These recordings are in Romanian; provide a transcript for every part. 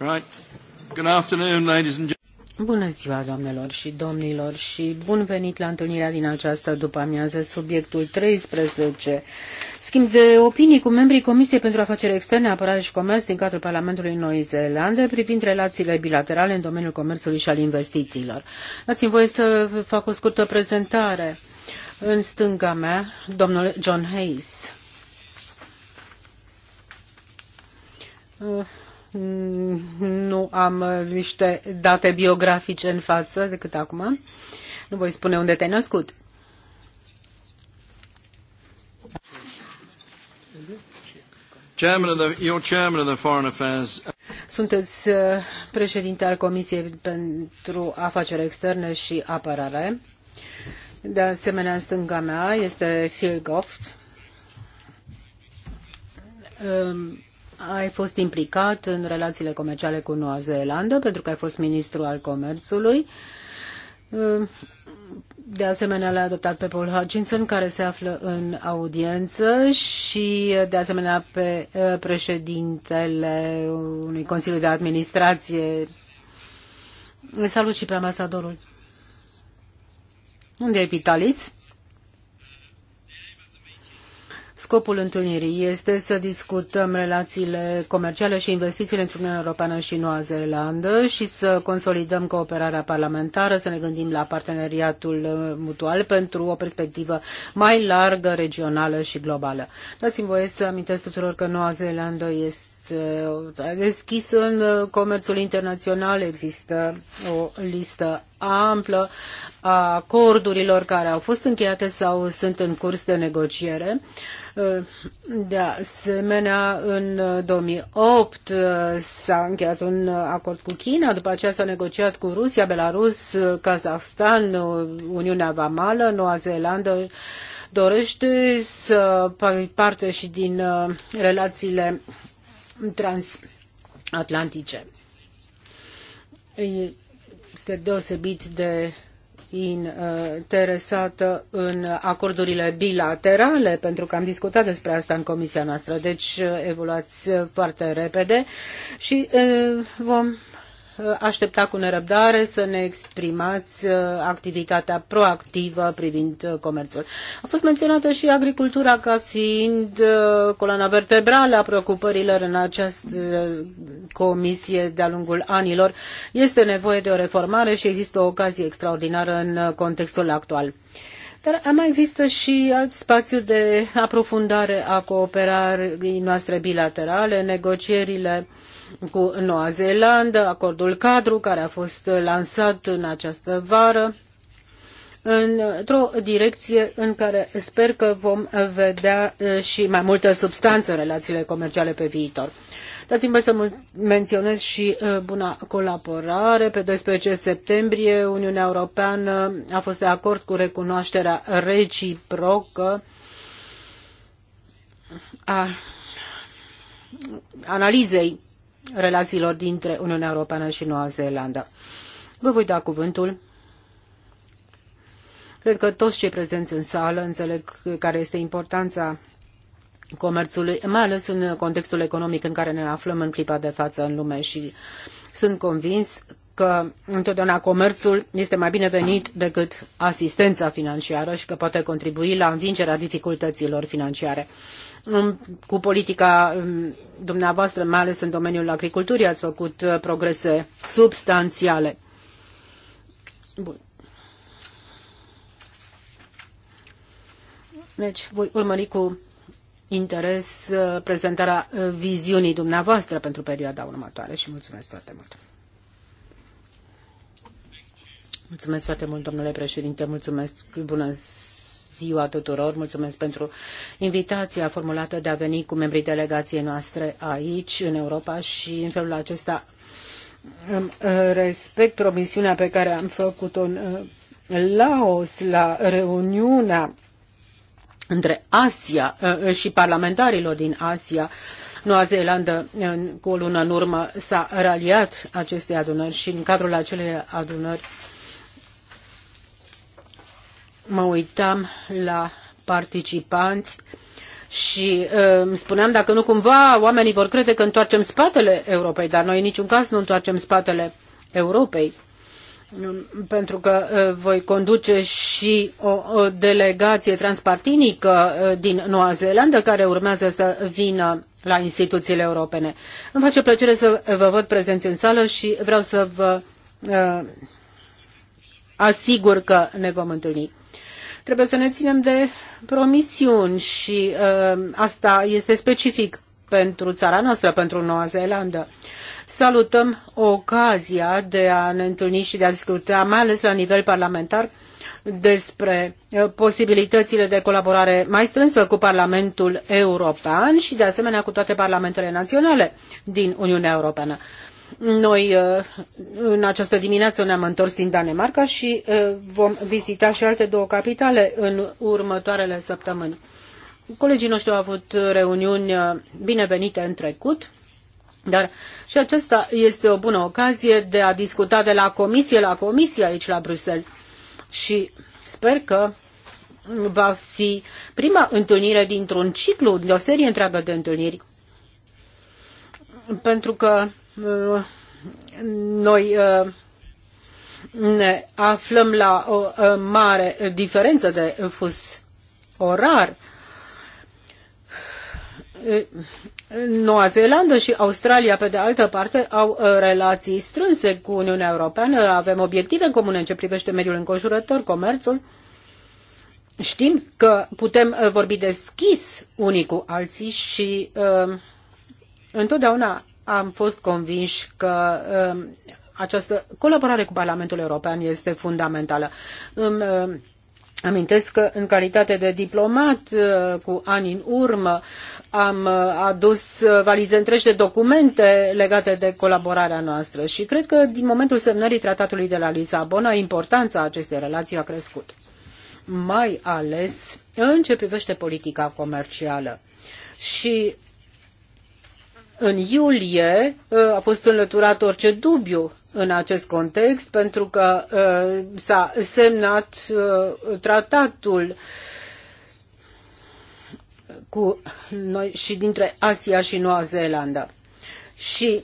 Right. Good afternoon, ladies and Bună ziua, doamnelor și domnilor, și bun venit la întâlnirea din această după-amiază, subiectul 13. Schimb de opinii cu membrii Comisiei pentru Afaceri Externe, Apărare și Comerț din cadrul Parlamentului Noi Zeelande privind relațiile bilaterale în domeniul comerțului și al investițiilor. Dați-mi voie să fac o scurtă prezentare. În stânga mea, domnul John Hayes. Uh nu am niște date biografice în față decât acum. Nu voi spune unde te-ai născut. Sunteți uh, președinte al Comisiei pentru Afaceri Externe și Apărare. De asemenea, în stânga mea este Phil Goft. Um, ai fost implicat în relațiile comerciale cu Noua Zeelandă, pentru că ai fost ministru al comerțului. Uh, de asemenea, l ai adoptat pe Paul Hutchinson, care se află în audiență și, de asemenea, pe uh, președintele unui Consiliu de Administrație. salut și pe ambasadorul. Unde e Vitalis? Scopul întâlnirii este să discutăm relațiile comerciale și investițiile între Uniunea Europeană și Noua Zeelandă și să consolidăm cooperarea parlamentară, să ne gândim la parteneriatul uh, mutual pentru o perspectivă mai largă, regională și globală. Dați-mi voie să amintesc tuturor că Noua Zeelandă este uh, deschis în uh, comerțul internațional. Există o listă amplă a acordurilor care au fost încheiate sau sunt în curs de negociere. Uh, de asemenea, în 2008 uh, uh, s-a încheiat un uh, acord cu China, după aceea s-a negociat cu Rusia, Belarus, Kazahstan, Uniunea Vamală, Noua Zeelandă dorește să parte și din relațiile transatlantice. Este deosebit de Uh, interesată în acordurile bilaterale, pentru că am discutat despre asta în comisia noastră, deci uh, evoluați uh, foarte repede și vom Uh, aștepta cu nerăbdare să ne exprimați uh, activitatea proactivă privind uh, comerțul. A fost menționată și agricultura ca fiind coloana vertebrală a preocupărilor în această comisie de-a lungul anilor. Este nevoie de o reformare și există o ocazie extraordinară în contextul actual. Dar mai există și alt spațiu de aprofundare a cooperării noastre bilaterale, negocierile cu Noua Zeelandă, acordul cadru care a fost lansat în această vară, într-o direcție în care sper că vom vedea eh, și mai multă substanță în relațiile comerciale pe viitor. Dați-mi să menționez și eh, buna colaborare. Pe 12 septembrie, Uniunea Europeană a fost de acord cu recunoașterea reciprocă a analizei relațiilor dintre Uniunea Europeană și Noua Zeelandă. Vă voi da cuvântul. Cred că toți cei prezenți în sală înțeleg care este importanța comerțului, mai ales în contextul economic în care ne aflăm în clipa de față în lume și sunt convins că întotdeauna comerțul este mai binevenit decât asistența financiară și că poate contribui la învingerea dificultăților financiare. Cu politica dumneavoastră, mai ales în domeniul agriculturii, ați făcut uh, progrese substanțiale. Bun. Deci voi urmări cu interes uh, prezentarea uh, viziunii dumneavoastră pentru perioada următoare și mulțumesc foarte mult. Mulțumesc foarte mult, domnule președinte, mulțumesc, bună ziua tuturor, mulțumesc pentru invitația formulată de a veni cu membrii delegației noastre aici, în Europa și în felul acesta uh, respect promisiunea pe care am făcut-o în uh, Laos la reuniunea între Asia uh, și parlamentarilor din Asia. Noua Zeelandă, cu o lună în urmă, s-a raliat acestei adunări și în cadrul acelei adunări mă uitam la participanți și uh, îmi spuneam dacă nu cumva oamenii vor crede că întoarcem spatele Europei, dar noi în niciun caz nu întoarcem spatele Europei pentru că uh, voi conduce și o delegație transpartinică uh, din Noua Zeelandă care urmează să vină la instituțiile europene. Îmi face plăcere să vă văd prezenți în sală și vreau să vă asigur că ne vom întâlni. Trebuie să ne ținem de promisiuni și uh, asta este specific pentru țara noastră, pentru Noua Zeelandă. Salutăm ocazia de a ne întâlni și de a discuta, mai ales la nivel parlamentar, despre uh, posibilitățile de colaborare mai strânsă cu Parlamentul European și, de asemenea, cu toate parlamentele naționale din Uniunea Europeană. Noi uh, în această dimineață ne-am întors din Danemarca și uh, vom vizita și alte două capitale în următoarele săptămâni. Colegii noștri au avut reuniuni uh, binevenite în trecut, dar și aceasta este o bună ocazie de a discuta de la comisie la comisie aici la Bruxelles. Și sper că va fi prima întâlnire dintr-un ciclu, de o serie întreagă de întâlniri. Pentru că noi uh, ne aflăm la o uh, mare diferență de fus orar. Uh, Noua Zeelandă și Australia, pe de altă parte, au relații strânse cu Uniunea Europeană, avem obiective comune în ce privește mediul înconjurător, comerțul. Știm că putem vorbi deschis unii cu alții și uh, întotdeauna am fost convinși că um, această colaborare cu Parlamentul European este fundamentală. Îmi um, amintesc că în calitate de diplomat uh, cu ani în urmă am uh, adus uh, valize întregi de documente legate de colaborarea noastră și cred că din momentul semnării tratatului de la Lisabona importanța acestei relații a crescut. Mai ales în ce privește politica comercială. Și în iulie uh, a fost înlăturat orice dubiu în acest context pentru că uh, s-a semnat uh, tratatul cu noi și dintre Asia și Noua Zeelandă. Și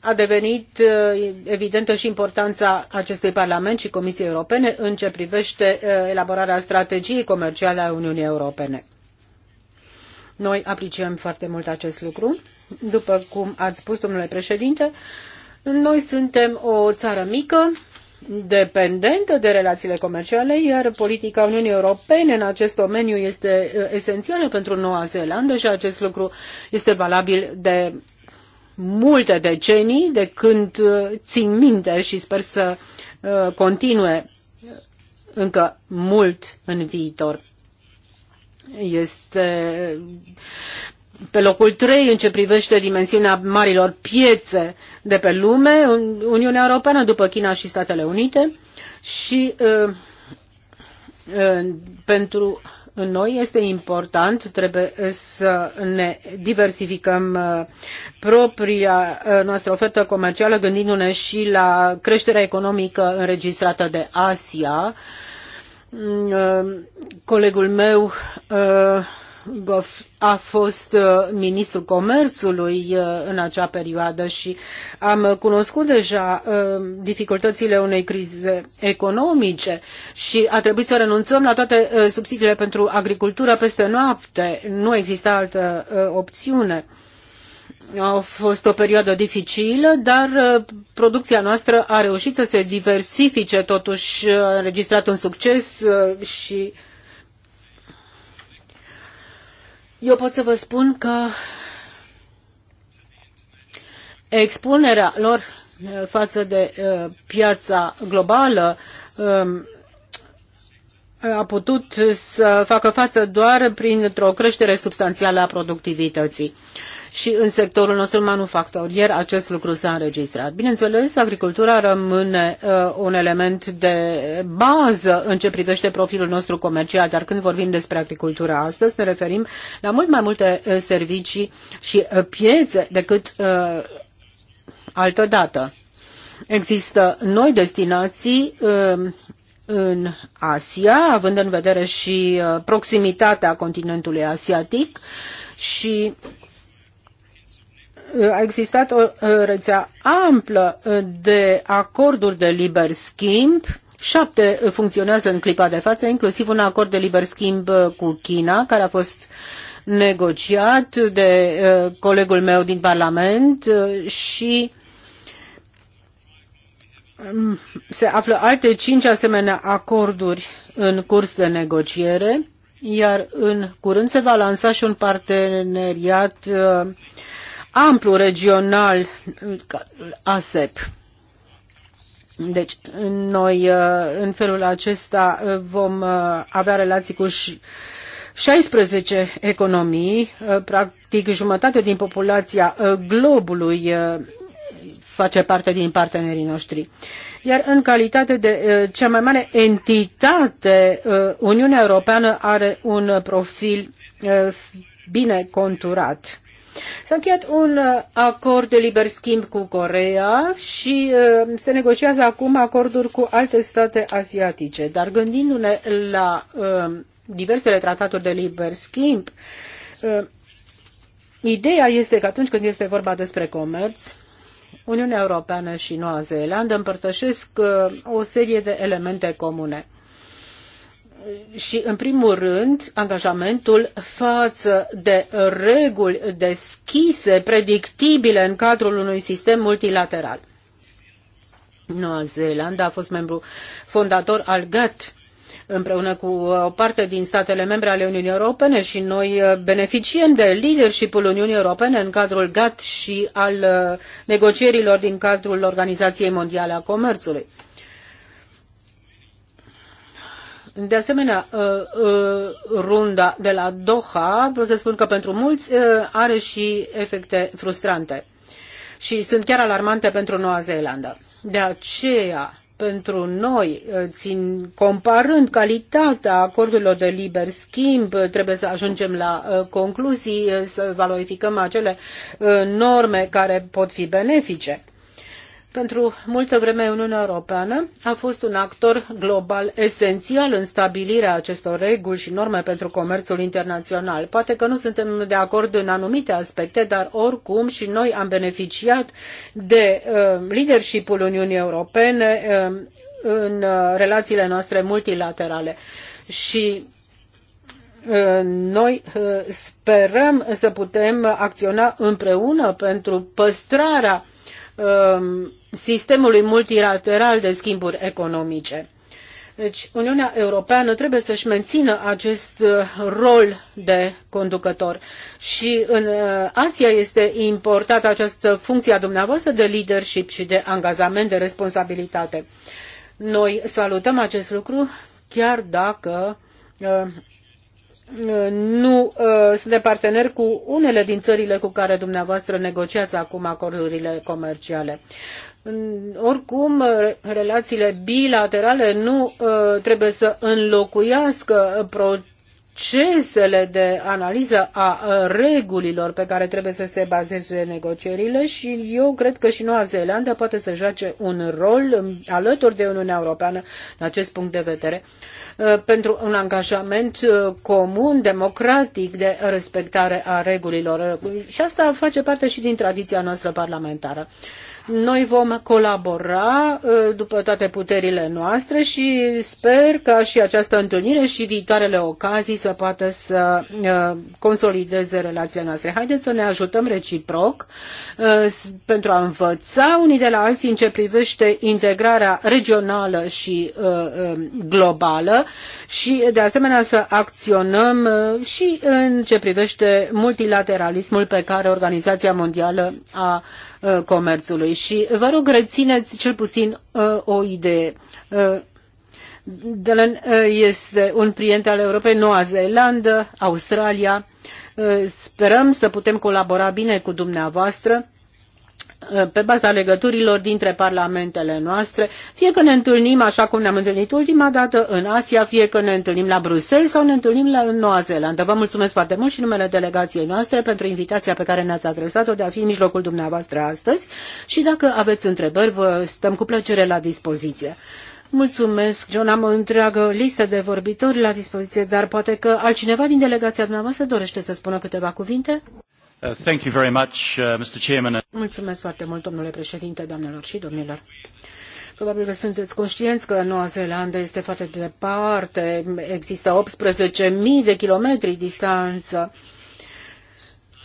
a devenit evidentă și importanța acestui Parlament și Comisiei Europene în ce privește elaborarea strategiei comerciale a Uniunii Europene. Noi apreciem foarte mult acest lucru. După cum ați spus, domnule președinte, noi suntem o țară mică, dependentă de relațiile comerciale, iar politica Uniunii Europene în acest domeniu este uh, esențială pentru Noua Zeelandă și acest lucru este valabil de multe decenii, de când uh, țin minte și sper să uh, continue încă mult în viitor este pe locul 3 în ce privește dimensiunea marilor piețe de pe lume, Uniunea Europeană după China și Statele Unite și ă, ă, pentru noi este important, trebuie să ne diversificăm ă, propria noastră ofertă comercială, gândindu-ne și la creșterea economică înregistrată de Asia, Mm, uh, colegul meu uh, a fost uh, ministrul comerțului în acea perioadă și am cunoscut deja dificultățile unei crize economice și a trebuit să renunțăm la toate subsidiile pentru agricultură peste noapte. Nu exista altă opțiune. A fost o perioadă dificilă, dar uh, producția noastră a reușit să se diversifice, totuși uh, a înregistrat un succes uh, și eu pot să vă spun că expunerea lor față de piața globală um, a putut să facă față doar printr-o creștere substanțială a productivității și în sectorul nostru manufacturier acest lucru s-a înregistrat. Bineînțeles, agricultura rămâne uh, un element de bază în ce privește profilul nostru comercial, dar când vorbim despre agricultura astăzi, ne referim la mult mai multe uh, servicii și uh, piețe decât uh, altădată. Există noi destinații um, în Asia, având în vedere și uh, proximitatea continentului asiatic și a existat o rețea amplă de acorduri de liber schimb. Șapte funcționează în clipa de față, inclusiv un acord de liber schimb cu China, care a fost negociat de colegul meu din Parlament și mm, se află alte cinci asemenea acorduri în curs de negociere, iar în curând se va lansa și un parteneriat amplu regional ASEP. Deci, noi uh, în felul acesta uh, vom uh, avea relații cu 16 economii, practic jumătate din populația globului face parte din partenerii noștri. Iar în calitate de cea mai mare entitate, Uniunea Europeană are un profil bine conturat. S-a încheiat un uh, acord de liber schimb cu Corea și uh, se negociază acum acorduri cu alte state asiatice. Dar gândindu-ne la uh, diversele trataturi de liber schimb, ideea este că atunci când este vorba despre comerț, Uniunea Europeană și Noua Zeelandă împărtășesc o serie de elemente comune și, în primul rând, angajamentul față de reguli deschise, predictibile în cadrul unui sistem multilateral. Noua Zeelandă a fost membru fondator al GATT împreună cu o parte din statele membre ale Uniunii Europene și noi uh, beneficiem de leadership-ul Uniunii Europene în cadrul GATT și al uh, negocierilor din cadrul Organizației Mondiale a Comerțului. De asemenea, uh, uh, runda de la Doha, pot să spun că pentru mulți uh, are și efecte frustrante și sunt chiar alarmante pentru Noua Zeelandă. De aceea, pentru noi, țin, comparând calitatea acordurilor de liber schimb, trebuie să ajungem la concluzii, să valorificăm acele norme care pot fi benefice pentru multă vreme Uniunea Europeană a fost un actor global esențial în stabilirea acestor reguli și norme pentru comerțul internațional. Poate că nu suntem de acord în anumite aspecte, dar oricum și noi am beneficiat de uh, leadership-ul Uniunii Europene uh, în uh, relațiile noastre multilaterale. Și uh, noi uh, sperăm să putem acționa împreună pentru păstrarea uh, sistemului multilateral de schimburi economice. Deci Uniunea Europeană trebuie să-și mențină acest uh, rol de conducător și în uh, Asia este importată această funcție a dumneavoastră de leadership și de angajament, de responsabilitate. Noi salutăm acest lucru chiar dacă uh, nu suntem parteneri cu unele din țările cu care dumneavoastră negociați acum acordurile comerciale oricum, relațiile bilaterale nu ă, trebuie să înlocuiască procesele de analiză a ă, regulilor pe care trebuie să se bazeze negocierile și eu cred că și Noua Zeelandă poate să joace un rol um, alături de Uniunea Europeană în acest punct de vedere ă, pentru un angajament comun, democratic de respectare a regulilor și asta face parte și din tradiția noastră parlamentară. Noi vom colabora uh, după toate puterile noastre și sper ca și această întâlnire și viitoarele ocazii să poată să uh, consolideze relațiile noastre. Haideți să ne ajutăm reciproc uh, pentru a învăța unii de la alții în ce privește integrarea regională și globală și de asemenea să acționăm și în ce privește multilateralismul pe care Organizația Mondială a Uh, comerțului. Și vă rog, rețineți cel puțin uh, o idee. Uh, Dylan este un prieten al Europei, Noua Zeelandă, Australia. Sperăm să putem colabora bine cu dumneavoastră Uh, pe baza legăturilor dintre parlamentele noastre, fie că ne întâlnim așa cum ne-am întâlnit ultima dată în Asia, fie că ne întâlnim la Bruxelles sau ne întâlnim la Noua Zeelandă. Vă mulțumesc foarte mult și numele delegației noastre pentru invitația pe care ne-ați adresat-o de a fi în mijlocul dumneavoastră astăzi și dacă aveți întrebări, vă stăm cu plăcere la dispoziție. Mulțumesc, John. Am o întreagă listă de vorbitori la dispoziție, dar poate că altcineva din delegația dumneavoastră dorește să spună câteva cuvinte? Uh, uh, Mulțumesc foarte mult, domnule președinte, doamnelor și domnilor. Probabil că sunteți conștienți că Noua Zeelandă este foarte departe, există 18.000 de kilometri distanță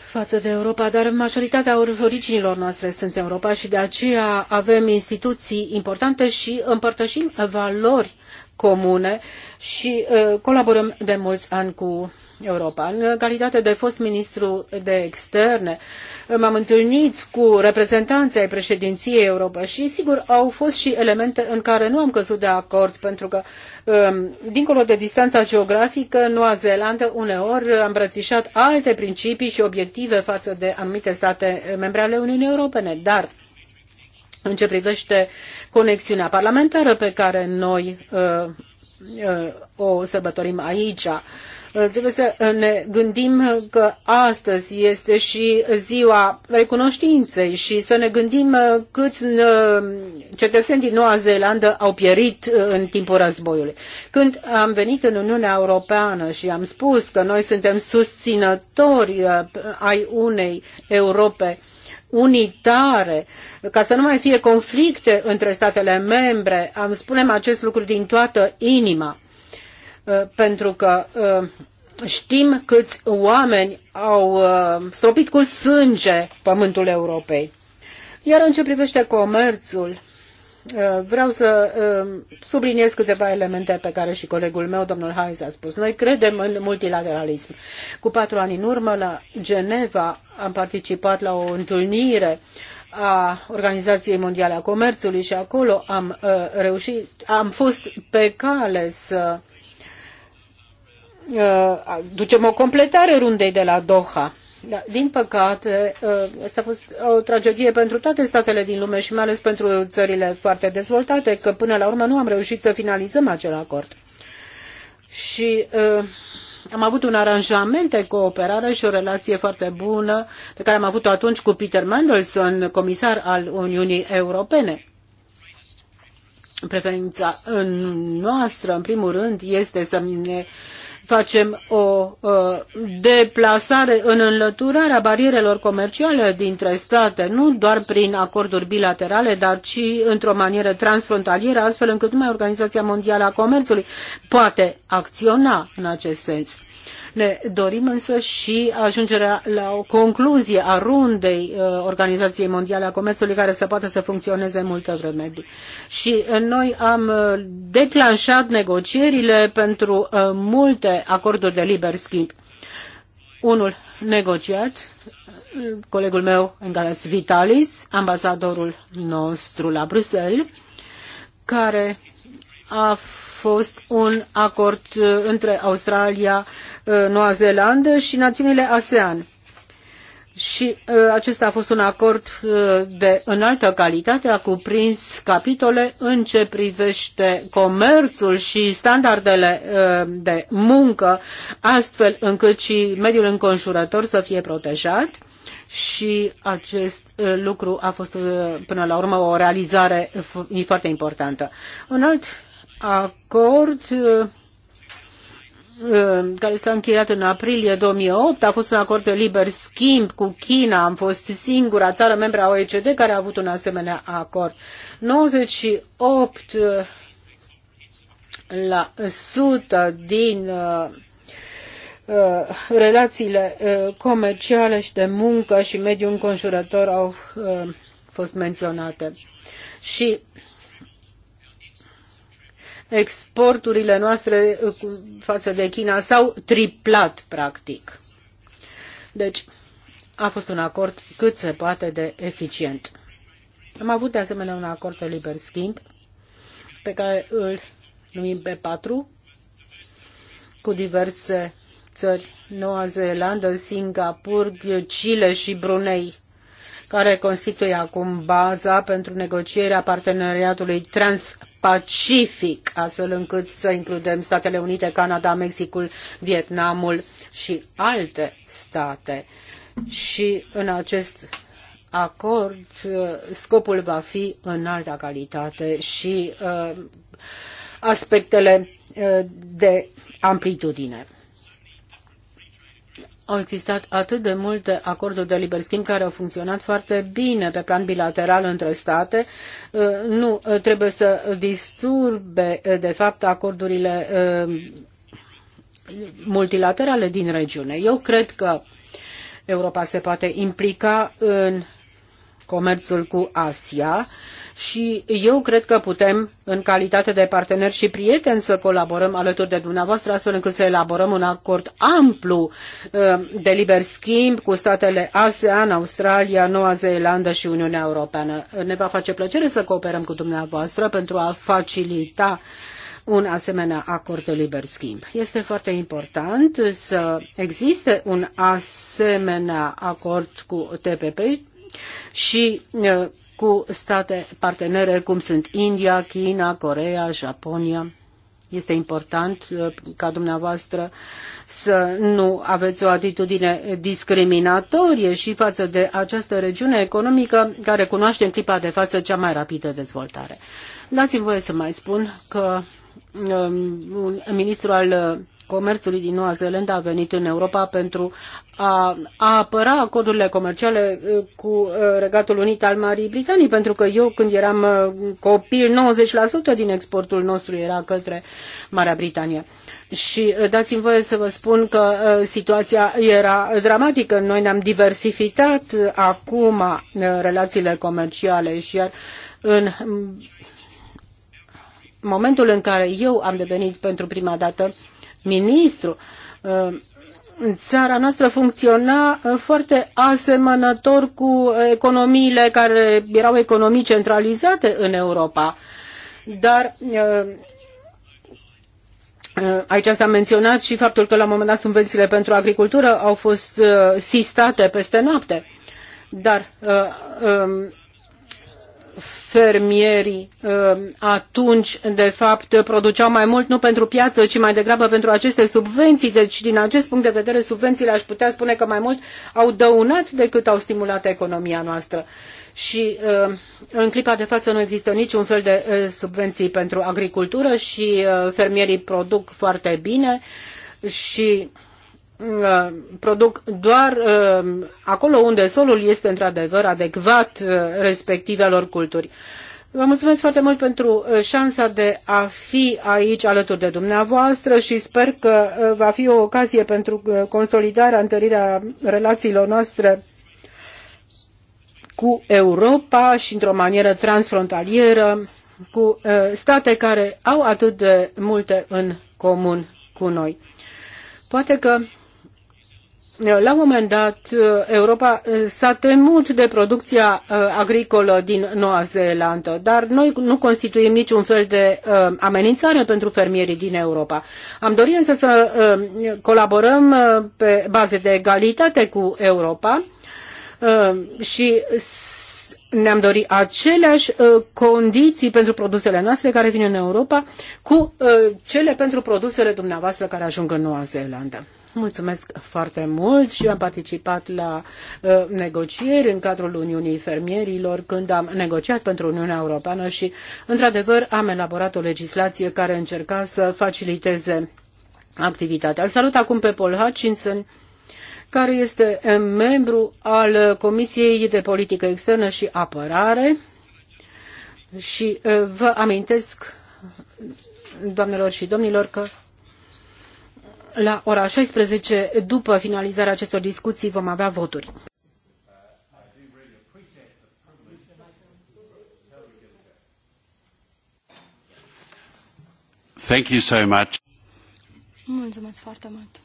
față de Europa, dar majoritatea originilor noastre sunt Europa și de aceea avem instituții importante și împărtășim valori comune și uh, colaborăm de mulți ani cu Europa. În calitate de fost ministru de externe, m-am întâlnit cu reprezentanții ai președinției Europa și, sigur, au fost și elemente în care nu am căzut de acord, pentru că, um, dincolo de distanța geografică, Noua Zeelandă uneori a îmbrățișat alte principii și obiective față de anumite state membre ale Uniunii Europene, dar în ce privește conexiunea parlamentară pe care noi uh, uh, o sărbătorim aici, uh, Uh, trebuie să uh, ne gândim uh, că astăzi este și ziua recunoștinței și să ne gândim câți cetățeni din Noua Zeelandă au pierit în timpul războiului. Când am venit în Uniunea Europeană și am spus că noi suntem susținători ai unei Europe unitare, ca să nu mai fie conflicte între statele membre, am spunem acest lucru din toată inima. Uh, pentru că uh, știm câți oameni au uh, stropit cu sânge pământul Europei. Iar în ce privește comerțul, vreau să subliniez câteva elemente pe care și colegul meu, domnul Hayes, a spus. Noi credem în multilateralism. Cu patru ani în urmă, la Geneva, am participat la o întâlnire a Organizației Mondiale a Comerțului și acolo am reușit, am fost pe cale să Uh, ducem o completare rundei de la Doha. Da, din păcate, uh, asta a fost o tragedie pentru toate statele din lume și mai ales pentru țările foarte dezvoltate, că până la urmă nu am reușit să finalizăm acel acord. Și uh, am avut un aranjament de cooperare și o relație foarte bună pe care am avut-o atunci cu Peter Mandelson, comisar al Uniunii Europene. Preferința noastră, în primul rând, este să ne uh, facem o deplasare în înlăturarea barierelor comerciale dintre state, nu doar prin acorduri bilaterale, dar și într-o manieră transfrontalieră, astfel încât numai Organizația Mondială a Comerțului poate acționa în acest sens. Ne dorim însă și ajungerea la o concluzie a rundei uh, Organizației Mondiale a Comerțului care să poată să funcționeze multă vreme. Și uh, noi am uh, declanșat negocierile pentru multe acorduri de liber schimb. Unul negociat, colegul meu, Engalas Vitalis, ambasadorul nostru la Bruxelles, care a fost un acord uh, între Australia, uh, Noua Zeelandă și națiunile ASEAN. Și uh, acesta a fost un acord de înaltă calitate, a cuprins capitole în ce privește comerțul și standardele de muncă, astfel încât și mediul înconjurător să fie protejat și acest lucru a fost până la urmă o realizare foarte importantă. Un alt acord uh, uh, care s-a încheiat în aprilie 2008, a fost un acord de liber schimb cu China, am fost singura țară membra OECD care a avut un asemenea acord. 98 uh, la din relațiile comerciale și de muncă și mediul înconjurător au fost menționate. Și Exporturile noastre uh, față de China s-au triplat, practic. Deci, a fost un acord cât se poate de eficient. Am avut de asemenea un acord de liber schimb pe care îl numim b 4 cu diverse țări, Noua Zeelandă, Singapur, Chile și Brunei care constituie acum baza pentru negocierea parteneriatului transpacific, astfel încât să includem Statele Unite, Canada, Mexicul, Vietnamul și alte state. Și în acest acord uh, scopul va fi în alta calitate și uh, aspectele uh, de amplitudine au existat atât de multe acorduri de liber schimb care au funcționat foarte bine pe plan bilateral între state. Uh, nu uh, trebuie să disturbe, uh, de fapt, acordurile multilaterale din regiune. Eu cred că Europa se poate implica în comerțul cu Asia și eu cred că putem, în calitate de parteneri și prieteni, să colaborăm alături de dumneavoastră, astfel încât să elaborăm un acord amplu uh, de liber schimb cu statele ASEAN, Australia, Noua Zeelandă și Uniunea Europeană. Ne va face plăcere să cooperăm cu dumneavoastră pentru a facilita un asemenea acord de liber schimb. Este foarte important să existe un asemenea acord cu TPP și cu state partenere cum sunt India, China, Corea, Japonia. Este important ca dumneavoastră să nu aveți o atitudine discriminatorie și față de această regiune economică care cunoaște în clipa de față cea mai rapidă dezvoltare. Dați-mi voie să mai spun că um, un ministru al comerțului din Noua Zeelandă a venit în Europa pentru a, a apăra acordurile comerciale uh, cu uh, Regatul Unit al Marii Britanii, pentru că eu când eram uh, copil, 90% din exportul nostru era către Marea Britanie. Și dați-mi voie să vă spun că situația era dramatică. Noi ne-am diversificat acum relațiile comerciale și iar în mm, momentul în care eu am devenit pentru prima dată ministru, uh, țara noastră funcționa uh, foarte asemănător cu economiile care erau economii centralizate în Europa. Dar uh, Aici s-a menționat și faptul că la un moment dat subvențiile pentru agricultură au fost sistate peste noapte. Dar um, fermierii uh, atunci, de fapt, produceau mai mult nu pentru piață, ci mai degrabă pentru aceste subvenții. Deci, din acest punct de vedere, subvențiile aș putea spune că mai mult au dăunat decât au stimulat economia noastră. Și uh, în clipa de față nu există niciun fel de uh, subvenții pentru agricultură și fermierii produc foarte bine și Uh, produc doar uh, acolo unde solul este într-adevăr adecvat uh, respectivelor culturi. Vă mulțumesc foarte mult pentru șansa de a fi aici alături de dumneavoastră și sper că va fi o ocazie pentru consolidarea, întărirea relațiilor noastre cu Europa și într-o manieră transfrontalieră cu state care au atât de multe în comun cu noi. Poate că la un moment dat uh, Europa uh, s-a temut de producția uh, agricolă din Noua Zeelandă, dar noi nu constituim niciun fel de amenințare pentru fermierii din Europa. Am dorit însă să colaborăm pe baze de egalitate cu Europa și ne-am dorit aceleași condiții pentru produsele noastre care vin în Europa cu cele pentru produsele dumneavoastră care ajung în Noua Zeelandă. Mulțumesc foarte mult și am participat la uh, negocieri în cadrul Uniunii Fermierilor când am negociat pentru Uniunea Europeană și, într-adevăr, am elaborat o legislație care încerca să faciliteze activitatea. Îl salut acum pe Paul Hutchinson, care este uh, membru al uh, Comisiei de Politică Externă și Apărare și uh, vă amintesc, doamnelor și domnilor, că la ora 16, după finalizarea acestor discuții, vom avea voturi. Thank you so much. Mulțumesc foarte mult.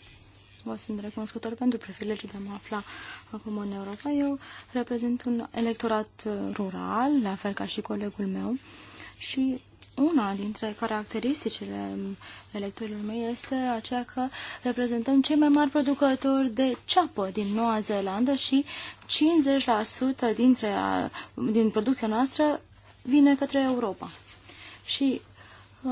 Vă sunt recunoscător pentru privilegiul de a mă afla acum în Europa. Eu reprezint un electorat rural, la fel ca și colegul meu, și una dintre caracteristicile electorilor mei este aceea că reprezentăm cei mai mari producători de ceapă din Noua Zeelandă și 50% dintre, din producția noastră vine către Europa. Și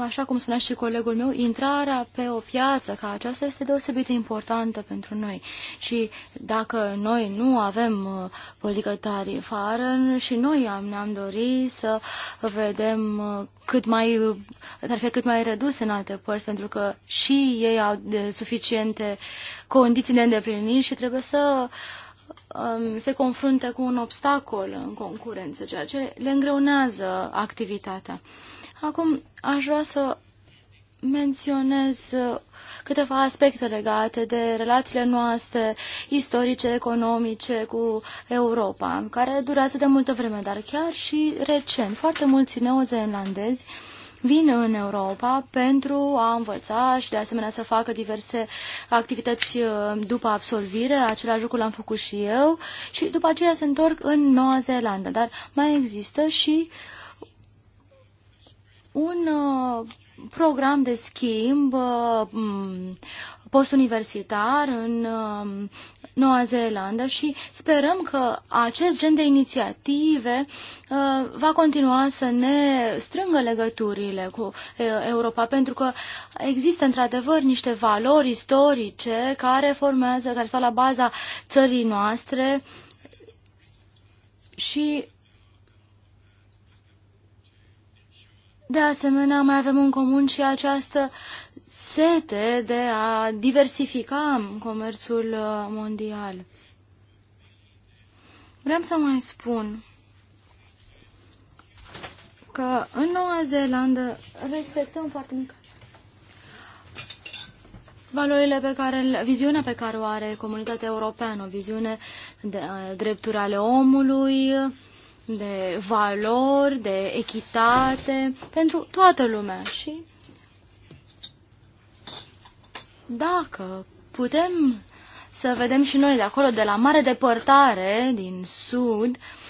așa cum spunea și colegul meu, intrarea pe o piață ca aceasta este deosebit de importantă pentru noi. Și dacă noi nu avem uh, politică tarifară și noi am, ne-am dorit să vedem uh, cât mai, dar fi cât mai reduse în alte părți, pentru că și ei au de suficiente condiții de îndeplinit și trebuie să um, se confrunte cu un obstacol în concurență, ceea ce le îngreunează activitatea. Acum aș vrea să menționez uh, câteva aspecte legate de relațiile noastre istorice, economice cu Europa, care durează de multă vreme, dar chiar și recent. Foarte mulți neozeelandezi vin în Europa pentru a învăța și de asemenea să facă diverse activități uh, după absolvire. Același lucru l-am făcut și eu și după aceea se întorc în Noua Zeelandă. Dar mai există și uh, un uh, program de schimb uh, postuniversitar în uh, Noua Zeelandă și sperăm că acest gen de inițiative uh, va continua să ne strângă legăturile cu uh, Europa, pentru că există într-adevăr niște valori istorice care formează, care stau la baza țării noastre și De asemenea, mai avem în comun și această sete de a diversifica comerțul uh, mondial. Vreau să mai spun că în Noua Zeelandă respectăm foarte mult valorile pe care, viziunea pe care o are comunitatea europeană, o viziune de uh, drepturi ale omului, de valori, de echitate, pentru toată lumea. Și dacă putem să vedem și noi de acolo, de la mare depărtare, din sud, uh,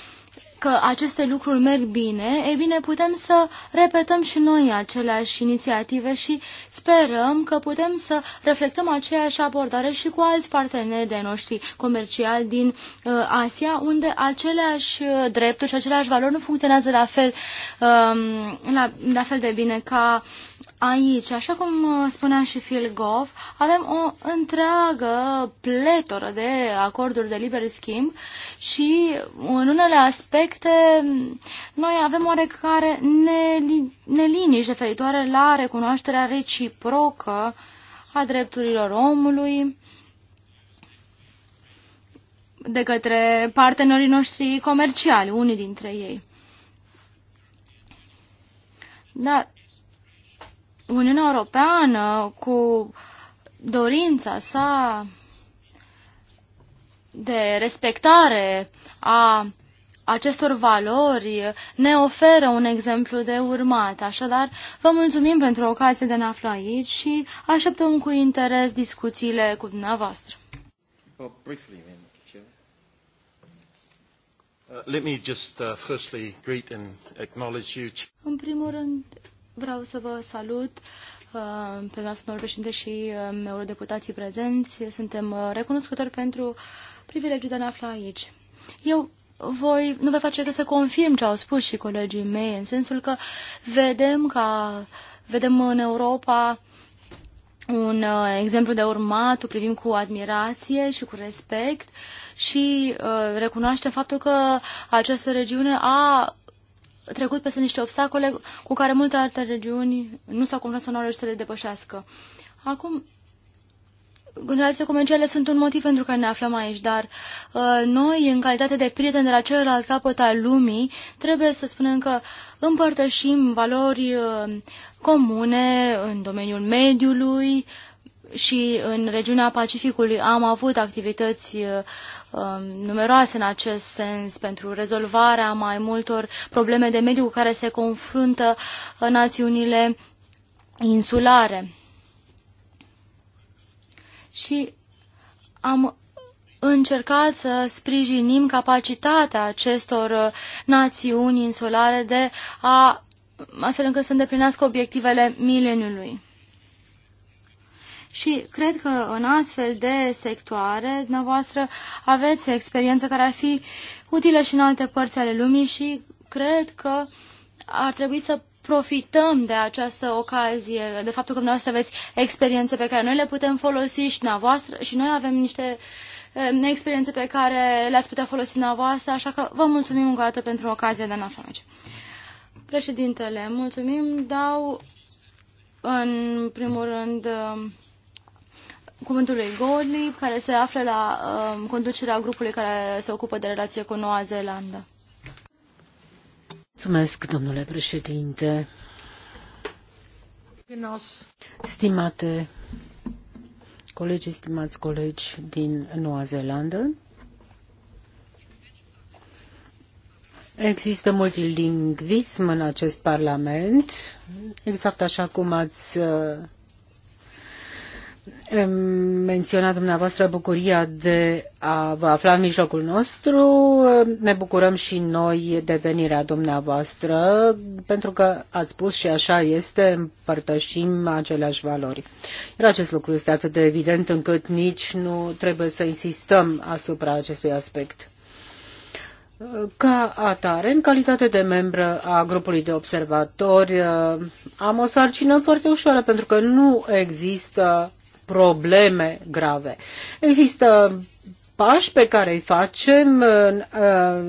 că aceste lucruri merg bine, e bine, putem să repetăm și noi aceleași inițiative și sperăm că putem să reflectăm aceeași abordare și cu alți parteneri de noștri comerciali din uh, Asia, unde aceleași uh, drepturi și aceleași valori nu funcționează la fel, um, la, la fel de bine ca aici, așa cum uh, spunea și Phil Goff, avem o întreagă pletoră de acorduri de liber schimb și în unele aspecte noi avem oarecare neliniști referitoare la recunoașterea reciprocă a drepturilor omului de către partenerii noștri comerciali, unii dintre ei. Dar Uniunea Europeană cu dorința sa de respectare a acestor valori ne oferă un exemplu de urmat. Așadar, vă mulțumim pentru ocazia de a ne afla aici și așteptăm cu interes discuțiile cu dumneavoastră. Oh, uh, let me just uh, firstly greet and acknowledge you. În primul rând, Vreau să vă salut uh, pe dumneavoastră, domnul președinte, și uh, eurodeputații prezenți. Suntem uh, recunoscători pentru privilegiul de a ne afla aici. Eu voi, nu vă face decât să confirm ce au spus și colegii mei, în sensul că vedem ca vedem în Europa un uh, exemplu de urmat, o privim cu admirație și cu respect și uh, recunoaștem faptul că această regiune a trecut peste niște obstacole cu care multe alte regiuni nu s-au confruntat sau nu au reușit să le depășească. Acum, relațiile comerciale sunt un motiv pentru care ne aflăm aici, dar uh, noi, în calitate de prieteni de la celălalt capăt al lumii, trebuie să spunem că împărtășim valori uh, comune în domeniul mediului, uh, și în regiunea Pacificului am avut activități uh, um, numeroase în acest sens pentru rezolvarea mai multor probleme de mediu cu care se confruntă uh, națiunile insulare. Și am încercat să sprijinim capacitatea acestor uh, națiuni insulare de a astfel încât să îndeplinească obiectivele mileniului. Și cred că în astfel de sectoare, dumneavoastră, aveți experiență care ar fi utilă și în alte părți ale lumii și cred că ar trebui să profităm de această ocazie, de faptul că dumneavoastră aveți experiențe pe care noi le putem folosi și dumneavoastră și noi avem niște um, experiențe pe care le-ați putea folosi dumneavoastră, așa că vă mulțumim încă o dată pentru ocazia de a face. Președintele, mulțumim, dau în primul rând um, cuvântului Gottlieb, care se află la um, conducerea grupului care se ocupă de relație cu Noua Zeelandă. Mulțumesc, domnule președinte. Stimate colegi, stimați colegi din Noua Zeelandă, Există multilingvism în acest Parlament, exact așa cum ați uh, menționat dumneavoastră bucuria de a vă afla în mijlocul nostru. Ne bucurăm și noi de venirea dumneavoastră, pentru că ați spus și așa este, împărtășim aceleași valori. Iar acest lucru este atât de evident încât nici nu trebuie să insistăm asupra acestui aspect. Ca atare, în calitate de membră a grupului de observatori, am o sarcină foarte ușoară pentru că nu există probleme grave. Există pași pe care îi facem uh,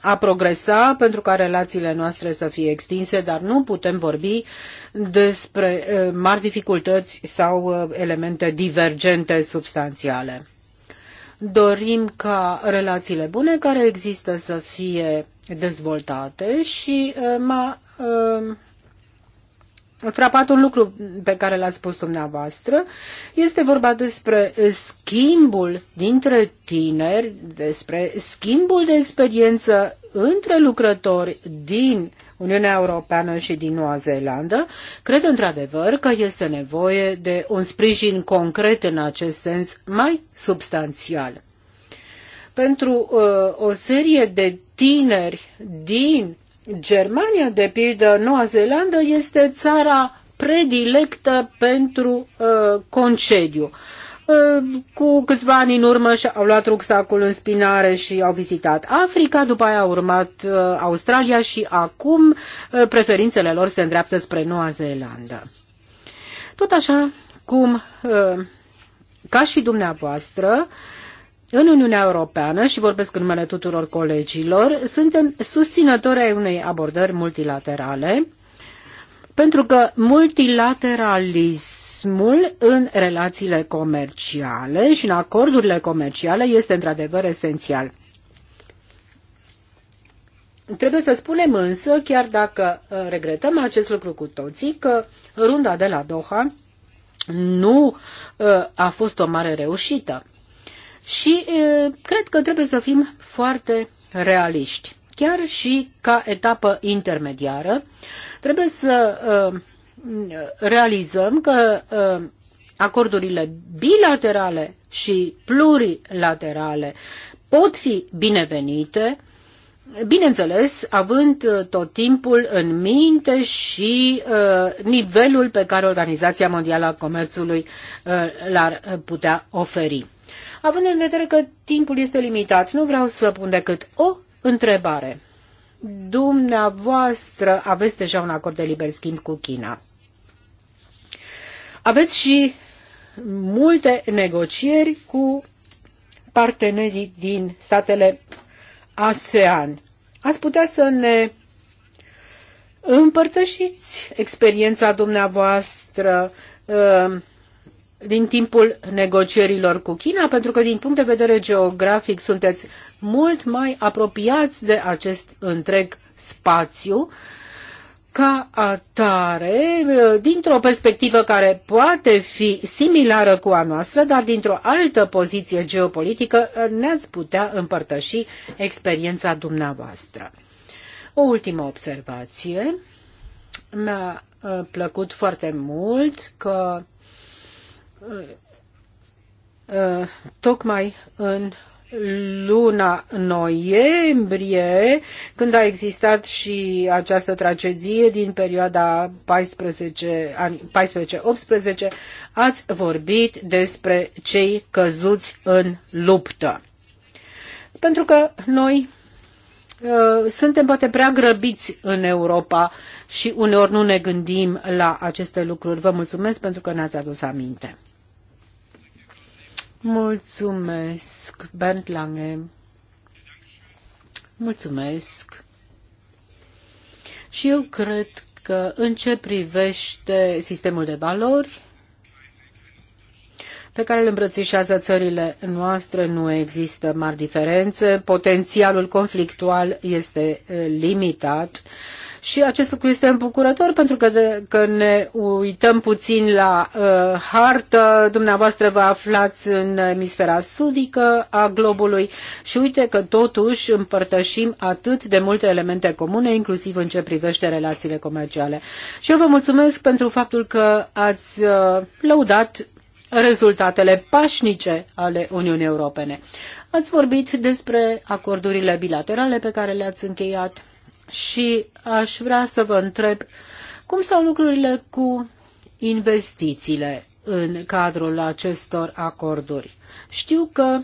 a progresa pentru ca relațiile noastre să fie extinse, dar nu putem vorbi despre uh, mari dificultăți sau uh, elemente divergente substanțiale. Dorim ca relațiile bune care există să fie dezvoltate și ma frapat un lucru pe care l-a spus dumneavoastră. Este vorba despre schimbul dintre tineri, despre schimbul de experiență între lucrători din Uniunea Europeană și din Noua Zeelandă. Cred într-adevăr că este nevoie de un sprijin concret în acest sens mai substanțial. Pentru uh, o serie de tineri din Germania, de pildă, Noua Zeelandă este țara predilectă pentru uh, concediu. Uh, cu câțiva ani în urmă și-au luat rucsacul în spinare și au vizitat Africa, după aia a urmat uh, Australia și acum uh, preferințele lor se îndreaptă spre Noua Zeelandă. Tot așa cum, uh, ca și dumneavoastră, uh, în Uniunea Europeană, și vorbesc în numele tuturor colegilor, suntem susținători ai unei abordări multilaterale, pentru că multilateralismul în relațiile comerciale și în acordurile comerciale este într-adevăr esențial. Trebuie să spunem însă, chiar dacă uh, regretăm acest lucru cu toții, că runda de la Doha nu uh, a fost o mare reușită. Și cred că trebuie să fim foarte realiști. Chiar și ca etapă intermediară, trebuie să realizăm că acordurile bilaterale și plurilaterale pot fi binevenite, bineînțeles, având tot timpul în minte și uh, nivelul pe care Organizația Mondială a Comerțului uh, l-ar putea oferi. Având în vedere că timpul este limitat, nu vreau să pun decât o întrebare. Dumneavoastră aveți deja un acord de liber schimb cu China. Aveți și multe negocieri cu partenerii din statele ASEAN. Ați putea să ne împărtășiți experiența dumneavoastră, uh, din timpul negocierilor cu China, pentru că din punct de vedere geografic sunteți mult mai apropiați de acest întreg spațiu ca atare, dintr-o perspectivă care poate fi similară cu a noastră, dar dintr-o altă poziție geopolitică, ne-ați putea împărtăși experiența dumneavoastră. O ultimă observație. Mi-a uh, plăcut foarte mult că uh, Uh, tocmai în luna noiembrie, când a existat și această tragedie din perioada 14-18, ați vorbit despre cei căzuți în luptă. Pentru că noi uh, suntem poate prea grăbiți în Europa și uneori nu ne gândim la aceste lucruri. Vă mulțumesc pentru că ne-ați adus aminte. Mulțumesc, Bernd Lange. Mulțumesc. Și eu cred că în ce privește sistemul de valori, pe care le îmbrățișează țările noastre. Nu există mari diferențe, potențialul conflictual este limitat și acest lucru este îmbucurător pentru că, de, că ne uităm puțin la uh, hartă, dumneavoastră vă aflați în emisfera sudică a globului și uite că totuși împărtășim atât de multe elemente comune, inclusiv în ce privește relațiile comerciale. Și eu vă mulțumesc pentru faptul că ați uh, lăudat rezultatele pașnice ale Uniunii Europene. Ați vorbit despre acordurile bilaterale pe care le-ați încheiat și aș vrea să vă întreb cum stau lucrurile cu investițiile în cadrul acestor acorduri. Știu că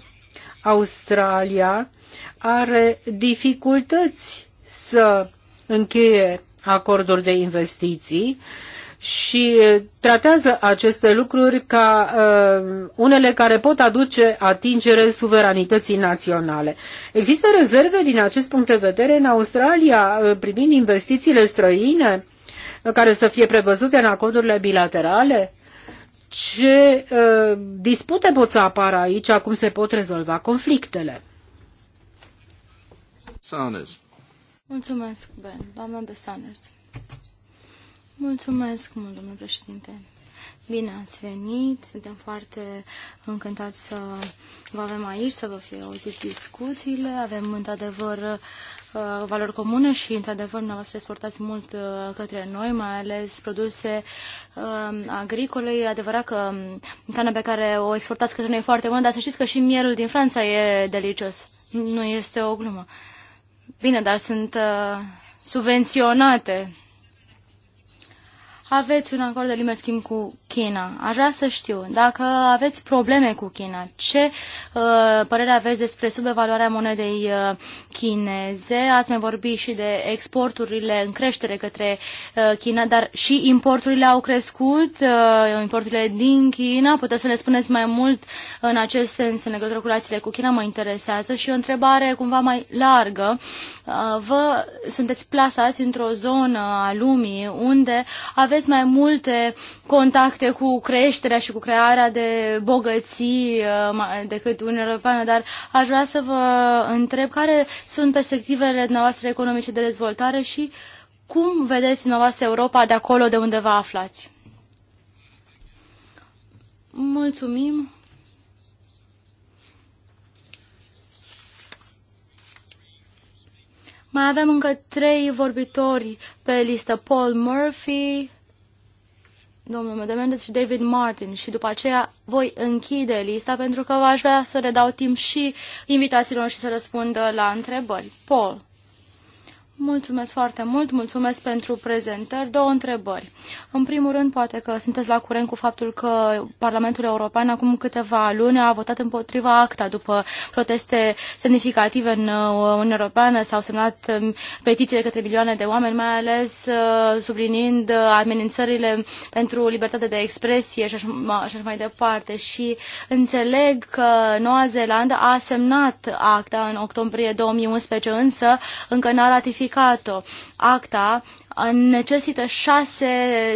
Australia are dificultăți să încheie acorduri de investiții și tratează aceste lucruri ca uh, unele care pot aduce atingere suveranității naționale. Există rezerve din acest punct de vedere în Australia uh, privind investițiile străine uh, care să fie prevăzute în acordurile bilaterale? Ce uh, dispute pot să apară aici, cum se pot rezolva conflictele? Sanders. Mulțumesc, Ben. Doamna de Sanders. Mulțumesc mult, domnule președinte. Bine ați venit, suntem foarte încântați să vă avem aici, să vă fie auzit discuțiile. Avem, într-adevăr, uh, valori comune și, într-adevăr, noastră exportați mult uh, către noi, mai ales produse um, agricole. E adevărat că um, cana pe care o exportați către noi e foarte bună, dar să știți că și mielul din Franța e delicios. Nu este o glumă. Bine, dar sunt uh, subvenționate aveți un acord de liber schimb cu China. Aș vrea să știu dacă aveți probleme cu China. Ce uh, părere aveți despre subevaluarea monedei uh, chineze? Ați mai vorbit și de exporturile în creștere către uh, China, dar și importurile au crescut, uh, importurile din China. Puteți să ne spuneți mai mult în acest sens în legătură cu relațiile cu China? Mă interesează și o întrebare cumva mai largă. Uh, vă sunteți plasați într-o zonă a lumii unde aveți mai multe contacte cu creșterea și cu crearea de bogății uh, decât Uniunea Europeană, dar aș vrea să vă întreb care sunt perspectivele noastre economice de dezvoltare și cum vedeți dumneavoastră Europa de acolo de unde vă aflați. Mulțumim. Mai avem încă trei vorbitori pe listă, Paul Murphy, domnul Medemendez și David Martin și după aceea voi închide lista pentru că aș vrea să le dau timp și invitațiilor și să răspundă la întrebări. Paul. Mulțumesc foarte mult, mulțumesc pentru prezentări. Două întrebări. În primul rând, poate că sunteți la curent cu faptul că Parlamentul European acum câteva luni a votat împotriva acta după proteste semnificative în uh, Uniunea Europeană. S-au semnat um, petiții de către milioane de oameni, mai ales uh, sublinind uh, amenințările pentru libertate de expresie și așa mai departe. Și înțeleg că Noua Zeelandă a semnat acta în octombrie 2011, însă încă n-a ratificat ratificat-o. Acta necesită șase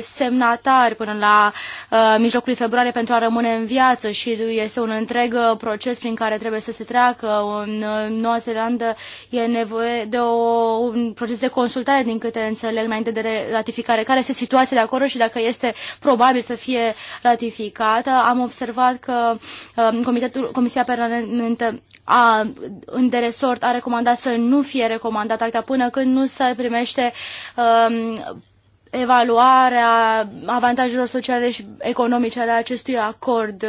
semnatari până la uh, mijlocul februarie pentru a rămâne în viață și este un întreg uh, proces prin care trebuie să se treacă. În uh, Noua Zeelandă e nevoie de o, un proces de consultare, din câte înțeleg, înainte de ratificare. Care este situația de acolo și dacă este probabil să fie ratificată? Am observat că uh, Comitetul, Comisia Permanentă a, de resort a recomandat să nu fie recomandat acta până când nu se primește um, evaluarea avantajelor sociale și economice ale acestui acord.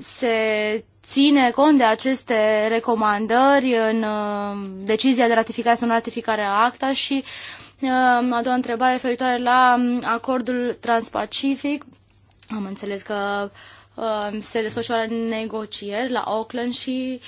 Se ține cont de aceste recomandări în um, decizia de ratificare sau nu ratificare a acta și um, a doua întrebare referitoare la um, acordul transpacific. Am înțeles că uh, Uh, se desfășoară negocieri la Auckland și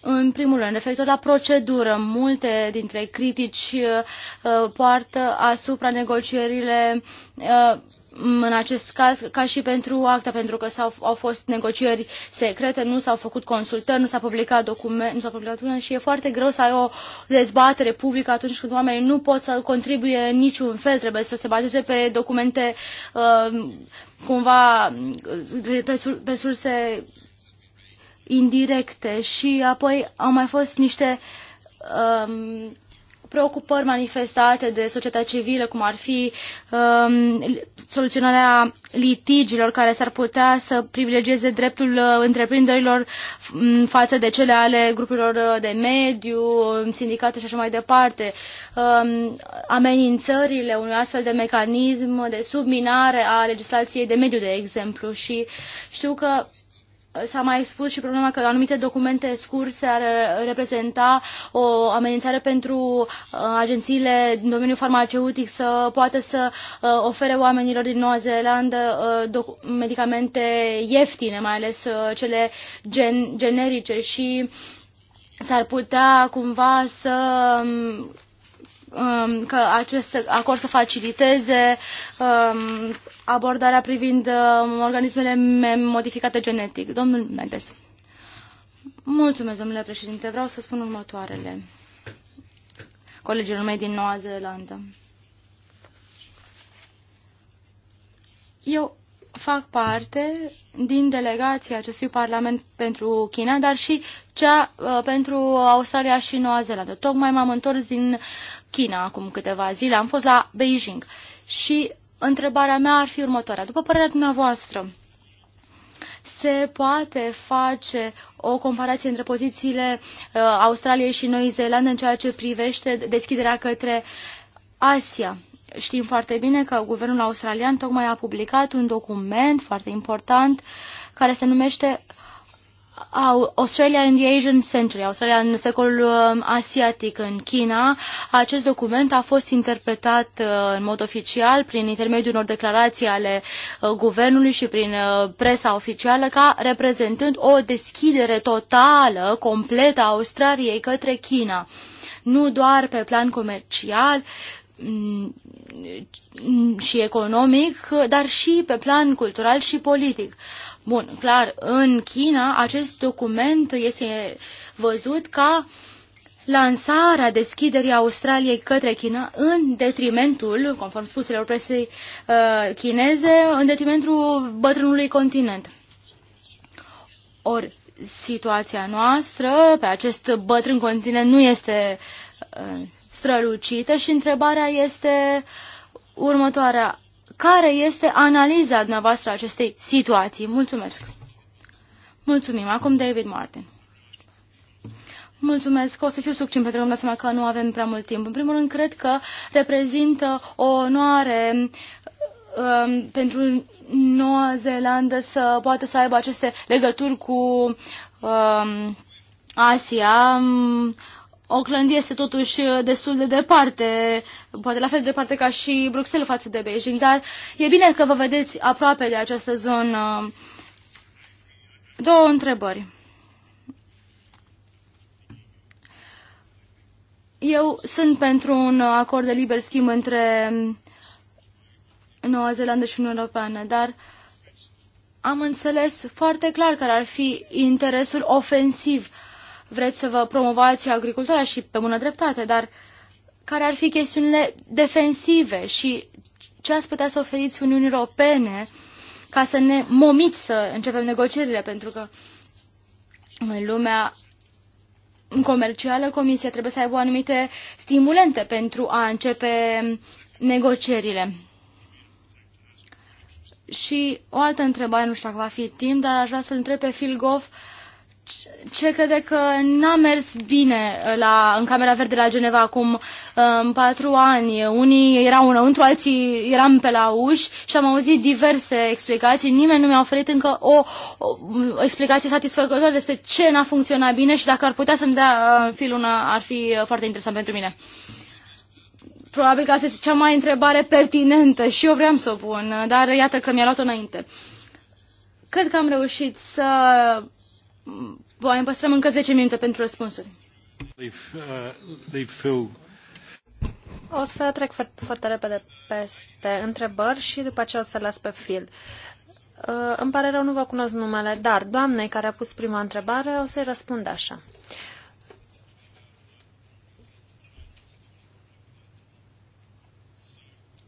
în primul rând, referitor la procedură, multe dintre critici uh, poartă asupra negocierile uh, în acest caz ca și pentru acta, pentru că s-au, au fost negocieri secrete, nu s-au făcut consultări, nu s-a publicat document, nu s-a publicat document și e foarte greu să ai o dezbatere publică atunci când oamenii nu pot să contribuie în niciun fel, trebuie să se bazeze pe documente uh, cumva pe, uh, pe surse indirecte și apoi au mai fost niște um, preocupări manifestate de societatea civilă, cum ar fi um, soluționarea litigiilor care s-ar putea să privilegieze dreptul uh, întreprinderilor mm, față de cele ale grupurilor uh, de mediu, um, sindicate și așa mai departe. Um, amenințările unui astfel de mecanism de subminare a legislației de mediu, de exemplu. Și știu că S-a mai spus și problema că anumite documente scurse ar reprezenta o amenințare pentru uh, agențiile din domeniul farmaceutic să poată să uh, ofere oamenilor din Noua Zeelandă uh, medicamente ieftine, mai ales cele gen generice și s-ar putea cumva să um, Um, că acest acord să faciliteze um, abordarea privind um, organismele modificate genetic. Domnul Mendes. Mulțumesc, domnule președinte. Vreau să spun următoarele colegilor mei din Noua Zeelandă. Eu fac parte din delegația acestui Parlament pentru China, dar și cea uh, pentru Australia și Noua Zeelandă. Tocmai m-am întors din China acum câteva zile, am fost la Beijing și întrebarea mea ar fi următoarea. După părerea dumneavoastră, se poate face o comparație între pozițiile uh, Australiei și Noi Zeelandă în ceea ce privește deschiderea către Asia. Știm foarte bine că guvernul australian tocmai a publicat un document foarte important care se numește Australia in the Asian Century, Australia în secolul um, asiatic în China. Acest document a fost interpretat uh, în mod oficial prin intermediul unor declarații ale uh, guvernului și prin uh, presa oficială ca reprezentând o deschidere totală, completă a Australiei către China. Nu doar pe plan comercial, mm, mm, și economic, dar și pe plan cultural și politic. Bun, clar, în China acest document este văzut ca lansarea deschiderii Australiei către China în detrimentul, conform spuselor presei uh, chineze, în detrimentul bătrânului continent. Ori situația noastră pe acest bătrân continent nu este uh, strălucită și întrebarea este următoarea care este analiza dumneavoastră acestei situații. Mulțumesc! Mulțumim! Acum David Martin. Mulțumesc, o să fiu succint pentru că îmi seama că nu avem prea mult timp. În primul rând, cred că reprezintă o onoare um, pentru Noua Zeelandă să poată să aibă aceste legături cu um, Asia. Um, Auckland este totuși uh, destul de departe, poate la fel de departe ca și Bruxelles față de Beijing, dar e bine că vă vedeți aproape de această zonă. Două întrebări. Eu sunt pentru un acord de liber schimb între Noua Zeelandă și Uniunea Europeană, dar am înțeles foarte clar care ar fi interesul ofensiv uh, vreți să vă promovați agricultura și pe bună dreptate, dar care ar fi chestiunile defensive și ce ați putea să oferiți Uniunii Europene ca să ne momiți să începem negocierile, pentru că în lumea comercială Comisia trebuie să aibă anumite stimulente pentru a începe negocierile. Și o altă întrebare, nu știu dacă va fi timp, dar aș vrea să întreb pe Phil Goff uh, ce crede că n-a mers bine uh, la, în Camera Verde la Geneva acum um, patru ani. Unii erau înăuntru, alții eram pe la uși și am auzit diverse explicații. Nimeni nu mi-a oferit încă o, o, o explicație satisfăcătoare despre ce n-a funcționat bine și dacă ar putea să-mi dea uh, fil ar fi uh, foarte interesant pentru mine. Probabil că asta este cea mai întrebare pertinentă și eu vreau să o pun, dar iată că mi-a luat-o înainte. Cred că am reușit să voi păstrăm încă 10 minute pentru răspunsuri. Uh, o să trec foarte, repede peste întrebări și după aceea o să las pe Phil. Uh, îmi pare rău, nu vă cunosc numele, dar doamnei care a pus prima întrebare o să-i răspund așa.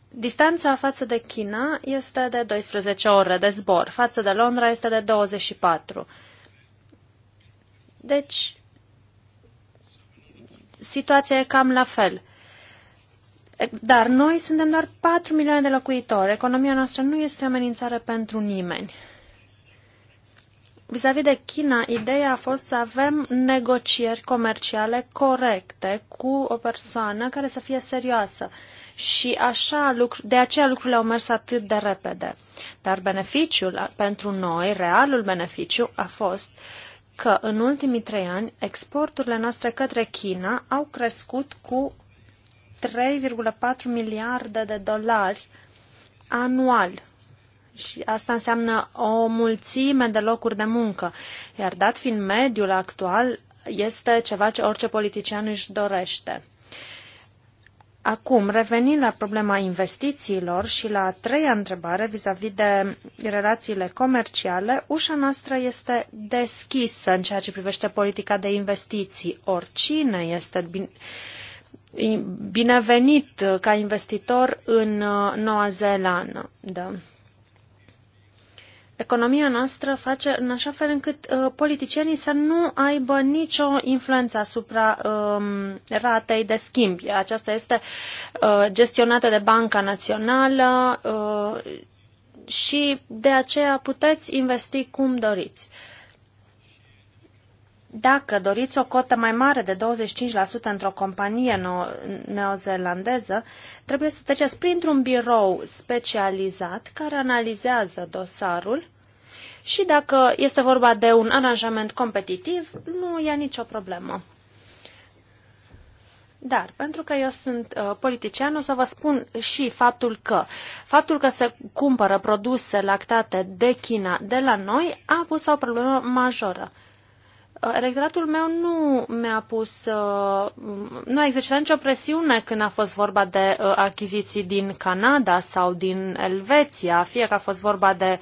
Distanța față de China este de 12 ore de zbor, față de Londra este de 24. Deci, situația e cam la fel. Dar noi suntem doar 4 milioane de locuitori. Economia noastră nu este o amenințare pentru nimeni. Vis-a-vis -vis de China, ideea a fost să avem negocieri comerciale corecte cu o persoană care să fie serioasă. Și așa, de aceea lucrurile au mers atât de repede. Dar beneficiul pentru noi, realul beneficiu, a fost uh, că în ultimii trei ani exporturile noastre către China au crescut cu 3,4 miliarde de dolari anual. Și asta înseamnă o mulțime de locuri de muncă. Iar dat fiind mediul actual, este ceva ce orice politician își dorește. Acum, revenind la problema investițiilor și la a treia întrebare vis-a-vis de relațiile comerciale, ușa noastră este deschisă în ceea ce privește politica de investiții. Oricine este bine binevenit ca investitor în uh, Noua Zeelandă. Da economia noastră face în așa fel încât uh, politicienii să nu aibă nicio influență asupra um, ratei de schimb. Aceasta este uh, gestionată de Banca Națională uh, și de aceea puteți investi cum doriți. Uh, dacă doriți o cotă mai mare de 25% într-o companie neozelandeză, trebuie să treceți printr-un birou specializat care analizează dosarul și dacă este vorba de un aranjament competitiv, nu e nicio problemă. Dar, pentru că eu sunt uh, politician, o să vă spun și faptul că faptul că se cumpără produse lactate de China de la noi a pus o problemă majoră. Uh, electoratul meu nu mi-a pus, uh, nu a exercitat nicio presiune când a fost vorba de uh, achiziții din Canada sau din Elveția, fie că a fost vorba de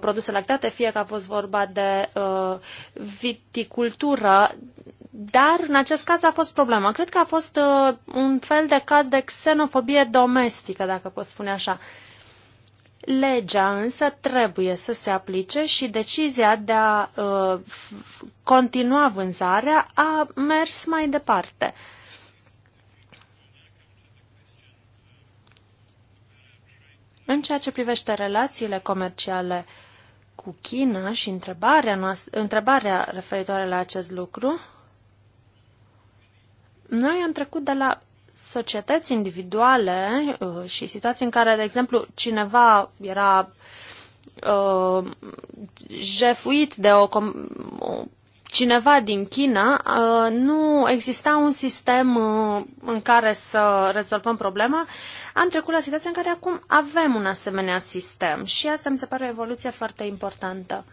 produse lactate, fie că a fost vorba de viticultură, dar în acest caz a fost problema. Cred că a fost un fel de caz de xenofobie domestică, dacă pot spune așa. Legea însă trebuie să se aplice și decizia de a uh, continua vânzarea a mers mai departe. În ceea ce privește relațiile comerciale cu China și întrebarea, noastră, întrebarea referitoare la acest lucru, noi am trecut de la societăți individuale uh, și situații în care, de exemplu, cineva era uh, jefuit de o, o cineva din China, uh, nu exista un sistem uh, în care să rezolvăm problema. Am trecut la situația în care acum avem un asemenea sistem și asta mi se pare o evoluție foarte importantă.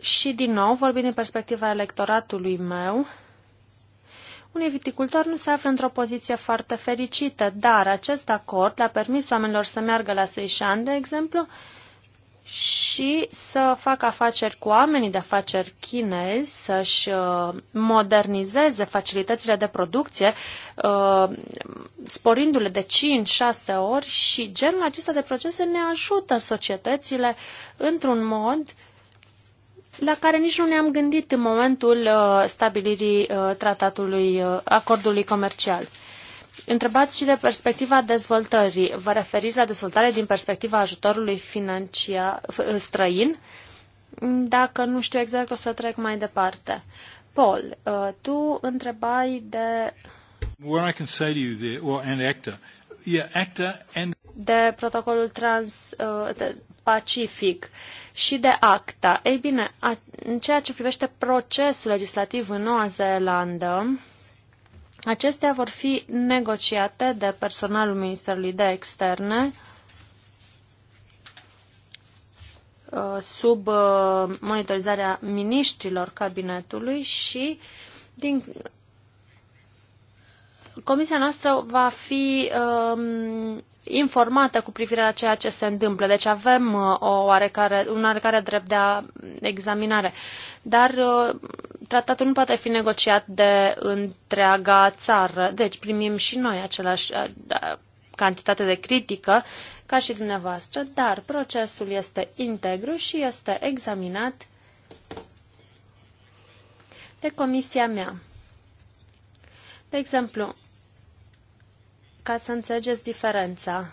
Și din nou, vorbind din perspectiva electoratului meu, unii viticultori nu se află într-o poziție foarte fericită, dar acest acord le-a permis oamenilor să meargă la Seișan, de exemplu, și să facă afaceri cu oamenii de afaceri chinezi, să-și uh, modernizeze facilitățile de producție, uh, sporindu-le de 5-6 ori și genul acesta de procese ne ajută societățile într-un mod la care nici nu ne-am gândit în momentul uh, stabilirii uh, tratatului, uh, acordului comercial. Întrebați și de perspectiva dezvoltării. Vă referiți la dezvoltare din perspectiva ajutorului financiar străin? Dacă nu știu exact, o să trec mai departe. Paul, tu întrebai de... What I can say to you there, well, and ACTA. Yeah, ACTA and... De protocolul trans, de Pacific și de ACTA. Ei bine, a, în ceea ce privește procesul legislativ în Noua Zeelandă, acestea vor fi negociate de personalul Ministerului de Externe uh, sub uh, monitorizarea miniștrilor cabinetului și din Comisia noastră va fi um, informată cu privire la ceea ce se întâmplă. Deci avem uh, o oarecare, un oarecare drept de a examinare. Dar uh, tratatul nu poate fi negociat de întreaga țară. Deci primim și noi același uh, da, cantitate de critică ca și dumneavoastră, dar procesul este integru și este examinat de comisia mea. De exemplu, ca să înțelegeți diferența.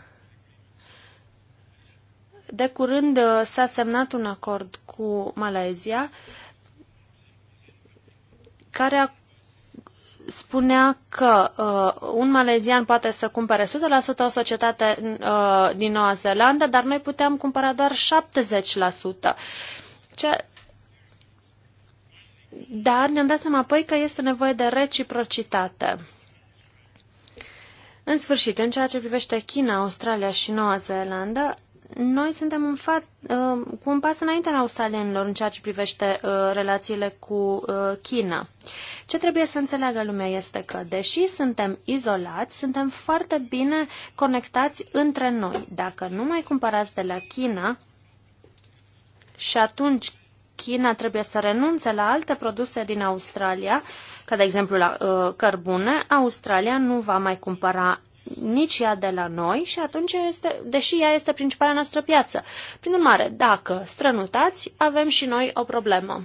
De curând uh, s-a semnat un acord cu Malaezia care a spunea că uh, un malezian poate să cumpere 100% o societate uh, din Noua Zeelandă, dar noi puteam cumpăra doar 70%. Ce... Dar ne-am dat seama apoi că este nevoie de reciprocitate. În sfârșit, în ceea ce privește China, Australia și Noua Zeelandă, noi suntem în fa- uh, cu un pas înainte în australienilor în ceea ce privește uh, relațiile cu uh, China. Ce trebuie să înțeleagă lumea este că, deși suntem izolați, suntem foarte bine conectați între noi. Dacă nu mai cumpărați de la China, și atunci China trebuie să renunțe la alte produse din Australia, ca de exemplu la uh, cărbune, Australia nu va mai cumpăra nici ea de la noi și atunci este, deși ea este principala noastră piață. Prin urmare, dacă strănutați, avem și noi o problemă.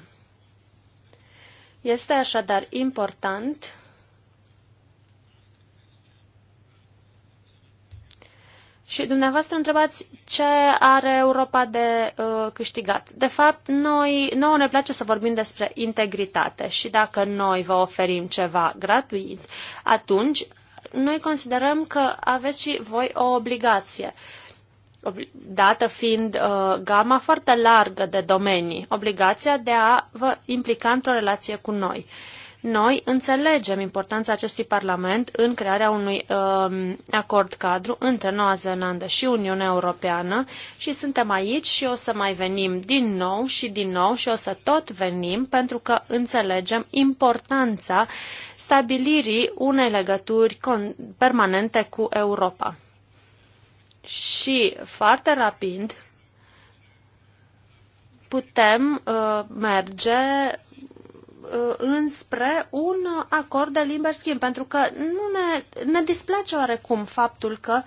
Este așadar important Și dumneavoastră întrebați ce are Europa de uh, câștigat. De fapt, noi, nouă ne place să vorbim despre integritate și dacă noi vă oferim ceva gratuit, atunci noi considerăm că aveți și voi o obligație dată fiind uh, gama foarte largă de domenii, obligația de a vă implica într-o relație cu noi. Uh, noi înțelegem importanța acestui Parlament în crearea unui um, acord cadru între Noua Zeelandă și Uniunea Europeană și suntem aici și o să mai venim din nou și din nou și o să tot venim pentru că înțelegem importanța stabilirii unei legături permanente cu Europa. Și foarte rapid putem uh, merge Uh, înspre un acord de liber schimb, pentru că nu ne, ne displace oarecum faptul că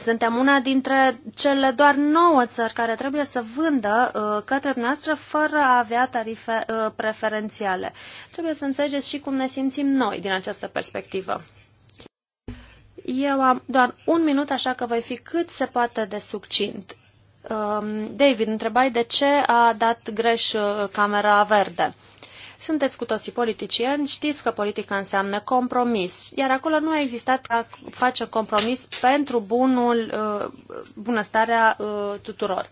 suntem una dintre cele doar nouă țări care trebuie să vândă uh, către noastră fără a avea tarife uh, preferențiale. Trebuie să înțelegeți și cum ne simțim noi din această perspectivă. Eu am doar un minut, așa că voi fi cât se poate de succint. Um, David, întrebai de ce a dat greș uh, camera verde. Sunteți cu toții politicieni, știți că politica înseamnă compromis, iar acolo nu a existat a face compromis pentru bunul, uh, bunăstarea uh, tuturor.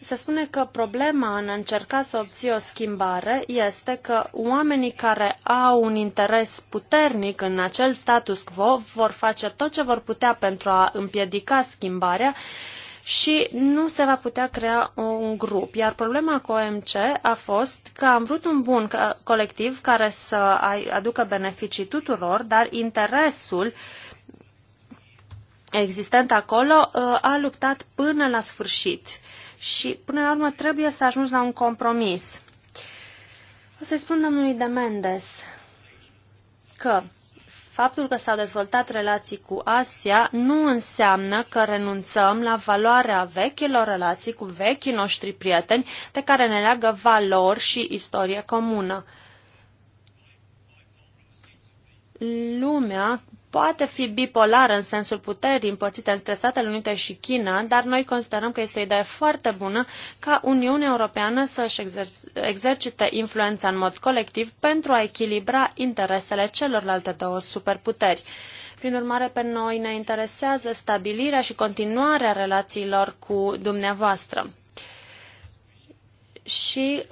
Se spune că problema în a încerca să obții o schimbare este că oamenii care au un interes puternic în acel status quo vor face tot ce vor putea pentru a împiedica schimbarea și nu se va putea crea un grup. Iar problema cu OMC a fost că am vrut un bun colectiv care să aducă beneficii tuturor, dar interesul existent acolo uh, a luptat până la sfârșit. Și până la urmă trebuie să ajungi la un compromis. O să-i spun domnului de Mendes că Faptul că s-au dezvoltat relații cu Asia nu înseamnă că renunțăm la valoarea vechilor relații cu vechii noștri prieteni de care ne leagă valori și istorie comună. Lumea poate fi bipolară în sensul puterii împărțite între Statele Unite și China, dar noi considerăm că este o idee foarte bună ca Uniunea Europeană să-și exer- exercite influența în mod colectiv pentru a echilibra interesele celorlalte două superputeri. Prin urmare, pe noi ne interesează stabilirea și continuarea relațiilor cu dumneavoastră. Și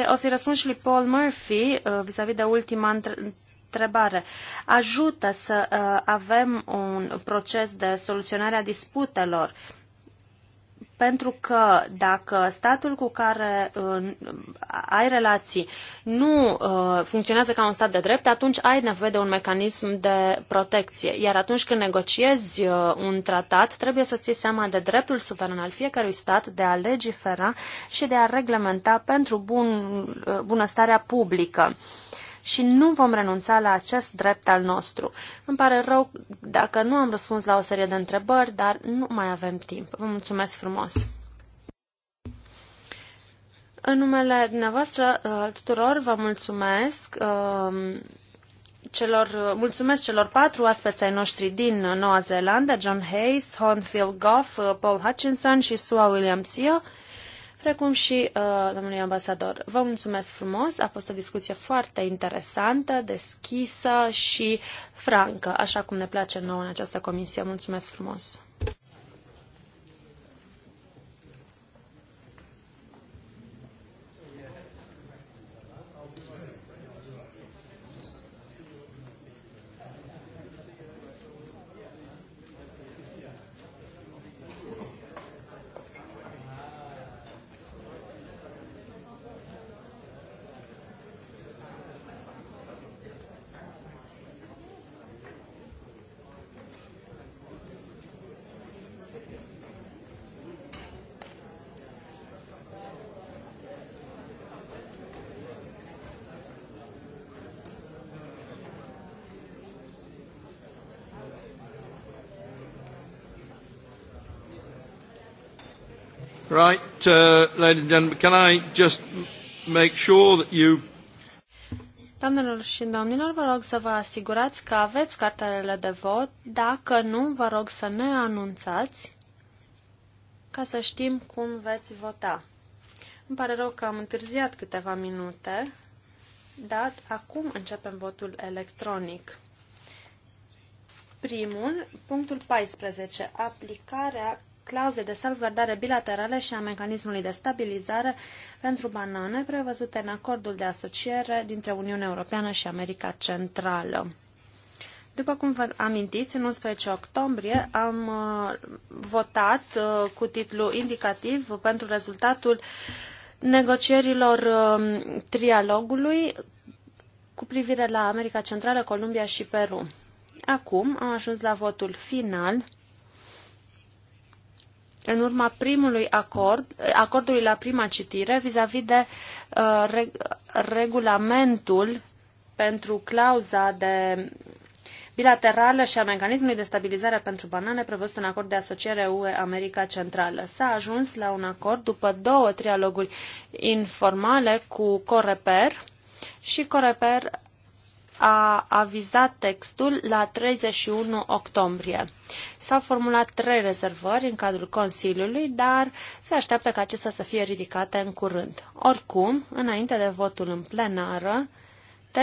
um, o să-i răspund și lui Paul Murphy uh, vis-a-vis -vis de ultima întrebare. Ajută să uh, avem un proces de soluționare a disputelor pentru că dacă statul cu care uh, ai relații nu uh, funcționează ca un stat de drept, atunci ai nevoie de un mecanism de protecție. Iar atunci când negociezi uh, un tratat, trebuie să ții seama de dreptul suveran al fiecărui stat de a legifera și de a reglementa pentru bun, uh, bunăstarea publică. Uh, și nu vom renunța la acest drept al nostru. Îmi pare rău dacă nu am răspuns la o serie de întrebări, dar nu mai avem timp. Vă mulțumesc frumos! În numele dumneavoastră uh, tuturor vă mulțumesc um, celor, mulțumesc celor patru aspeți ai noștri din Noua Zeelandă, John Hayes, Phil Goff, uh, Paul Hutchinson și Sua Williams. Eu precum și uh, domnului ambasador. Vă mulțumesc frumos, a fost o discuție foarte interesantă, deschisă și francă, așa cum ne place nouă în această comisie. Mulțumesc frumos! Right, uh, ladies and gentlemen, can I just make sure that you... Doamnelor și domnilor, vă rog să vă asigurați că aveți cartelele de vot. Dacă nu, vă rog să ne anunțați ca să știm cum veți vota. Îmi pare rău că am întârziat câteva minute, dar acum începem votul electronic. Primul, punctul 14, aplicarea clauze de salvgardare bilaterale și a mecanismului de stabilizare pentru banane prevăzute în acordul de asociere dintre Uniunea Europeană și America Centrală. După cum vă amintiți, în 11 octombrie am uh, votat uh, cu titlu indicativ pentru rezultatul negocierilor uh, trialogului cu privire la America Centrală, Columbia și Peru. Acum am ajuns la votul final în urma primului acord, acordului la prima citire vis-a-vis -vis de uh, reg regulamentul pentru clauza de bilaterală și a mecanismului de stabilizare pentru banane prevăzut în acord de asociere UE-America Centrală. S-a ajuns la un acord după două trialoguri informale cu Coreper și Coreper a avizat textul la 31 octombrie. S-au formulat trei rezervări în cadrul Consiliului, dar se așteaptă ca acestea să fie ridicate în curând. Oricum, înainte de votul în plenară,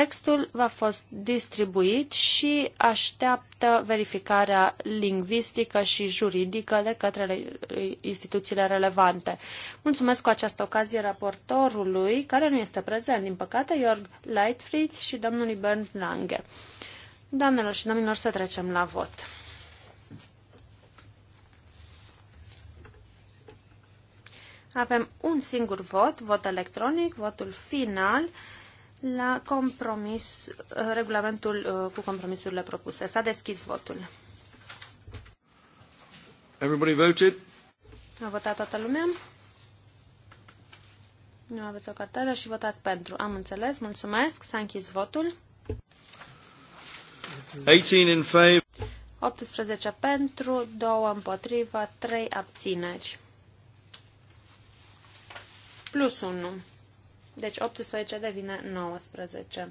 Textul va fost distribuit și așteaptă verificarea lingvistică și juridică de către instituțiile relevante. Mulțumesc cu această ocazie raportorului, care nu este prezent, din păcate, Jörg Leitfried și domnului Bernd Lange. Doamnelor și domnilor, să trecem la vot. Avem un singur vot, vot electronic, votul final la compromis, uh, regulamentul uh, cu compromisurile propuse. S-a deschis votul. Everybody voted? A votat toată lumea? Nu aveți o cartelă și votați pentru. Am înțeles, mulțumesc. S-a închis votul. 18 in favor. 18 pentru, 2 împotriva, 3 abțineri. Plus 1. Deci 18 devine 19.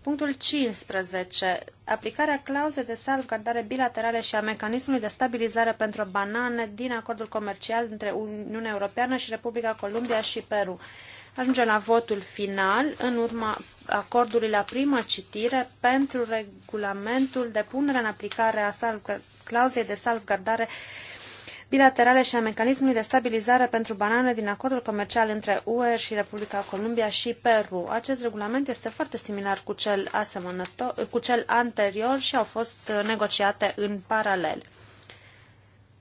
Punctul 15. Aplicarea clauzei de salvgardare bilaterale și a mecanismului de stabilizare pentru banane din acordul comercial între Uniunea Europeană și Republica Columbia și Peru. Ajungem la votul final în urma acordului la prima citire pentru regulamentul de punere în aplicare a clauzei de salvgardare bilaterale și a mecanismului de stabilizare pentru banane din acordul comercial între UE și Republica Columbia și Peru. Acest regulament este foarte similar cu cel, asemănător, cu cel anterior și au fost negociate în paralel.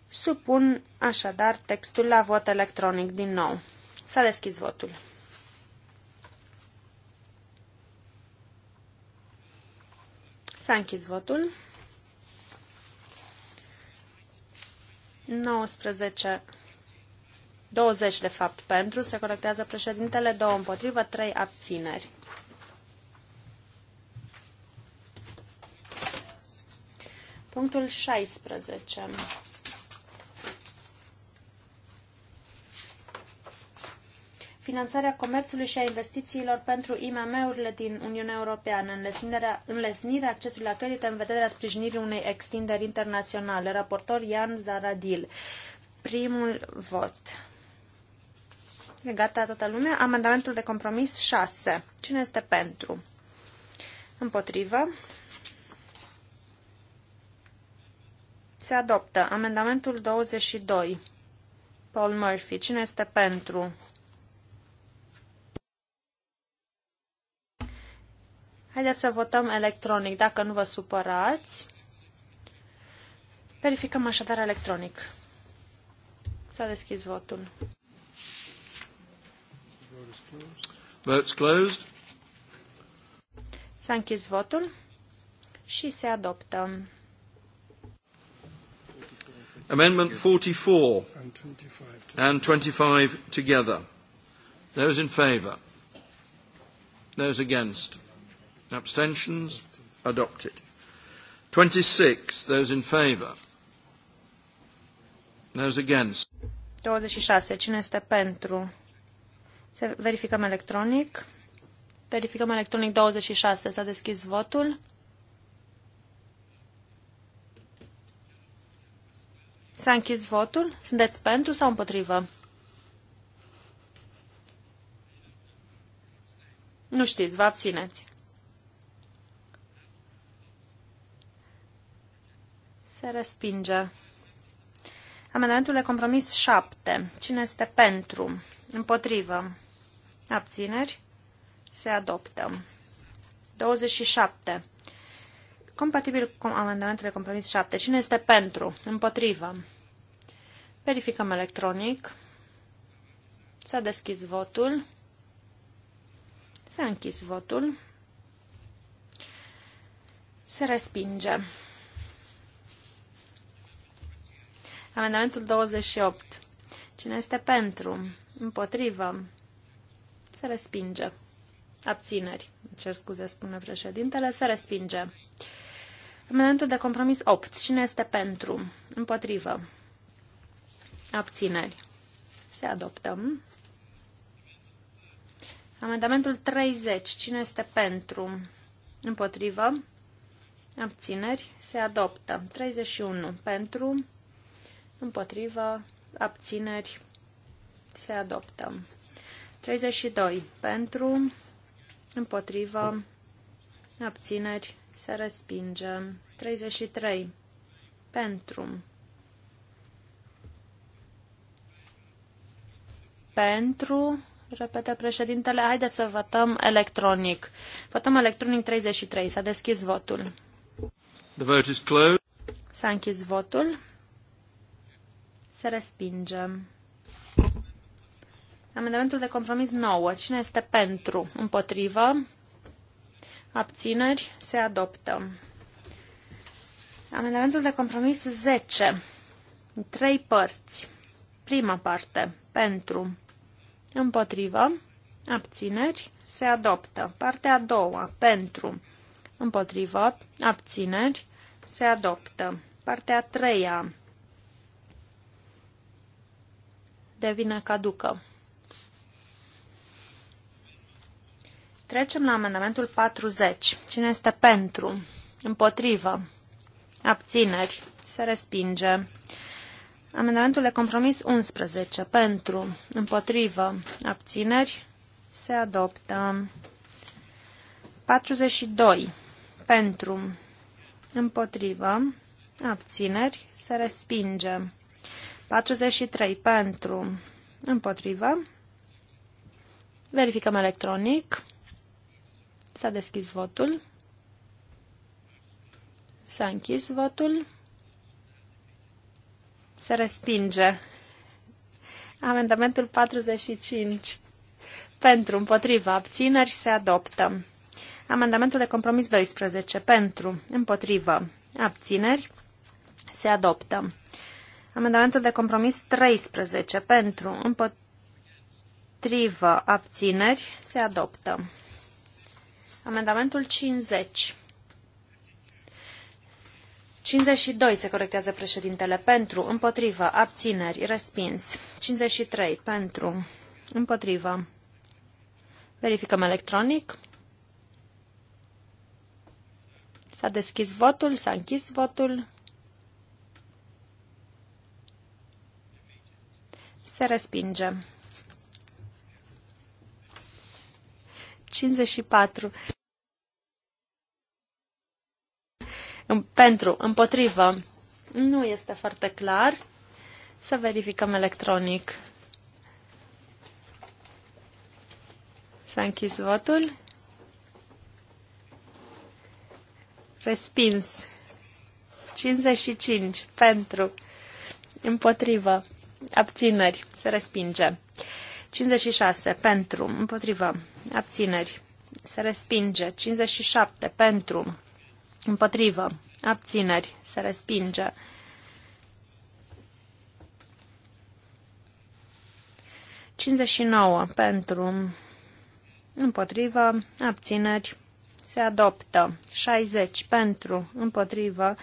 Supun așadar textul la vot electronic din nou. S-a deschis votul. S-a închis votul. 19, 20 de fapt pentru, se corectează președintele, 2 împotrivă, 3 abțineri. Punctul 16. finanțarea comerțului și a investițiilor pentru IMM-urile din Uniunea Europeană, înlesnirea, înlesnirea accesului la credite în vederea sprijinirii unei extinderi internaționale. Raportor Ian Zaradil. Primul vot. E gata toată lumea. Amendamentul de compromis 6. Cine este pentru? Împotrivă. Se adoptă amendamentul 22. Paul Murphy. Cine este pentru? Haideți să votăm electronic, dacă nu vă supărați. Verificăm așadar electronic. S-a deschis votul. Votes closed. S-a închis votul și se adoptă. Amendment 44 and 25 together. Those in favour. Those against. Abstentions? Adopted. 26. Those in favour? Those against? 26. Cine este pentru? Se verificăm electronic. Verificăm electronic 26. S-a deschis votul. S-a închis votul. Sunteți pentru sau împotrivă? Nu știți, vă abțineți. Se respinge. Amendamentul de compromis 7. Cine este pentru? Împotrivă. Abțineri. Se adoptă. 27. Compatibil cu amendamentul de compromis 7. Cine este pentru? Împotrivă. Verificăm electronic. S-a deschis votul. S-a închis votul. Se respinge. Amendamentul 28. Cine este pentru? Împotrivă? Se respinge. Abțineri. Cer scuze, spune președintele. Se respinge. Amendamentul de compromis 8. Cine este pentru? Împotrivă? Abțineri. Se adoptă. Amendamentul 30. Cine este pentru? Împotrivă? Abțineri. Se adoptă. 31. Pentru? împotriva, abțineri, se adoptă. 32. Pentru, împotriva, abțineri, se respinge. 33. Pentru. Pentru, repete președintele, haideți să votăm electronic. Votăm electronic 33. S-a deschis votul. The vote is closed. S-a închis votul. Se respinge. Amendamentul de compromis 9. Cine este pentru? Împotrivă? Abțineri? Se adoptă. Amendamentul de compromis 10. Trei părți. Prima parte. Pentru. Împotrivă. Abțineri. Se adoptă. Partea a doua. Pentru. Împotrivă. Abțineri. Se adoptă. Partea a treia. devine caducă. Trecem la amendamentul 40. Cine este pentru? Împotrivă? Abțineri? Se respinge. Amendamentul de compromis 11. Pentru? Împotrivă? Abțineri? Se adoptă. 42. Pentru? Împotrivă? Abțineri? Se respinge. 43 pentru, împotrivă. Verificăm electronic. S-a deschis votul. S-a închis votul. Se respinge. Amendamentul 45. Pentru, împotriva. abțineri, se adoptă. Amendamentul de compromis 12. Pentru, împotriva. abțineri, se adoptă. Amendamentul de compromis 13 pentru împotrivă abțineri se adoptă. Amendamentul 50. 52 se corectează președintele pentru, împotrivă, abțineri, respins. 53 pentru, împotrivă. Verificăm electronic. S-a deschis votul, s-a închis votul. Se respinge. 54. Pentru, împotrivă. Nu este foarte clar. Să verificăm electronic. S-a închis votul. Respins. 55 pentru. Împotrivă abțineri, se respinge. 56 pentru, împotrivă, abțineri, se respinge. 57 pentru, împotrivă, abțineri, se respinge. 59. pentru, împotrivă, abțineri, se adoptă. 60 pentru, împotrivă,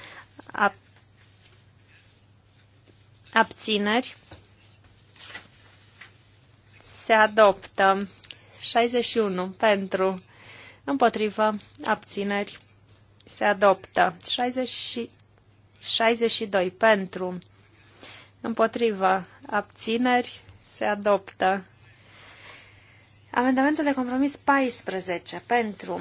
ab Abțineri. Se adoptă. 61 pentru. Împotrivă. Abțineri. Se adoptă. 60, 62 pentru. Împotrivă. Abțineri. Se adoptă. Amendamentul de compromis 14 pentru.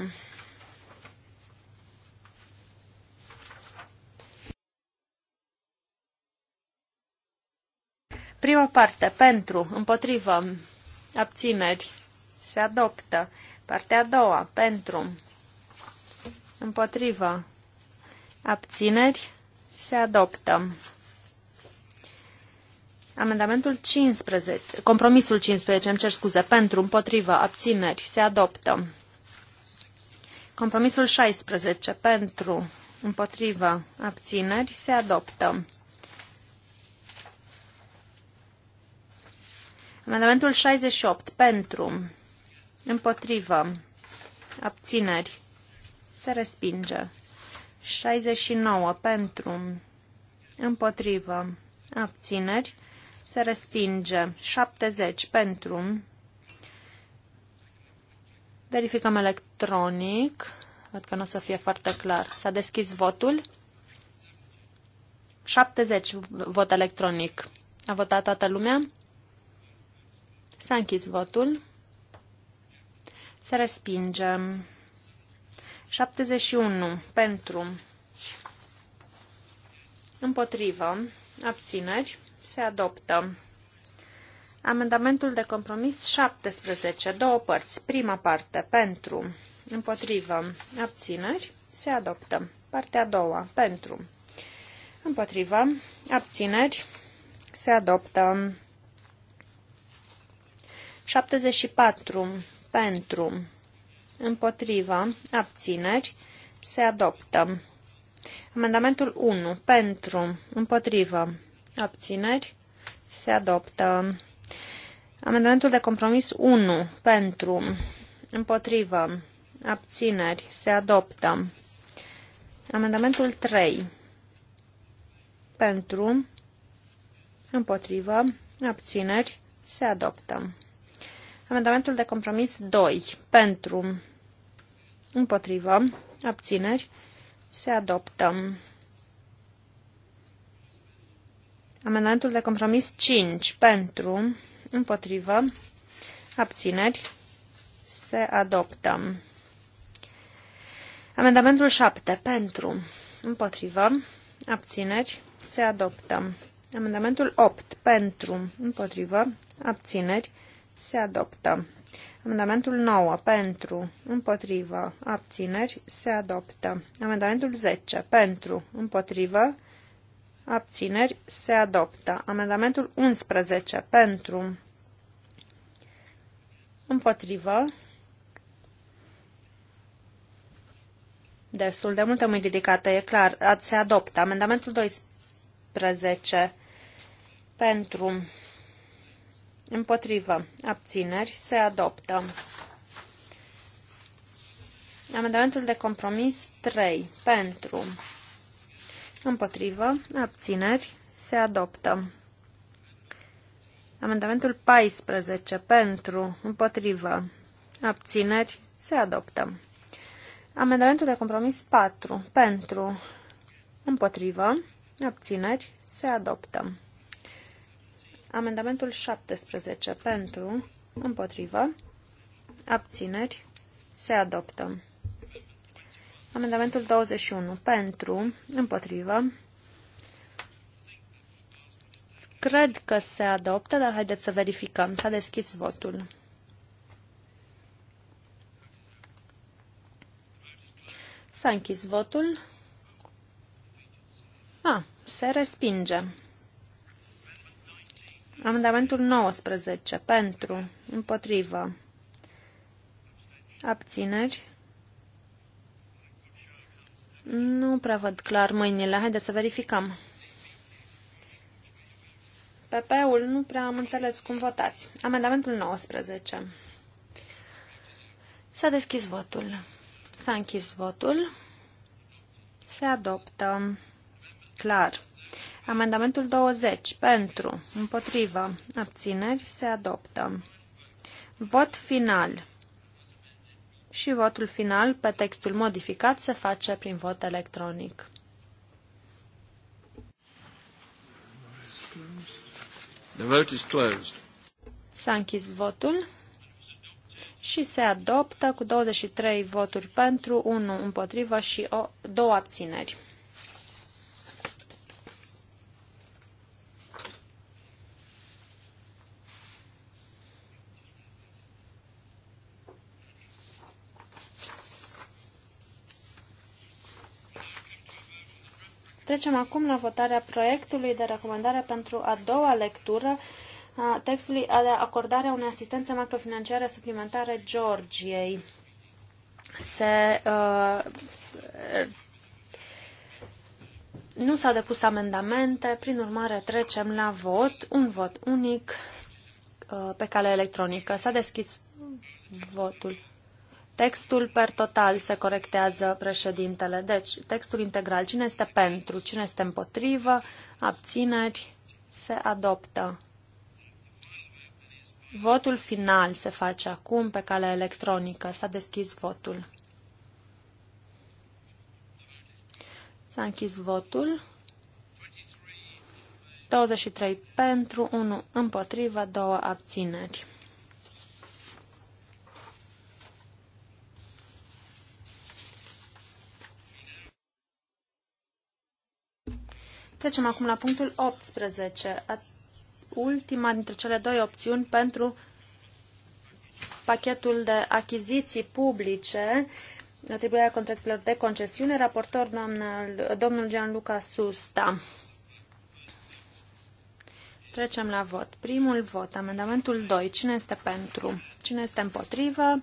Prima parte, pentru, împotrivă, abțineri, se adoptă. Partea a doua, pentru, împotrivă, abțineri, se adoptă. Amendamentul 15, compromisul 15, îmi cer scuze, pentru, împotrivă, abțineri, se adoptă. Compromisul 16, pentru, împotrivă, abțineri, se adoptă. Amendamentul 68. Pentru. Împotrivă. Abțineri. Se respinge. 69. Pentru. Împotrivă. Abțineri. Se respinge. 70. Pentru. Verificăm electronic. Văd că nu o să fie foarte clar. S-a deschis votul. 70 vot electronic. A votat toată lumea? S-a închis votul. se respingem. 71 pentru. Împotrivă. Abțineri. Se adoptă. Amendamentul de compromis 17. Două părți. Prima parte. Pentru. Împotrivă. Abțineri. Se adoptă. Partea a doua. Pentru. Împotrivă. Abțineri. Se adoptă. 74 pentru, împotriva, abțineri, se adoptă. Amendamentul 1 pentru, împotriva, abțineri, se adoptă. Amendamentul de compromis 1 pentru, împotriva, abțineri, se adoptă. Amendamentul 3 pentru, împotriva, abțineri, se adoptă. Amendamentul de compromis 2. Pentru. Împotrivă. Abțineri. Se adoptă. Amendamentul de compromis 5. Pentru. Împotrivă. Abțineri. Se adoptă. Amendamentul 7. Pentru. Împotrivă. Abțineri. Se adoptă. Amendamentul 8. Pentru. Împotrivă. Abțineri. Se adoptă. Amendamentul 9 pentru, împotrivă, abțineri, se adoptă. Amendamentul 10 pentru, împotrivă, abțineri, se adoptă. Amendamentul 11 pentru, împotrivă, destul de multe mâini ridicate, e clar, se adoptă. Amendamentul 12 pentru, Împotrivă. Abțineri. Se adoptă. Amendamentul de compromis 3. Pentru. Împotrivă. Abțineri. Se adoptă. Amendamentul 14. Pentru. Împotrivă. Abțineri. Se adoptă. Amendamentul de compromis 4. Pentru. Împotrivă. Abțineri. Se adoptă. Amendamentul 17 pentru, împotrivă, abțineri, se adoptă. Amendamentul 21 pentru, împotrivă, cred că se adoptă, dar haideți să verificăm. S-a deschis votul. S-a închis votul. A, ah, se respinge. Amendamentul 19. Pentru. Împotrivă. Abțineri. Nu prea văd clar mâinile. Haideți să verificăm. PP-ul nu prea am înțeles cum votați. Amendamentul 19. S-a deschis votul. S-a închis votul. Se adoptă. Clar. Amendamentul 20. Pentru. Împotrivă. Abțineri. Se adoptă. Vot final. Și votul final pe textul modificat se face prin vot electronic. The vote is closed. S-a închis votul și se adoptă cu 23 voturi pentru, 1 împotrivă și o, două abțineri. Trecem acum la votarea proiectului de recomandare pentru a doua lectură a textului de acordare a unei asistențe macrofinanciare suplimentare Georgiei. Se, uh, nu s-au depus amendamente, prin urmare trecem la vot, un vot unic uh, pe cale electronică. S-a deschis votul. Textul per total se corectează președintele. Deci, textul integral. Cine este pentru? Cine este împotrivă? Abțineri? Se adoptă. Votul final se face acum pe cale electronică. S-a deschis votul. S-a închis votul. 23 pentru, 1 împotriva, 2 abțineri. Trecem acum la punctul 18, ultima dintre cele două opțiuni pentru pachetul de achiziții publice, atribuirea contractelor de concesiune, raportor domnul, domnul Gianluca Susta. Trecem la vot. Primul vot, amendamentul 2. Cine este pentru? Cine este împotrivă?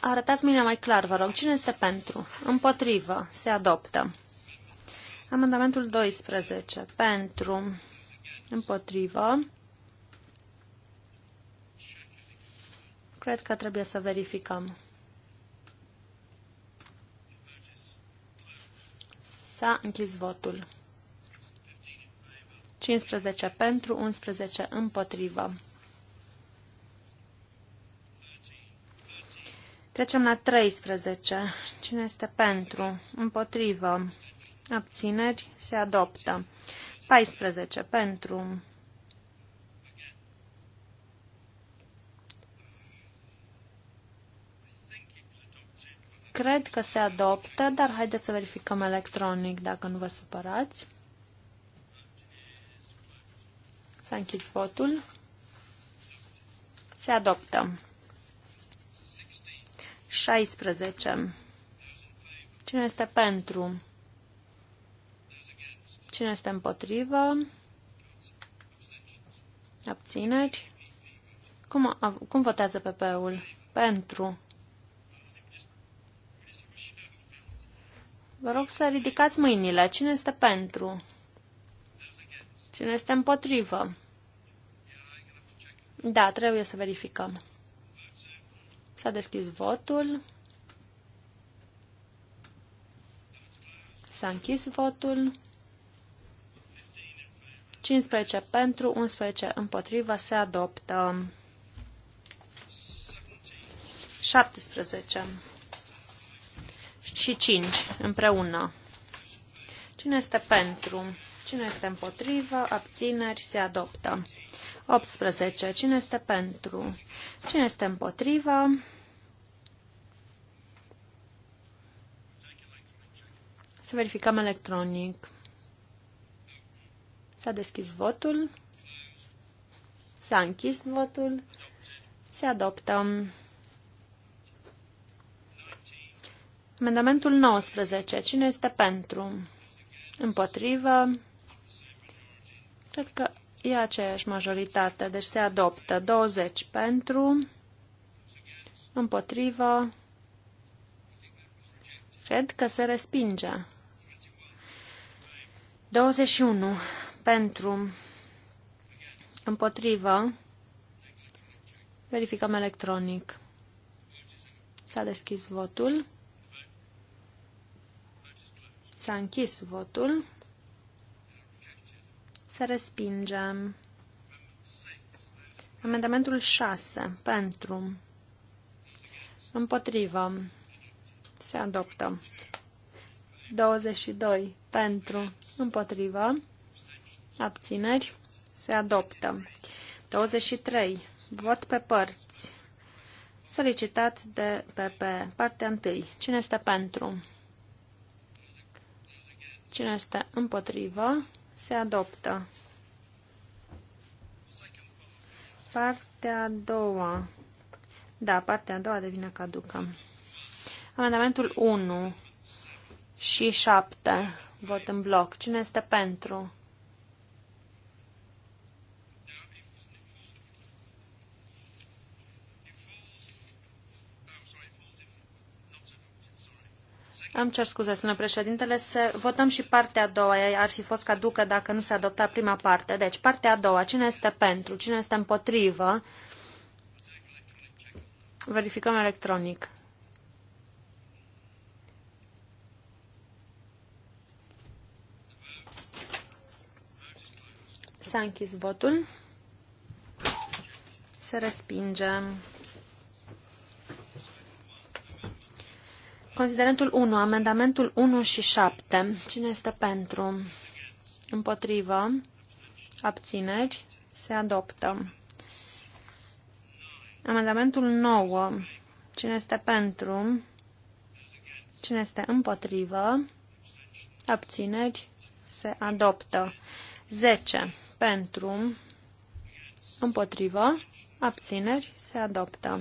arătați-mi mai clar, vă rog, cine este pentru? Împotrivă. Se adoptă. Amendamentul 12. Pentru. Împotrivă. Cred că trebuie să verificăm. S-a închis votul. 15 pentru, 11 împotrivă. Trecem la 13. Cine este pentru? Împotrivă. Abțineri. Se adoptă. 14. Pentru. Cred că se adoptă, dar haideți să verificăm electronic dacă nu vă supărați. S-a închis votul. Se adoptă. 16. Cine este pentru? Cine este împotrivă? Abțineri? Cum, cum votează PP-ul? Pentru. Vă rog să ridicați mâinile. Cine este pentru? Cine este împotrivă? Da, trebuie să verificăm. S-a deschis votul. S-a închis votul. 15 pentru, 11 împotriva, se adoptă. 17 și 5 împreună. Cine este pentru? Cine este împotrivă? Abțineri se adoptă. 18. Cine este pentru? Cine este împotrivă? Să verificăm electronic. S-a deschis votul. S-a închis votul. Se adoptă. Amendamentul 19. Cine este pentru? Împotrivă? Cred că E aceeași majoritate, deci se adoptă 20 pentru, împotrivă, cred că se respinge. 21 pentru, împotrivă, verificăm electronic. S-a deschis votul. S-a închis votul. Se respinge. Amendamentul 6. Pentru. Împotrivă. Se adoptă. 22. Pentru. Împotrivă. Abțineri. Se adoptă. 23. Vot pe părți. Solicitat de PP. Partea 1. Cine este pentru? Cine este împotrivă? se adoptă. Partea a doua. Da, partea a doua devine caducă. Amendamentul 1 și 7. Vot în bloc. Cine este pentru? Îmi cer scuze, spune președintele, să votăm și partea a doua. Ea ar fi fost caducă dacă nu se adopta prima parte. Deci, partea a doua, cine este pentru, cine este împotrivă, verificăm electronic. S-a închis votul. Să respingem. Considerentul 1, amendamentul 1 și 7. Cine este pentru? Împotrivă? Abțineri? Se adoptă. Amendamentul 9. Cine este pentru? Cine este împotrivă? Abțineri? Se adoptă. 10. Pentru? Împotrivă? Abțineri? Se adoptă.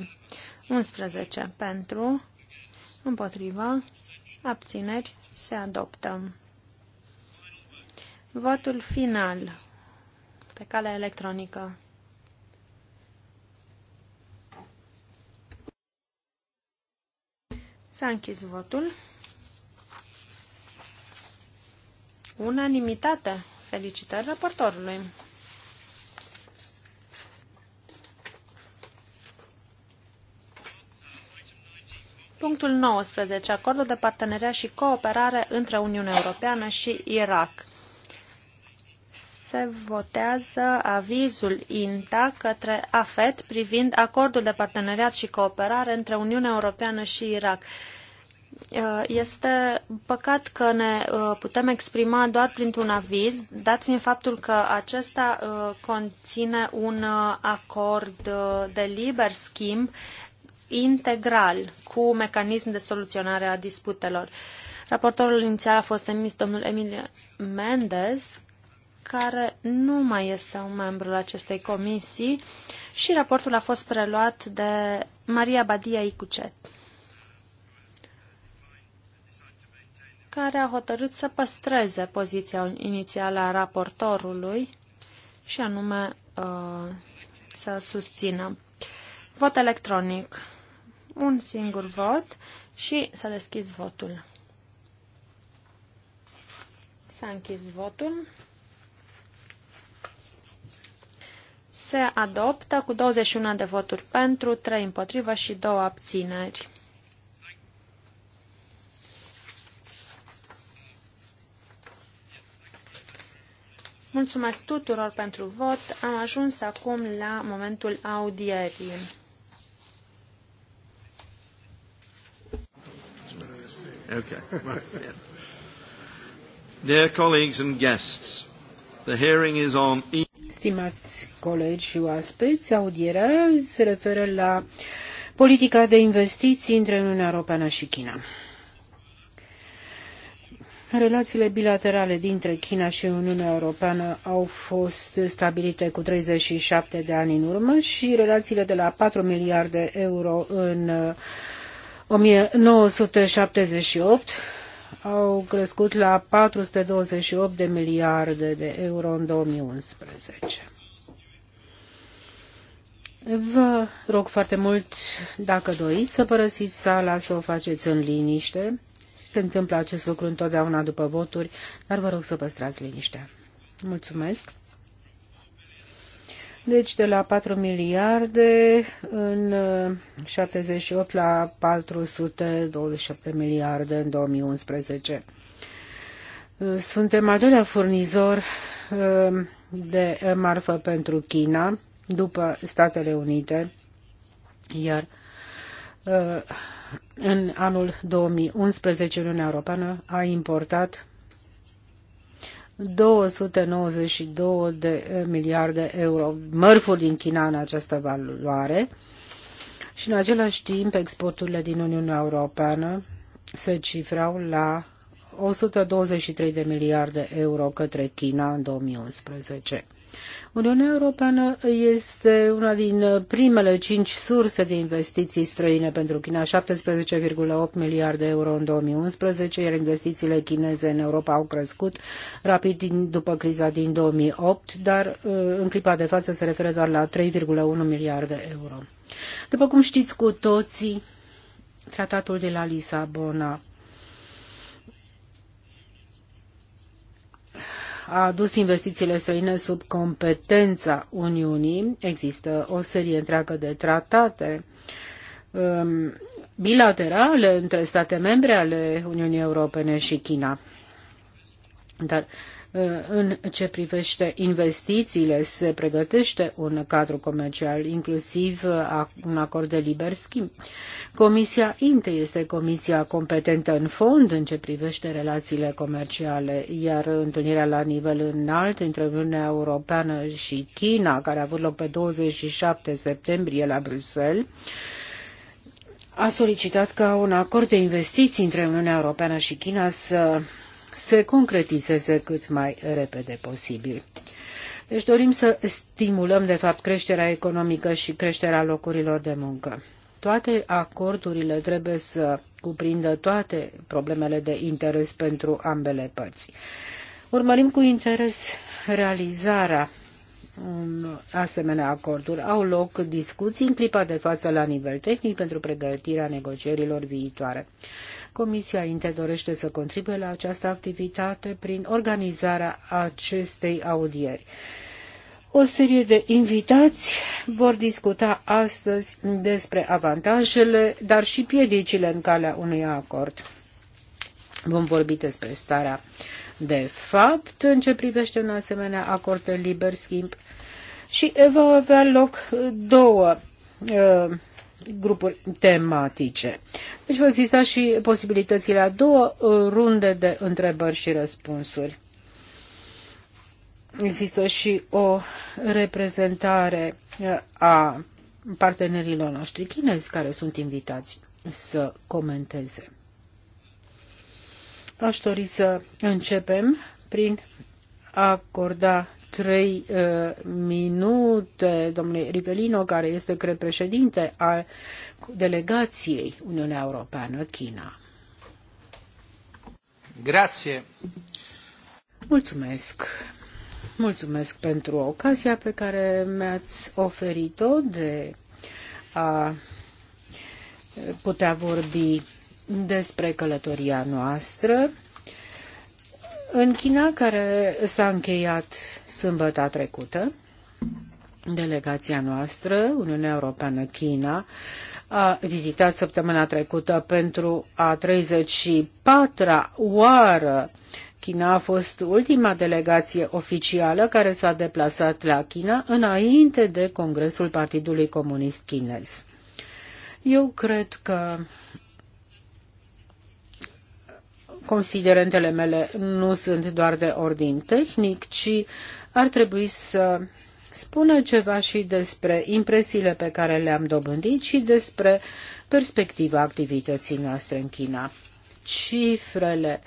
11. Pentru? Împotriva. Abțineri. Se adoptă. Votul final pe cale electronică. S-a închis votul. Unanimitate. Felicitări raportorului. Punctul 19. Acordul de parteneriat și cooperare între Uniunea Europeană și Irak. Se votează avizul INTA către AFET privind acordul de parteneriat și cooperare între Uniunea Europeană și Irak. Uh, este păcat că ne uh, putem exprima doar printr-un aviz, dat fiind faptul că acesta uh, conține un acord de liber schimb integral cu mecanism de soluționare a disputelor. Raportorul inițial a fost emis domnul Emilio Mendez, care nu mai este un membru al acestei comisii și raportul a fost preluat de Maria Badia Icucet, care a hotărât să păstreze poziția inițială a raportorului și anume uh, să susțină. Vot electronic un singur vot și să deschizi votul. S-a închis votul. Se adoptă cu 21 de voturi pentru, 3 împotrivă și 2 abțineri. Mulțumesc tuturor pentru vot. Am ajuns acum la momentul audierii. Okay. Right. Yeah. Dear colleagues and guests, the hearing is on... E- Stimați colegi și oaspeți, audierea se referă la politica de investiții între Uniunea Europeană și China. Relațiile bilaterale dintre China și Uniunea Europeană au fost stabilite cu 37 de ani în urmă și relațiile de la 4 miliarde euro în opt au crescut la 428 de miliarde de euro în 2011. Vă rog foarte mult, dacă doriți, să părăsiți sala, să o faceți în liniște. Se întâmplă acest lucru întotdeauna după voturi, dar vă rog să păstrați liniștea. Mulțumesc! Deci de la 4 miliarde în 78 uh, la 427 miliarde în 2011. Uh, suntem al doilea furnizor uh, de marfă pentru China după Statele Unite, iar în anul 2011 Uniunea Europeană a importat 292 de eh, miliarde euro mărfuri din China în această valoare și în același timp exporturile din Uniunea Europeană se cifrau la 123 de miliarde euro către China în 2011. Uniunea Europeană este una din primele cinci surse de investiții străine pentru China, 17,8 miliarde de euro în 2011, iar investițiile chineze în Europa au crescut rapid din, după criza din 2008, dar uh, în clipa de față se referă doar la 3,1 miliarde euro. După cum știți cu toții, tratatul de la Lisabona a adus investițiile străine sub competența Uniunii. Există o serie întreagă de tratate um, bilaterale între state membre ale Uniunii Europene și China. Dar uh, Uh, în ce privește investițiile, se pregătește un cadru comercial, inclusiv uh, un acord de liber schimb. Comisia INTE este comisia competentă în fond în ce privește relațiile comerciale, iar întâlnirea la nivel înalt între Uniunea Europeană și China, care a avut loc pe 27 septembrie la Bruxelles, a solicitat ca un acord de investiții între Uniunea Europeană și China să se concretizeze cât mai repede posibil. Deci dorim să stimulăm, de fapt, creșterea economică și creșterea locurilor de muncă. Toate acordurile trebuie să cuprindă toate problemele de interes pentru ambele părți. Urmărim cu interes realizarea asemenea acorduri. Au loc discuții în clipa de față la nivel tehnic pentru pregătirea negocierilor viitoare. Comisia Inte dorește să contribuie la această activitate prin organizarea acestei audieri. O serie de invitați vor discuta astăzi despre avantajele, dar și piedicile în calea unui acord. Vom vorbi despre starea de fapt în ce privește un asemenea acord de liber schimb și va avea loc două uh, grupuri tematice. Deci vor exista și posibilitățile a două uh, runde de întrebări și răspunsuri. Există și o reprezentare uh, a partenerilor noștri chinezi care sunt invitați să comenteze. Aș dori să începem prin a acorda trei uh, minute domnului Rivelino, care este, cred, președinte al delegației Uniunea Europeană, China. Grație! Mulțumesc! Mulțumesc pentru ocazia pe care mi-ați oferit-o de a putea vorbi despre călătoria noastră în China, care s-a încheiat sâmbătă trecută, delegația noastră, Uniunea Europeană-China, a vizitat săptămâna trecută pentru a 34-a oară China a fost ultima delegație oficială care s-a deplasat la China înainte de Congresul Partidului Comunist Chinez. Eu cred că considerentele mele nu sunt doar de ordin tehnic, ci ar trebui să spună ceva și despre impresiile pe care le-am dobândit și despre perspectiva activității noastre în China. Cifrele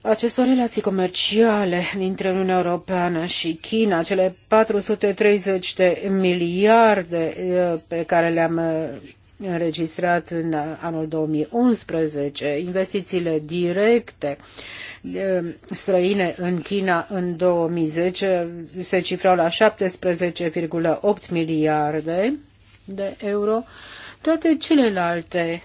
acestor relații comerciale dintre Uniunea Europeană și China, cele 430 de miliarde eh, pe care le-am eh, înregistrat în anul 2011, investițiile directe străine în China în 2010 se cifrau la 17,8 miliarde de euro. Toate celelalte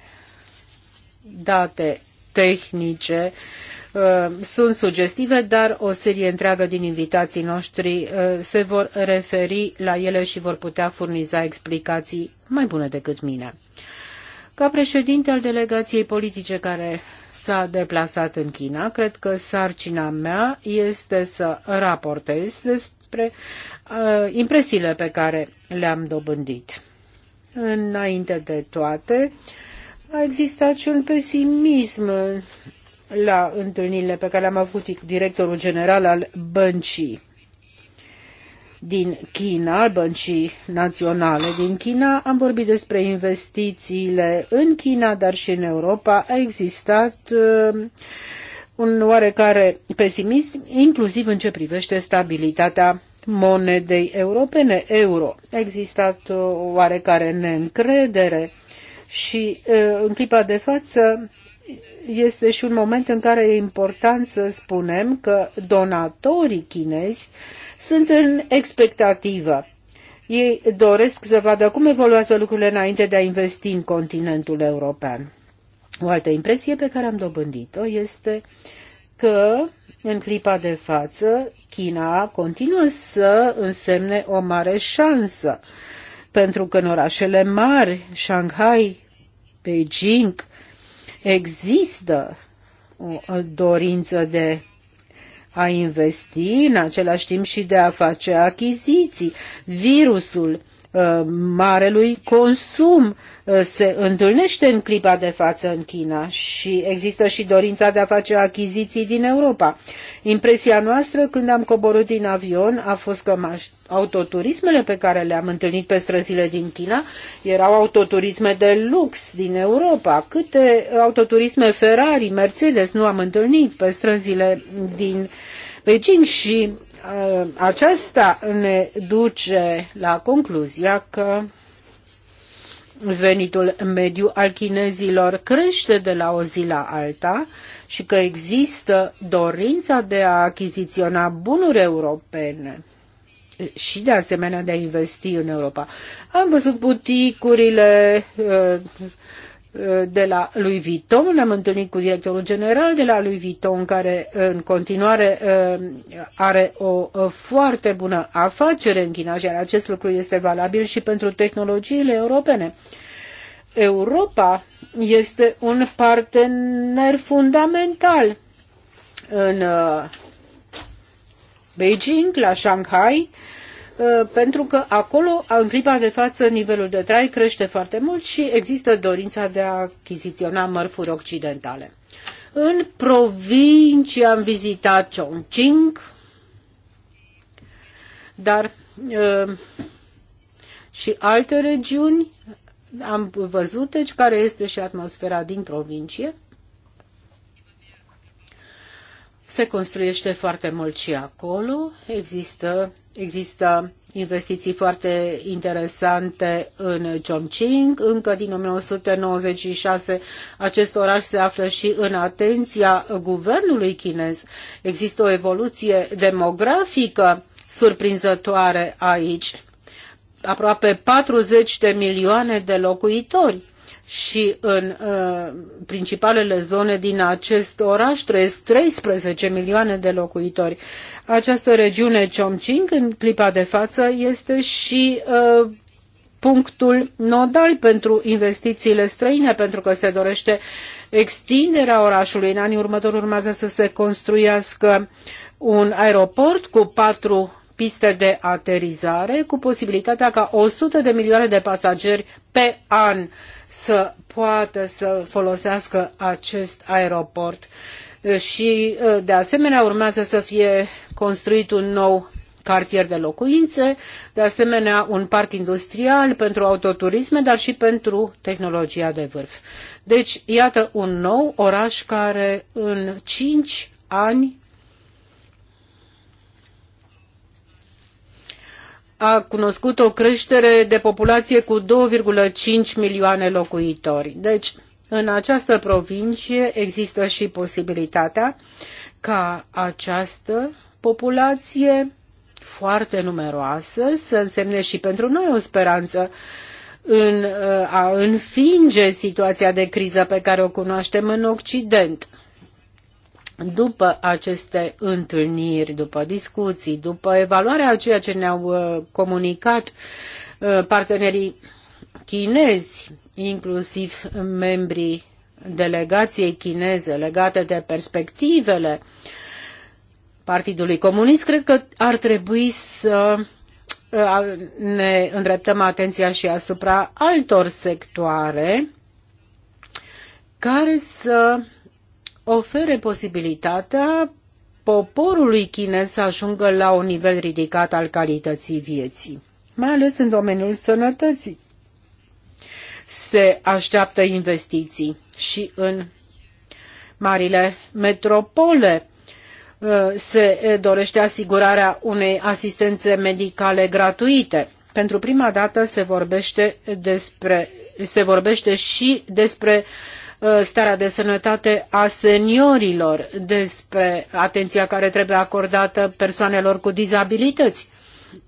date tehnice uh, Uh, sunt sugestive, dar o serie întreagă din invitații noștri uh, se vor referi la ele și vor putea furniza explicații mai bune decât mine. Ca președinte al delegației politice care s-a deplasat în China, cred că sarcina mea este să raportez despre uh, impresiile pe care le-am dobândit. Înainte de toate, a existat și un pesimism la întâlnirile pe care le-am avut cu directorul general al băncii din China, al băncii naționale din China. Am vorbit despre investițiile în China, dar și în Europa. A existat uh, un oarecare pesimism, inclusiv în ce privește stabilitatea monedei europene, euro. A existat o uh, oarecare neîncredere și uh, în clipa de față este și un moment în care e important să spunem că donatorii chinezi sunt în expectativă. Ei doresc să vadă cum evoluează lucrurile înainte de a investi în continentul european. O altă impresie pe care am dobândit-o este că în clipa de față China continuă să însemne o mare șansă, pentru că în orașele mari, Shanghai, Beijing, există o dorință de a investi, în același timp și de a face achiziții. Virusul uh, marelui consum Uh, se întâlnește în clipa de față în China și există și dorința de a face achiziții din Europa. Impresia noastră când am coborât din avion a fost că autoturismele pe care le-am întâlnit pe străzile din China erau autoturisme de lux din Europa. Câte autoturisme Ferrari, Mercedes nu am întâlnit pe străzile din Beijing și uh, aceasta ne duce la concluzia că venitul mediu al chinezilor crește de la o zi la alta și că există dorința de a achiziționa bunuri europene și de asemenea de a investi în Europa. Am văzut buticurile uh, de la lui Vuitton, ne-am întâlnit cu directorul general de la lui Vuitton, care în continuare uh, are o uh, foarte bună afacere în China și acest lucru este valabil și pentru tehnologiile europene. Europa este un partener fundamental în uh, Beijing, la Shanghai, Uh, pentru că acolo, în clipa de față, nivelul de trai crește foarte mult și există dorința de a achiziționa mărfuri occidentale. În provincie am vizitat Chongqing, dar uh, și alte regiuni am văzut, deci, care este și atmosfera din provincie se construiește foarte mult și acolo. Există, există investiții foarte interesante în Chongqing. Încă din 1996 acest oraș se află și în atenția guvernului chinez. Există o evoluție demografică surprinzătoare aici. Aproape 40 de milioane de locuitori și în uh, principalele zone din acest oraș trăiesc 13 milioane de locuitori. Această regiune Chongqing, în clipa de față, este și uh, punctul nodal pentru investițiile străine, pentru că se dorește extinderea orașului. În anii următori urmează să se construiască un aeroport cu patru pistă de aterizare cu posibilitatea ca 100 de milioane de pasageri pe an să poată să folosească acest aeroport. Și uh, de asemenea urmează să fie construit un nou cartier de locuințe, de asemenea un parc industrial pentru autoturisme, dar și pentru tehnologia de vârf. Deci, iată un nou oraș care în 5 ani a cunoscut o creștere de populație cu 2,5 milioane locuitori. Deci, în această provincie există și posibilitatea ca această populație foarte numeroasă să însemne și pentru noi o speranță în a înfinge situația de criză pe care o cunoaștem în Occident după aceste întâlniri, după discuții, după evaluarea a ceea ce ne-au uh, comunicat uh, partenerii chinezi, inclusiv membrii delegației chineze legate de perspectivele Partidului Comunist, cred că ar trebui să uh, ne îndreptăm atenția și asupra altor sectoare care să ofere posibilitatea poporului chinez să ajungă la un nivel ridicat al calității vieții, mai ales în domeniul sănătății. Se așteaptă investiții și în marile metropole uh, se dorește asigurarea unei asistențe medicale gratuite. Pentru prima dată se vorbește, despre, se vorbește și despre Uh, starea de sănătate a seniorilor, despre atenția care trebuie acordată persoanelor cu dizabilități.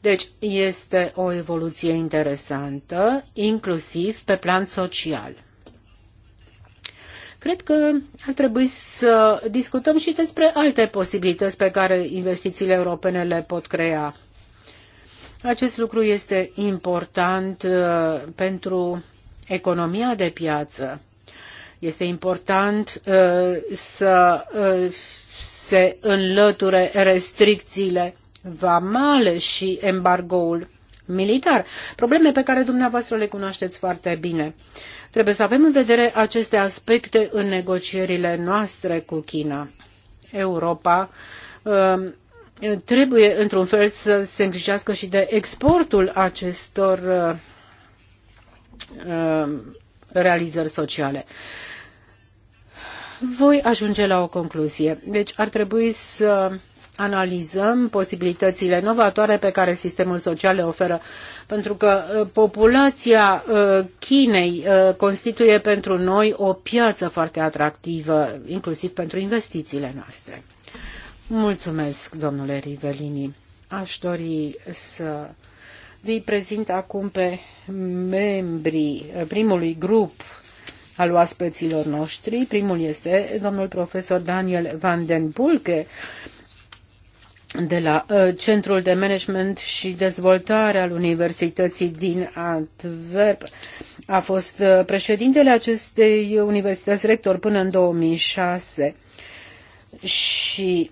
Deci este o evoluție interesantă, inclusiv pe plan social. Cred că ar trebui să discutăm și despre alte posibilități pe care investițiile europene le pot crea. Acest lucru este important uh, pentru economia de piață este important uh, să uh, se înlăture restricțiile vamale și embargoul militar, probleme pe care dumneavoastră le cunoașteți foarte bine. Trebuie să avem în vedere aceste aspecte în negocierile noastre cu China. Europa um, trebuie, într-un fel, să se îngrijească și de exportul acestor uh, um, realizări sociale. Voi ajunge la o concluzie. Deci ar trebui să analizăm posibilitățile novatoare pe care sistemul social le oferă, pentru că uh, populația uh, Chinei uh, constituie pentru noi o piață foarte atractivă, inclusiv pentru investițiile noastre. Mulțumesc, domnule Rivelini. Aș dori să îi prezint acum pe membrii primului grup al oaspeților noștri. Primul este domnul profesor Daniel Van den Bulke de la uh, Centrul de Management și Dezvoltare al Universității din Antwerp. A fost uh, președintele acestei universități rector până în 2006 și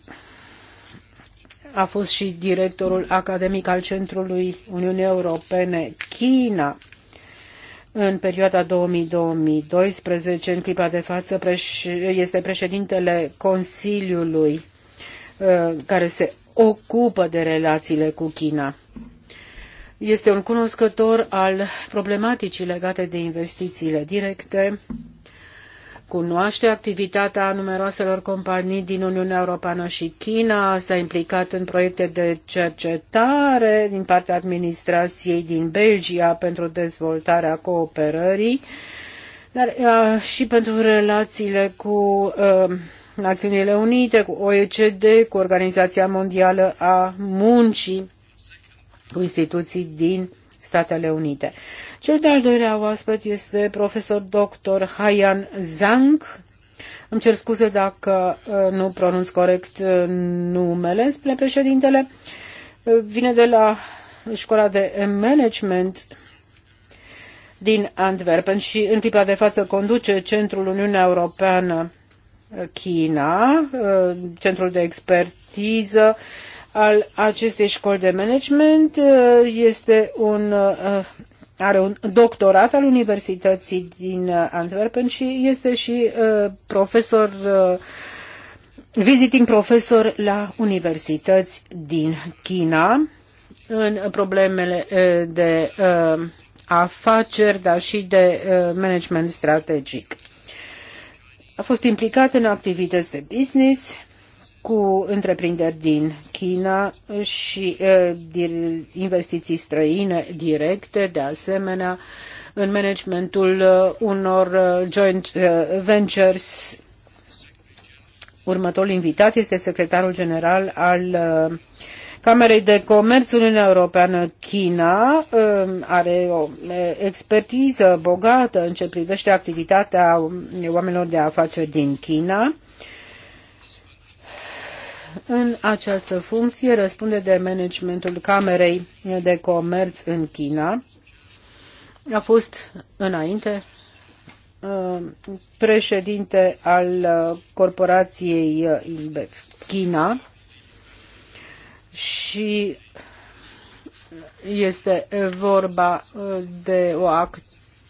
a fost și directorul academic al Centrului Uniunii Europene China. În perioada 2000-2012, în clipa de față, este președintele Consiliului uh, care se ocupă de relațiile cu China. Este un cunoscător al problematicii legate de investițiile directe, cunoaște activitatea numeroaselor companii din Uniunea Europeană și China, s-a implicat în proiecte de cercetare din partea administrației din Belgia pentru dezvoltarea cooperării, dar a, uh, și pentru relațiile cu a, uh, Națiunile Unite, cu OECD, cu Organizația Mondială a Muncii, cu instituții din Statele Unite. Cel de-al doilea oaspăt este profesor dr. Haiyan Zhang. Îmi cer scuze dacă uh, nu pronunț corect uh, numele, spune președintele. Uh, vine de la școala de management din Antwerpen și în clipa de față conduce Centrul Uniunea Europeană China, centrul de expertiză al acestei școli de management. Este un are un doctorat al Universității din uh, Antwerpen și este și uh, profesor uh, visiting profesor la universități din China în problemele uh, de uh, afaceri, dar și de uh, management strategic. A fost implicat în activități de business cu întreprinderi din China și investiții străine directe, de asemenea, în managementul unor joint ventures. Următorul invitat este secretarul general al Camerei de Comerț Uniunea Europeană China are o expertiză bogată în ce privește activitatea oamenilor de afaceri din China în această funcție răspunde de managementul Camerei de Comerț în China. A fost înainte uh, președinte al uh, corporației uh, InBev China și este vorba de o act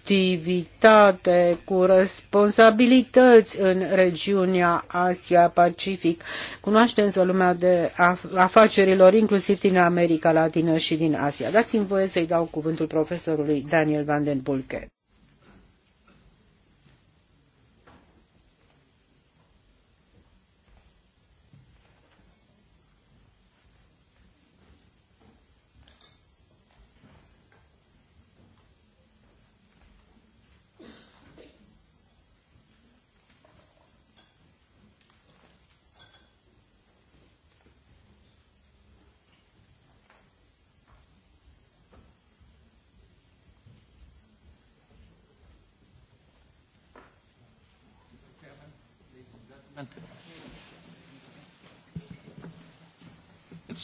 activitate cu responsabilități în regiunea Asia-Pacific. Cunoaște însă lumea de afacerilor, inclusiv din America Latină și din Asia. Dați-mi voie să-i dau cuvântul profesorului Daniel Van den Bulke.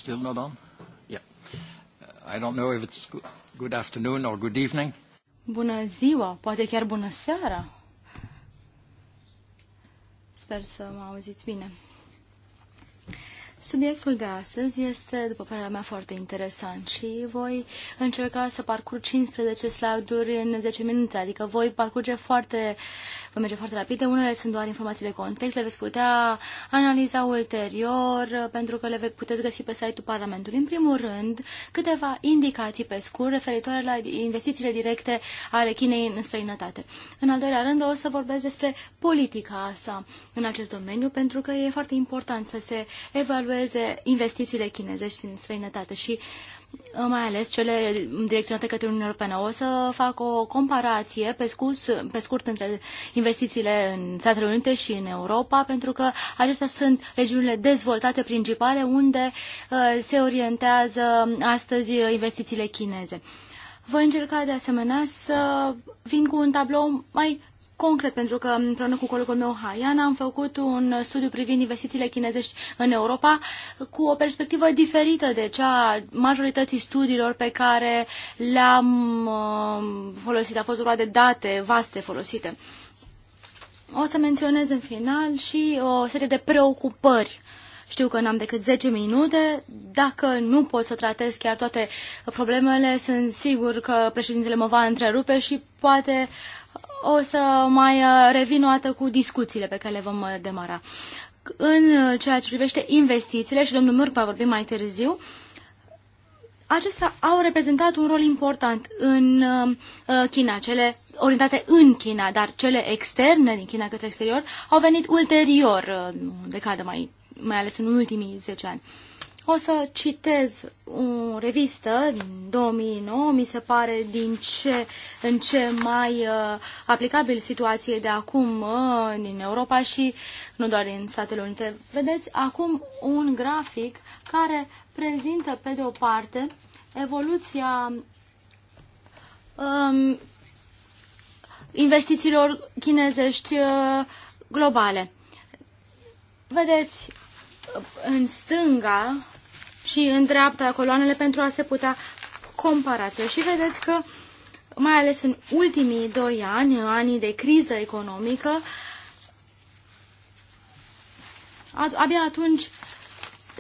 still not on? Yeah. I don't know if it's good afternoon or good evening. Bună ziua, poate chiar bună seara. Sper să mă auziți bine. Subiectul de astăzi este, după părerea mea, foarte interesant și voi încerca să parcurg 15 slide-uri în 10 minute, adică voi parcurge foarte, voi merge foarte rapid. unele sunt doar informații de context, le veți putea analiza ulterior, pentru că le veți puteți găsi pe site-ul Parlamentului. În primul rând, câteva indicații pe scurt referitoare la investițiile directe ale Chinei în străinătate. În al doilea rând, o să vorbesc despre politica asta în acest domeniu, pentru că e foarte important să se evalueze promoveze investițiile chinezești în străinătate și uh, mai ales cele direcționate către Uniunea Europeană. O să fac o comparație pe, scurs, pe scurt între investițiile în Statele Unite și în Europa, pentru că acestea sunt regiunile dezvoltate principale unde uh, se orientează astăzi investițiile chineze voi încerca de asemenea să vin cu un tablou mai concret, pentru că împreună cu colegul meu Haian am făcut un studiu privind investițiile chinezești în Europa cu o perspectivă diferită de cea majorității studiilor pe care le-am uh, folosit. A fost vorba de date vaste folosite. O să menționez în final și o serie de preocupări știu că n-am decât 10 minute. Dacă nu pot să tratez chiar toate problemele, sunt sigur că președintele mă va întrerupe și poate o să mai uh, revin o dată cu discuțiile pe care le vom uh, demara. În uh, ceea ce privește investițiile, și domnul Murpa vorbim mai târziu, acestea au reprezentat un rol important în China, cele orientate în China, dar cele externe din China către exterior au venit ulterior, decadă mai, mai ales în ultimii 10 ani. O să citez o revistă din 2009, mi se pare din ce în ce mai uh, aplicabil situație de acum uh, din Europa și nu doar din Statele Unite. Vedeți acum un grafic care prezintă pe de o parte evoluția um, investițiilor chinezești uh, globale. Vedeți în stânga și în dreapta coloanele pentru a se putea compara. Și vedeți că, mai ales în ultimii doi ani, anii de criză economică, abia atunci,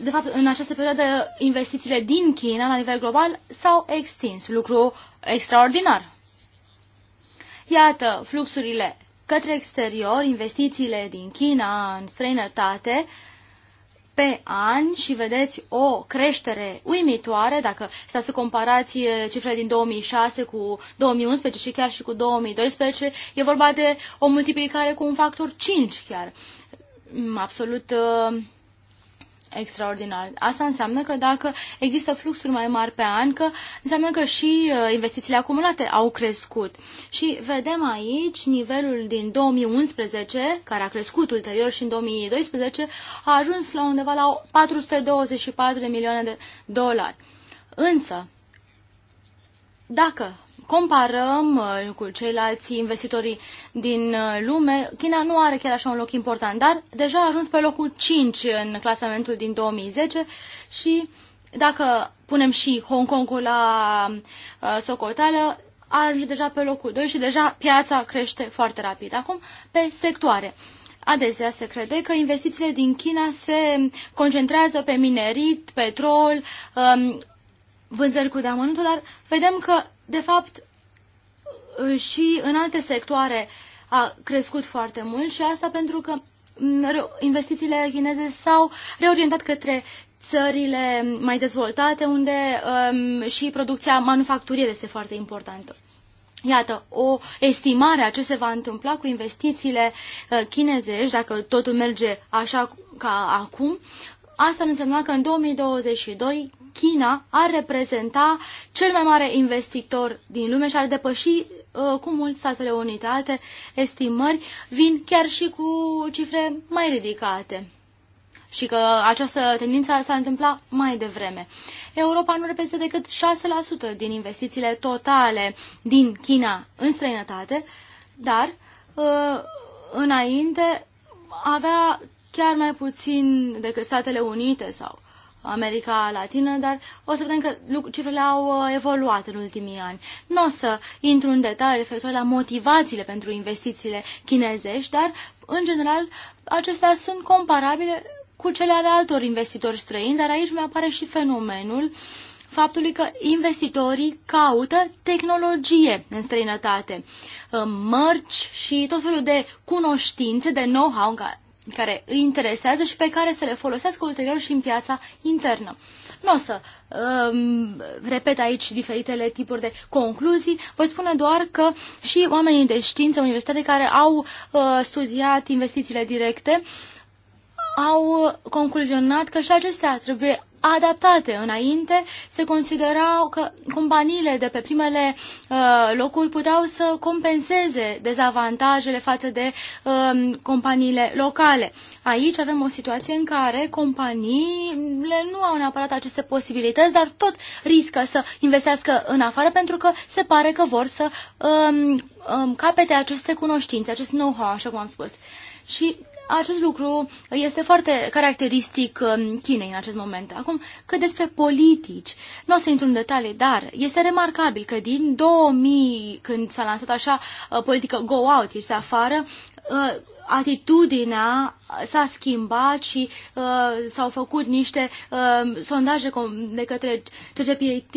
de fapt, în această perioadă, investițiile din China, la nivel global, s-au extins. Lucru extraordinar. Iată, fluxurile către exterior, investițiile din China în străinătate, uh, pe an și vedeți o creștere uimitoare, dacă stați să comparați cifrele din 2006 cu 2011 și chiar și cu 2012, e vorba de o multiplicare cu un factor 5 chiar. Mm, absolut uh, extraordinar. Asta înseamnă că dacă există fluxuri mai mari pe an, că înseamnă că și uh, investițiile acumulate au crescut. Și vedem aici nivelul din 2011, care a crescut ulterior și în 2012, a ajuns la undeva la 424 de milioane de dolari. Însă, dacă comparăm uh, cu ceilalți investitorii din uh, lume, China nu are chiar așa un loc important, dar deja a ajuns pe locul 5 în clasamentul din 2010 și dacă punem și Hong Kongul la uh, socoteală, ajunge deja pe locul 2 și deja piața crește foarte rapid. Acum, pe sectoare. Adesea se crede că investițiile din China se concentrează pe minerit, petrol, um, vânzări cu deamănuntul, dar vedem că de fapt, și în alte sectoare a crescut foarte mult și asta pentru că mm, investițiile chineze s-au reorientat către țările mai dezvoltate, unde um, și producția manufacturieră este foarte importantă. Iată, o estimare a ce se va întâmpla cu investițiile uh, chinezești, dacă totul merge așa ca acum, asta însemna că în 2022 China ar reprezenta cel mai mare investitor din lume și ar depăși uh, cu mult Statele Unite. Alte estimări vin chiar și cu cifre mai ridicate și că această tendință s-a întâmplat mai devreme. Europa nu reprezintă decât 6% din investițiile totale din China în străinătate, dar uh, înainte avea chiar mai puțin decât Statele Unite sau America Latină, dar o să vedem că cifrele au uh, evoluat în ultimii ani. Nu o să intru în detalii referitor la motivațiile pentru investițiile chinezești, dar, în general, acestea sunt comparabile cu cele ale altor investitori străini, dar aici mi apare și fenomenul faptului că investitorii caută tehnologie în străinătate, uh, mărci și tot felul de cunoștințe, de know-how care îi interesează și pe care să le folosească ulterior și în piața internă. Nu o să um, repet aici diferitele tipuri de concluzii, voi spune doar că și oamenii de știință, universitate care au uh, studiat investițiile directe, au concluzionat că și acestea trebuie adaptate. Înainte se considerau că companiile de pe primele uh, locuri puteau să compenseze dezavantajele față de uh, companiile locale. Aici avem o situație în care companiile nu au neapărat aceste posibilități, dar tot riscă să investească în afară pentru că se pare că vor să um, um, capete aceste cunoștințe, acest know-how, așa cum am spus. Și acest lucru este foarte caracteristic um, Chinei în acest moment. Acum, că despre politici, nu o să intru în detalii, dar este remarcabil că din 2000, când s-a lansat așa uh, politică go out, ieși afară, uh, atitudinea s-a schimbat și uh, s-au făcut niște uh, sondaje de către CGPIT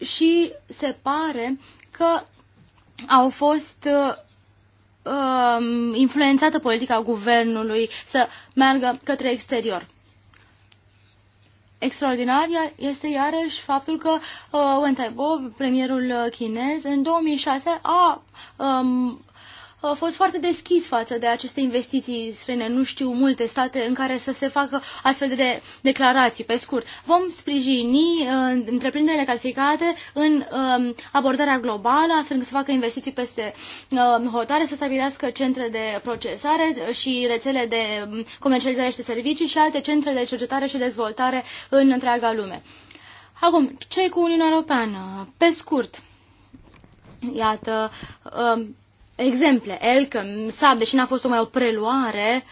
și se pare că au fost uh, Um, influențată politica guvernului să meargă către exterior. Extraordinar este iarăși faptul că uh, Wen Taibo, premierul uh, chinez, în 2006 a um, a fost foarte deschis față de aceste investiții străine. Nu știu multe state în care să se facă astfel de declarații, pe scurt. Vom sprijini uh, întreprinderile calificate în uh, abordarea globală, astfel încât să facă investiții peste uh, hotare, să stabilească centre de procesare și rețele de um, comercializare și de servicii și alte centre de cercetare și dezvoltare în întreaga lume. Acum, ce cu Uniunea Europeană? Pe scurt, iată, exemple, el că s-a, deși n-a fost o mai o preluare,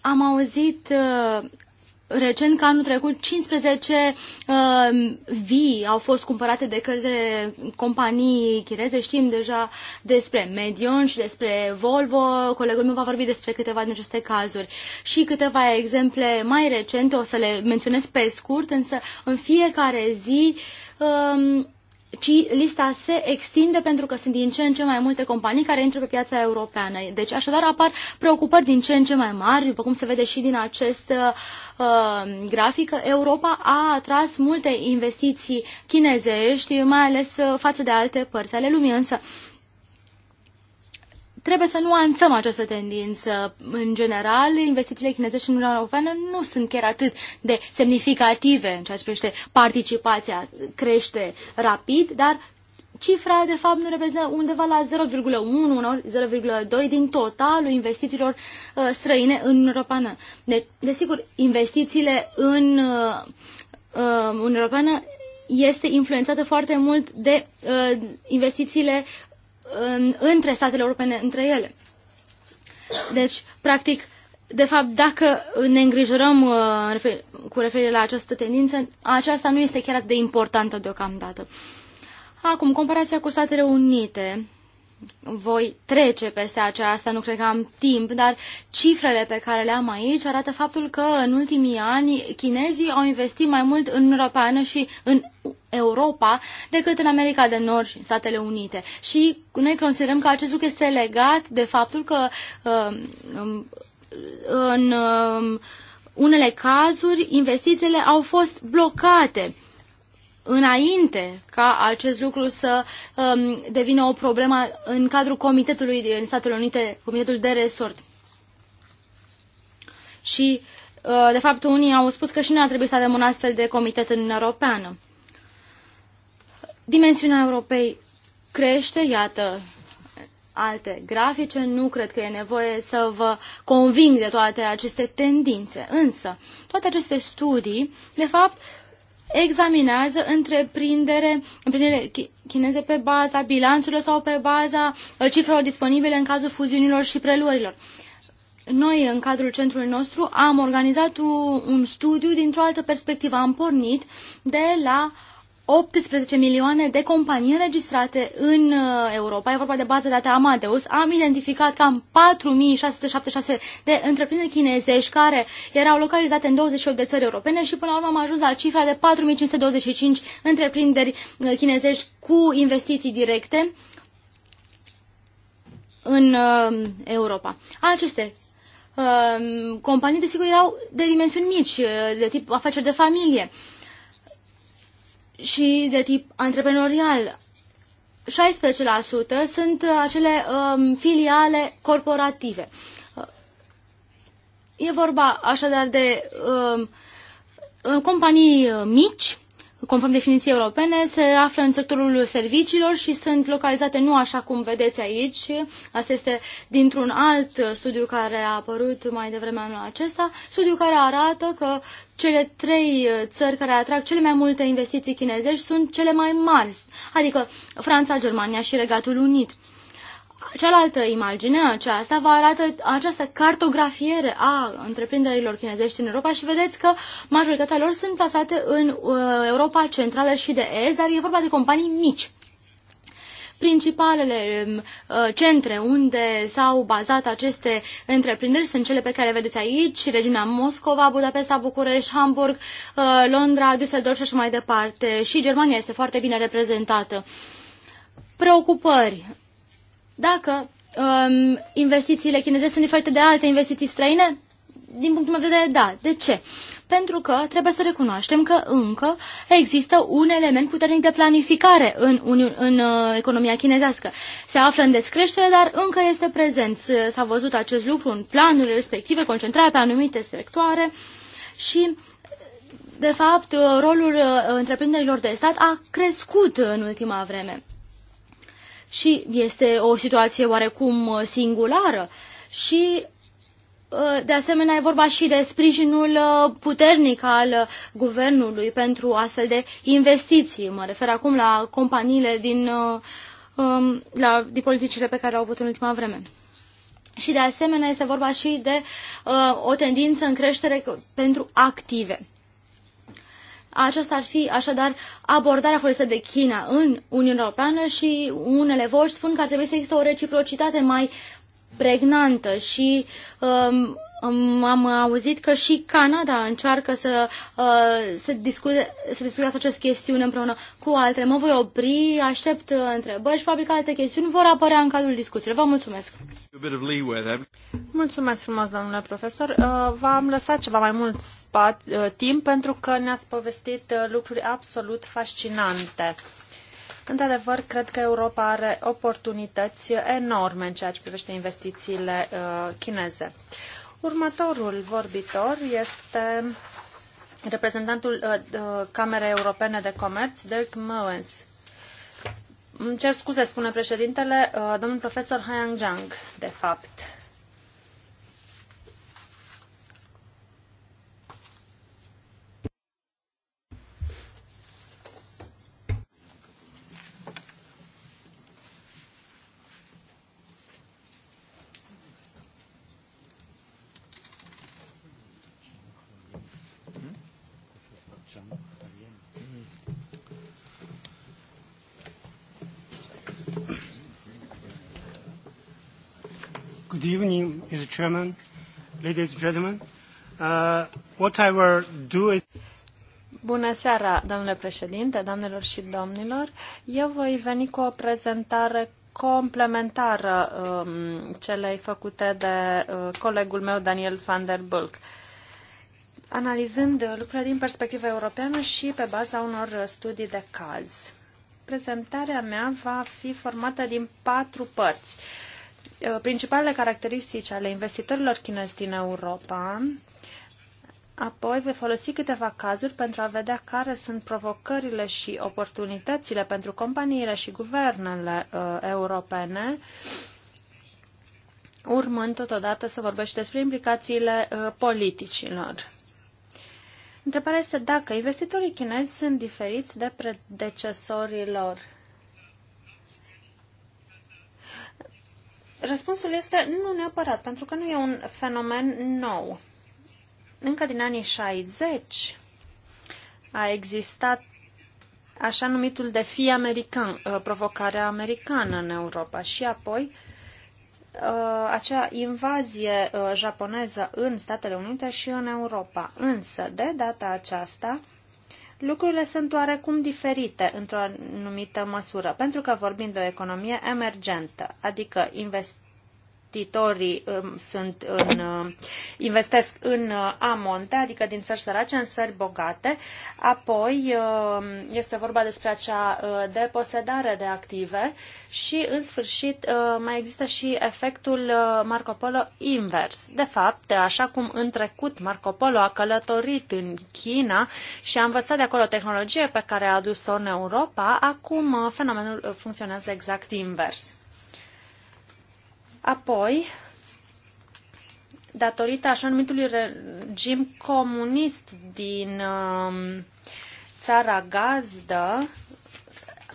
am auzit uh, recent că anul trecut 15 uh, vii au fost cumpărate de către companii chineze. Știm deja despre Medion și despre Volvo. Colegul meu va vorbi despre câteva din aceste cazuri. Și câteva exemple mai recente, o să le menționez pe scurt, însă în fiecare zi um, ci lista se extinde pentru că sunt din ce în ce mai multe companii care intră pe piața europeană. Deci așadar apar preocupări din ce în ce mai mari, după cum se vede și din acest uh, grafic, Europa a atras multe investiții chinezești, mai ales uh, față de alte părți ale lumii, însă uh, trebuie să nuanțăm această tendință. În general, investițiile chinezești în Uniunea Europeană nu sunt chiar atât de semnificative în ceea ce privește participația crește rapid, dar cifra de fapt nu reprezintă undeva la 0,1, 0,2 din totalul investițiilor uh, străine în Europeană. De, desigur, investițiile în uh, uh, Uniunea Europeană este influențată foarte mult de uh, investițiile între statele europene, între ele. Deci, practic, de fapt, dacă ne îngrijorăm uh, cu referire la această tendință, aceasta nu este chiar atât de importantă deocamdată. Acum, comparația cu Statele Unite voi trece peste aceasta, nu cred că am timp, dar cifrele pe care le am aici arată faptul că în ultimii ani chinezii au investit mai mult în Europeană și în Europa decât în America de Nord și în Statele Unite. Și noi considerăm că acest lucru este legat de faptul că um, um, în um, unele cazuri investițiile au fost blocate înainte ca acest lucru să um, devină o problemă în cadrul Comitetului din Statele Unite, Comitetul de Resort. Și, uh, de fapt, unii au spus că și noi ar trebui să avem un astfel de comitet în Uniunea Europeană. Dimensiunea Europei crește, iată, alte grafice, nu cred că e nevoie să vă conving de toate aceste tendințe. Însă, toate aceste studii, de fapt, examinează întreprindere, întreprindere chineze pe baza bilanțurilor sau pe baza uh, cifrelor disponibile în cazul fuziunilor și preluărilor. Noi, în cadrul centrului nostru, am organizat un studiu dintr-o altă perspectivă. Am pornit de la uh, 18 milioane de companii înregistrate în uh, Europa, e vorba de bază de date Amadeus, am identificat cam 4676 de întreprinderi chinezești care erau localizate în 28 de țări europene și până la urmă am ajuns la cifra de 4525 întreprinderi uh, chinezești cu investiții directe în uh, Europa. Aceste companii, desigur, erau de dimensiuni mici, de tip afaceri de familie și de tip antreprenorial. 16% sunt uh, acele um, filiale corporative. Uh, e vorba așadar de um, uh, companii mici conform definiției europene, se află în sectorul serviciilor și sunt localizate nu așa cum vedeți aici. Asta este dintr-un alt studiu care a apărut mai devreme anul acesta, studiu care arată că cele trei țări care atrag cele mai multe investiții chinezești sunt cele mai mari, adică Franța, Germania și Regatul Unit. Cealaltă imagine aceasta vă arată această cartografiere a întreprinderilor chinezești în Europa și vedeți că majoritatea lor sunt plasate în uh, Europa Centrală și de Est, dar e vorba de companii mici principalele um, uh, centre unde s-au bazat aceste întreprinderi sunt cele pe care le vedeți aici, regiunea Moscova, Budapesta, București, Hamburg, uh, Londra, Düsseldorf și așa mai departe. Și Germania este foarte bine reprezentată. Preocupări dacă um, investițiile chineze sunt diferite de alte investiții străine? Din punctul meu de vedere, da. De ce? Pentru că trebuie să recunoaștem că încă există un element puternic de planificare în, Uni- în uh, economia chinezească. Se află în descreștere, dar încă este prezent. S-a văzut acest lucru în planurile respective, concentrarea pe anumite sectoare și de fapt, rolul uh, întreprinderilor de stat a crescut în ultima vreme și este o situație oarecum uh, singulară și uh, de asemenea, e vorba și de sprijinul uh, puternic al guvernului pentru astfel de investiții. Mă refer acum la companiile din, um, la, din politicile pe care le-au avut în ultima vreme. Și de asemenea este vorba și de o tendință în creștere pentru active. Aceasta ar fi așadar abordarea folosită de China în Uniunea Europeană și unele voci spun că ar trebui să existe o reciprocitate mai pregnantă și um, am auzit că și Canada încearcă să, uh, să, discute, să discute această chestiune împreună cu altele. Mă voi opri, aștept uh, întrebări și probabil că alte chestiuni vor apărea în cadrul discuției. Vă mulțumesc! Mulțumesc frumos, domnule profesor. Uh, v-am lăsat ceva mai mult spat, timp pentru că ne-ați povestit lucruri absolut fascinante. Într-adevăr, cred că Europa are oportunități enorme în ceea ce privește investițiile chineze. Următorul vorbitor este reprezentantul uh, uh, Camerei Europene de Comerț, Dirk Mowens. Îmi cer scuze, spune președintele, uh, domnul profesor Hayang Zhang, de fapt. Good evening, Mr. Chairman, ladies and gentlemen. Uh, what I will do is... Bună seara, domnule președinte, doamnelor și domnilor. Eu voi veni cu o prezentare complementară um, celei făcute de uh, colegul meu, Daniel van der Bulk analizând lucrurile din perspectiva europeană și pe baza unor studii de caz. Prezentarea mea va fi formată din patru părți. Eh, principalele caracteristici ale investitorilor chinezi din Europa. Apoi voi folosi câteva cazuri pentru a vedea care sunt provocările și oportunitățile pentru companiile și guvernele uh, europene, urmând totodată să vorbesc despre implicațiile uh, politicilor. Întrebarea este dacă investitorii chinezi sunt diferiți de predecesorii lor. Răspunsul este nu neapărat, pentru că nu e un fenomen nou. Încă din anii 60 a existat așa numitul de fi american, uh, provocarea americană în Europa și apoi uh, acea invazie uh, japoneză în Statele Unite și în Europa. Însă, de data aceasta, lucrurile sunt oarecum diferite într-o anumită măsură, pentru că vorbim de o economie emergentă, adică investiții investitorii um, sunt în, um, investesc în uh, amonte, adică din țări sărace în țări bogate. Apoi um, este vorba despre acea uh, deposedare de active și, în sfârșit, uh, mai există și efectul Marco Polo invers. De fapt, așa cum în trecut Marco Polo a călătorit în China și a învățat de acolo tehnologie pe care a adus-o în Europa, acum fenomenul funcționează exact invers. Apoi, datorită așa numitului regim comunist din um, țara gazdă,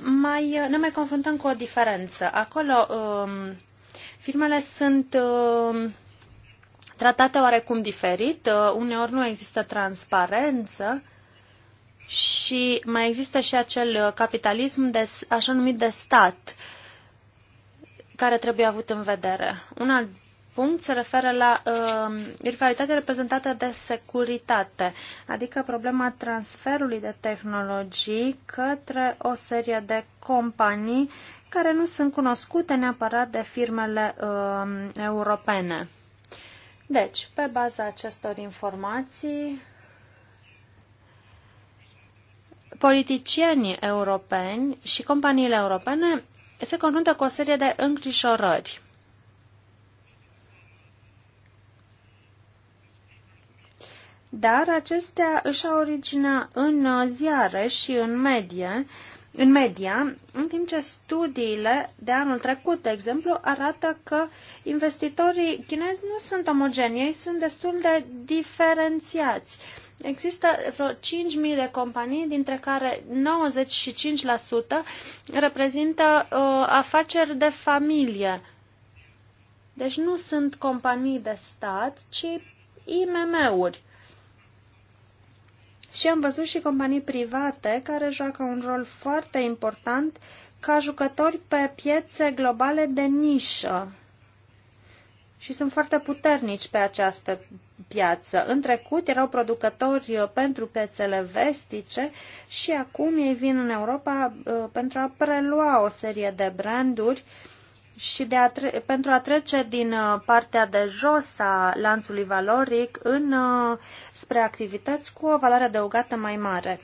mai, ne mai confruntăm cu o diferență. Acolo um, firmele sunt um, tratate oarecum diferit, uh, uneori nu există transparență și mai există și acel capitalism de, așa numit de stat care trebuie avut în vedere. Un alt punct se referă la uh, rivalitate reprezentată de securitate, adică problema transferului de tehnologii către o serie de companii care nu sunt cunoscute neapărat de firmele uh, europene. Deci, pe baza acestor informații, politicienii europeni și companiile europene se confruntă cu o serie de îngrijorări. Dar acestea își au originea în ziare și în medie, în media, în timp ce studiile de anul trecut, de exemplu, arată că investitorii chinezi nu sunt omogeni, ei sunt destul de diferențiați. Uh, Există vreo 5.000 de companii, dintre care 95% reprezintă uh, afaceri de familie. Deci nu sunt companii de stat, ci IMM-uri. Și am văzut și companii private care joacă un rol foarte important ca jucători pe piețe globale de nișă. Și sunt foarte puternici pe această piață. În trecut erau producători uh, pentru piețele vestice și acum ei vin în Europa uh, pentru a prelua o serie de branduri și de a pentru a trece din uh, partea de jos a lanțului valoric în, spre activități cu o valoare adăugată mai mare.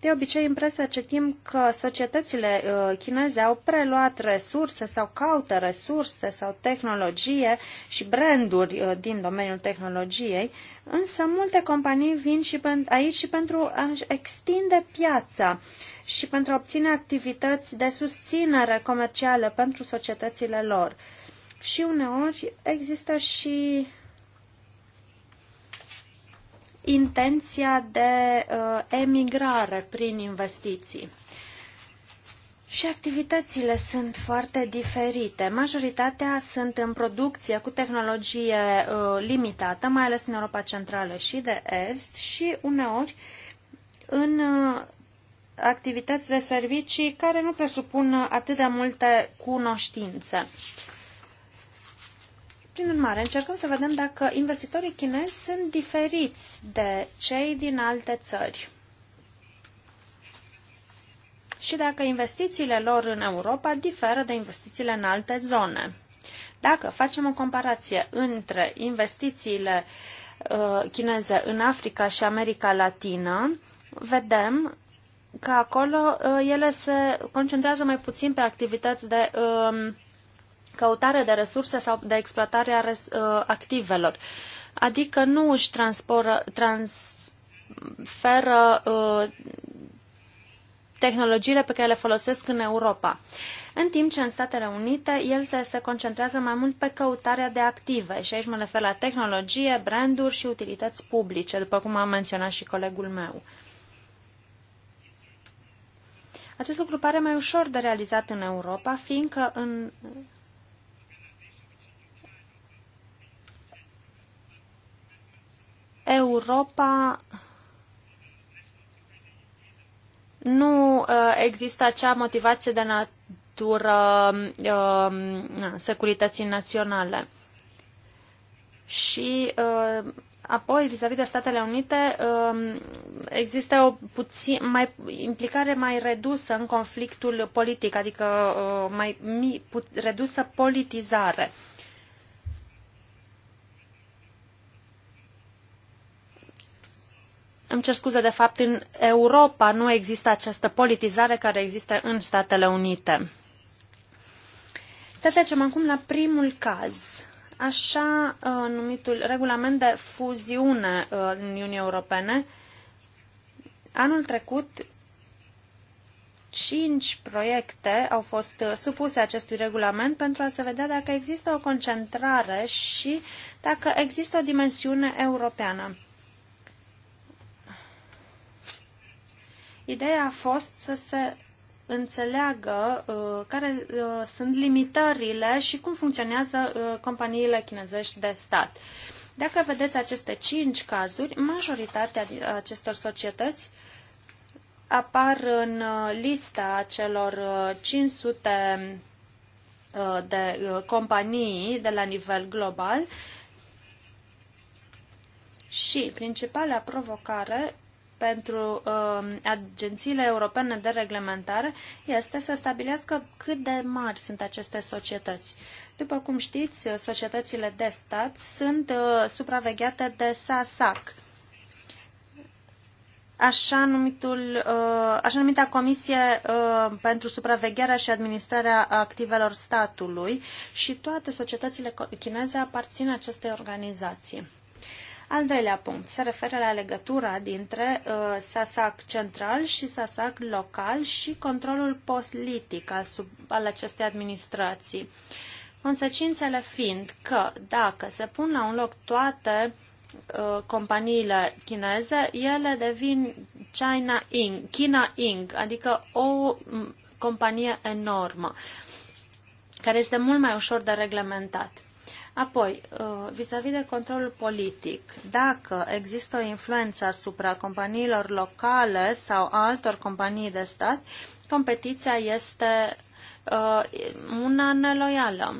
De obicei, în presă citim că societățile uh, chineze au preluat resurse sau caută resurse sau tehnologie și branduri uh, din domeniul tehnologiei, însă multe companii vin și aici și pentru a extinde piața și pentru a obține activități de susținere comercială pentru societățile lor. Și uneori există și intenția de uh, emigrare prin investiții. Și activitățile sunt foarte diferite. Majoritatea sunt în producție cu tehnologie uh, limitată, mai ales în Europa Centrală și de Est, și uneori în uh, activități de servicii care nu presupun atât de multe cunoștințe. Prin urmare, încercăm să vedem dacă investitorii chinezi sunt diferiți de cei din alte țări și dacă investițiile lor în Europa diferă de investițiile în alte zone. Dacă facem o comparație între investițiile uh, chineze în Africa și America Latină, vedem că acolo uh, ele se concentrează mai puțin pe activități de uh, căutare de resurse sau de exploatare a res, uh, activelor. Adică nu își transporă, transferă uh, tehnologiile pe care le folosesc în Europa. În timp ce în Statele Unite el se, se concentrează mai mult pe căutarea de active și aici mă refer la tehnologie, branduri și utilități publice, după cum a menționat și colegul meu. Acest lucru pare mai ușor de realizat în Europa, fiindcă în Europa nu uh, există acea motivație de natură um, securității naționale. Și uh, Apoi, vis-a-vis de Statele Unite, um, există o puțin, mai, implicare mai redusă în conflictul politic, adică uh, mai mi, put, redusă politizare. Îmi cer scuze, de fapt, în Europa nu există această politizare care există în Statele Unite. Să trecem acum la primul caz așa uh, numitul regulament de fuziune uh, în Uniunii Europene. Anul trecut, cinci proiecte au fost uh, supuse acestui regulament pentru a se vedea dacă există o concentrare și dacă există o dimensiune europeană. Ideea a fost să se înțeleagă uh, care uh, sunt limitările și cum funcționează uh, companiile chinezești de stat. Dacă vedeți aceste cinci cazuri, majoritatea acestor societăți apar în uh, lista celor 500 uh, uh, de companii de la nivel global și principala provocare pentru uh, agențiile europene de reglementare este să stabilească cât de mari sunt aceste societăți. După cum știți, societățile de stat sunt uh, supravegheate de SASAC, așa, numitul, uh, așa numita Comisie uh, pentru Supravegherea și Administrarea Activelor Statului și toate societățile chineze aparțin acestei organizații. Al doilea punct se referă la legătura dintre uh, SASAC central și SASAC local și controlul politic al, sub, al acestei administrații. Consecințele fiind că dacă se pun la un loc toate uh, companiile chineze, ele devin China Inc., China Inc., adică o companie enormă, care este mult mai ușor de reglementat. Apoi, uh, vis-a-vis -vis de controlul politic, dacă există o influență asupra companiilor locale sau altor companii de stat, competiția este uh, una neloială.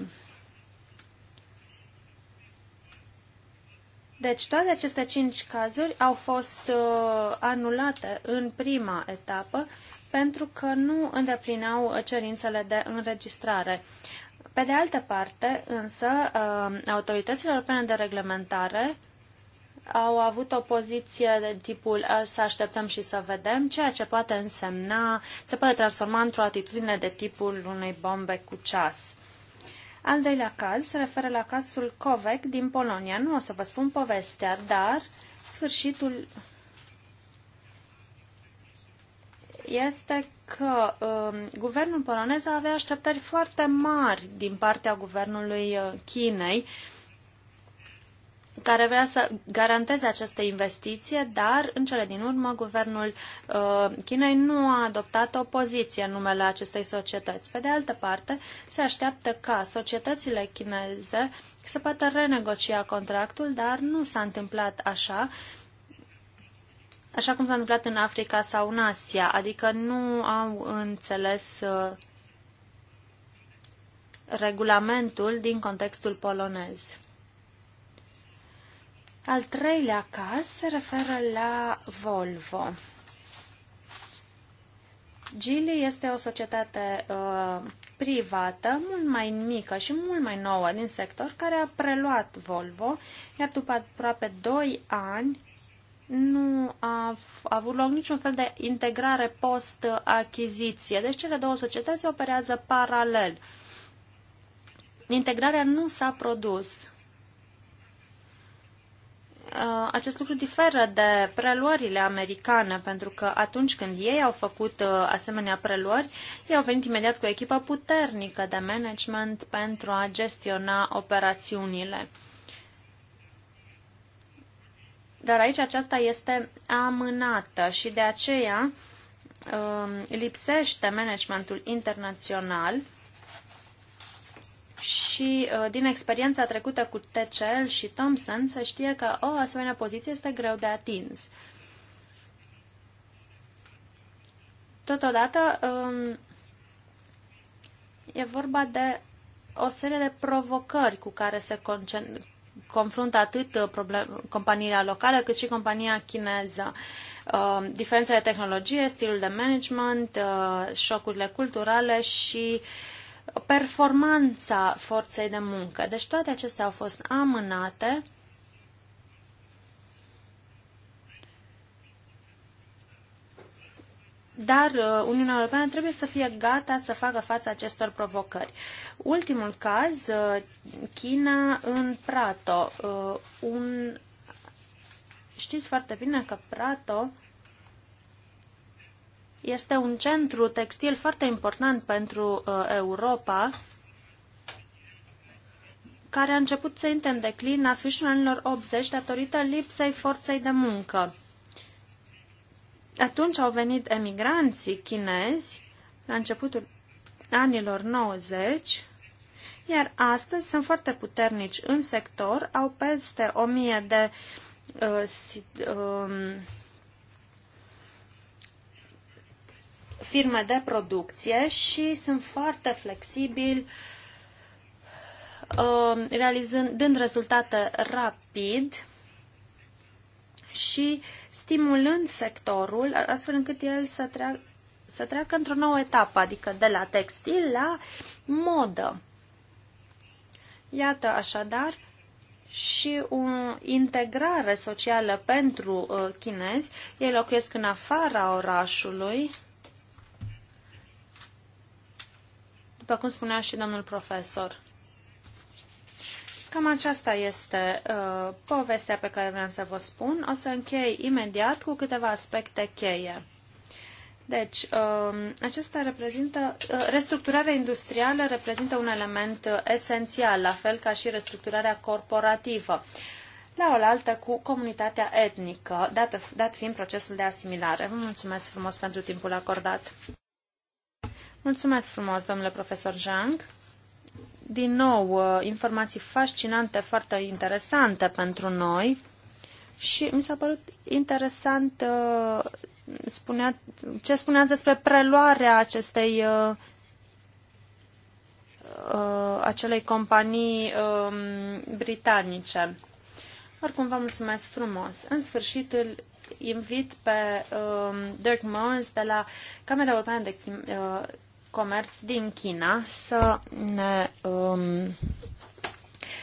Deci toate aceste cinci cazuri au fost uh, anulate în prima etapă pentru că nu îndeplineau cerințele de înregistrare. Pe de altă parte, însă, uh, autoritățile europene de reglementare au avut o poziție de tipul să așteptăm și să vedem, ceea ce poate însemna, se poate transforma într-o atitudine de tipul unei bombe cu ceas. Al doilea caz se referă la cazul Covec din Polonia. Nu o să vă spun povestea, dar sfârșitul este că um, guvernul polonez avea așteptări foarte mari din partea guvernului uh, Chinei care vrea să garanteze această investiție, dar în cele din urmă guvernul uh, Chinei nu a adoptat o poziție în numele acestei societăți. Pe de altă parte, se așteaptă ca societățile chineze să poată renegocia contractul, dar nu s-a întâmplat așa. Uh, așa cum s-a întâmplat în Africa sau în Asia, adică nu au înțeles uh, regulamentul din contextul polonez. Al treilea caz se referă la Volvo. Gili este o societate uh, privată, mult mai mică și mult mai nouă din sector, care a preluat Volvo, iar după aproape 2 ani nu a avut loc niciun fel de integrare post-achiziție. Deci cele două societăți operează paralel. Integrarea nu s-a produs. Uh, acest lucru diferă de preluările americane, pentru că atunci când ei au făcut uh, asemenea preluări, ei au venit imediat cu o echipă puternică de management pentru a gestiona operațiunile. Dar aici aceasta este amânată și de aceea um, lipsește managementul internațional și uh, din experiența trecută cu TCL și Thomson se știe că o asemenea poziție este greu de atins. Totodată um, e vorba de o serie de provocări cu care se confruntă atât uh, problem, compania locală cât și compania chineză. Uh, diferențele tehnologie, stilul de management, uh, șocurile culturale și performanța forței de muncă. Deci toate acestea au fost amânate dar uh, Uniunea Europeană trebuie să fie gata să facă față acestor provocări. Ultimul caz, uh, China în Prato. Uh, un... Știți foarte bine că Prato este un centru textil foarte important pentru Europa care a început să intre în declin la sfârșitul anilor 80 datorită lipsei forței de muncă. Atunci au venit emigranții chinezi la începutul anilor 90, iar astăzi sunt foarte puternici în sector, au peste 1000 de uh, um, firme de producție și sunt foarte flexibili um, realizând, dând rezultate rapid și uh, stimulând sectorul astfel încât el să, treacă, să treacă într-o nouă etapă, adică de la textil la modă. Iată așadar și o integrare socială pentru uh, chinezi. Ei locuiesc în afara orașului. După cum spunea și domnul profesor. Cam aceasta este uh, povestea pe care vreau să vă spun. O să închei imediat cu câteva aspecte cheie. Deci, um, acesta reprezintă, uh, restructurarea industrială reprezintă un element uh, esențial, la fel ca și restructurarea corporativă, la oaltă cu comunitatea etnică, dat, dat fiind procesul de asimilare. Vă mulțumesc frumos pentru timpul acordat. Mulțumesc frumos, domnule profesor Zhang din nou, uh, informații fascinante, foarte interesante pentru noi și mi s-a părut interesant uh, spunea, ce spuneați despre preluarea acestei uh, acelei companii um, britanice. Oricum, vă mulțumesc frumos. În sfârșit, îl invit pe um, Dirk Mons de la Camera Europeană de Clim- comerț din China să ne um,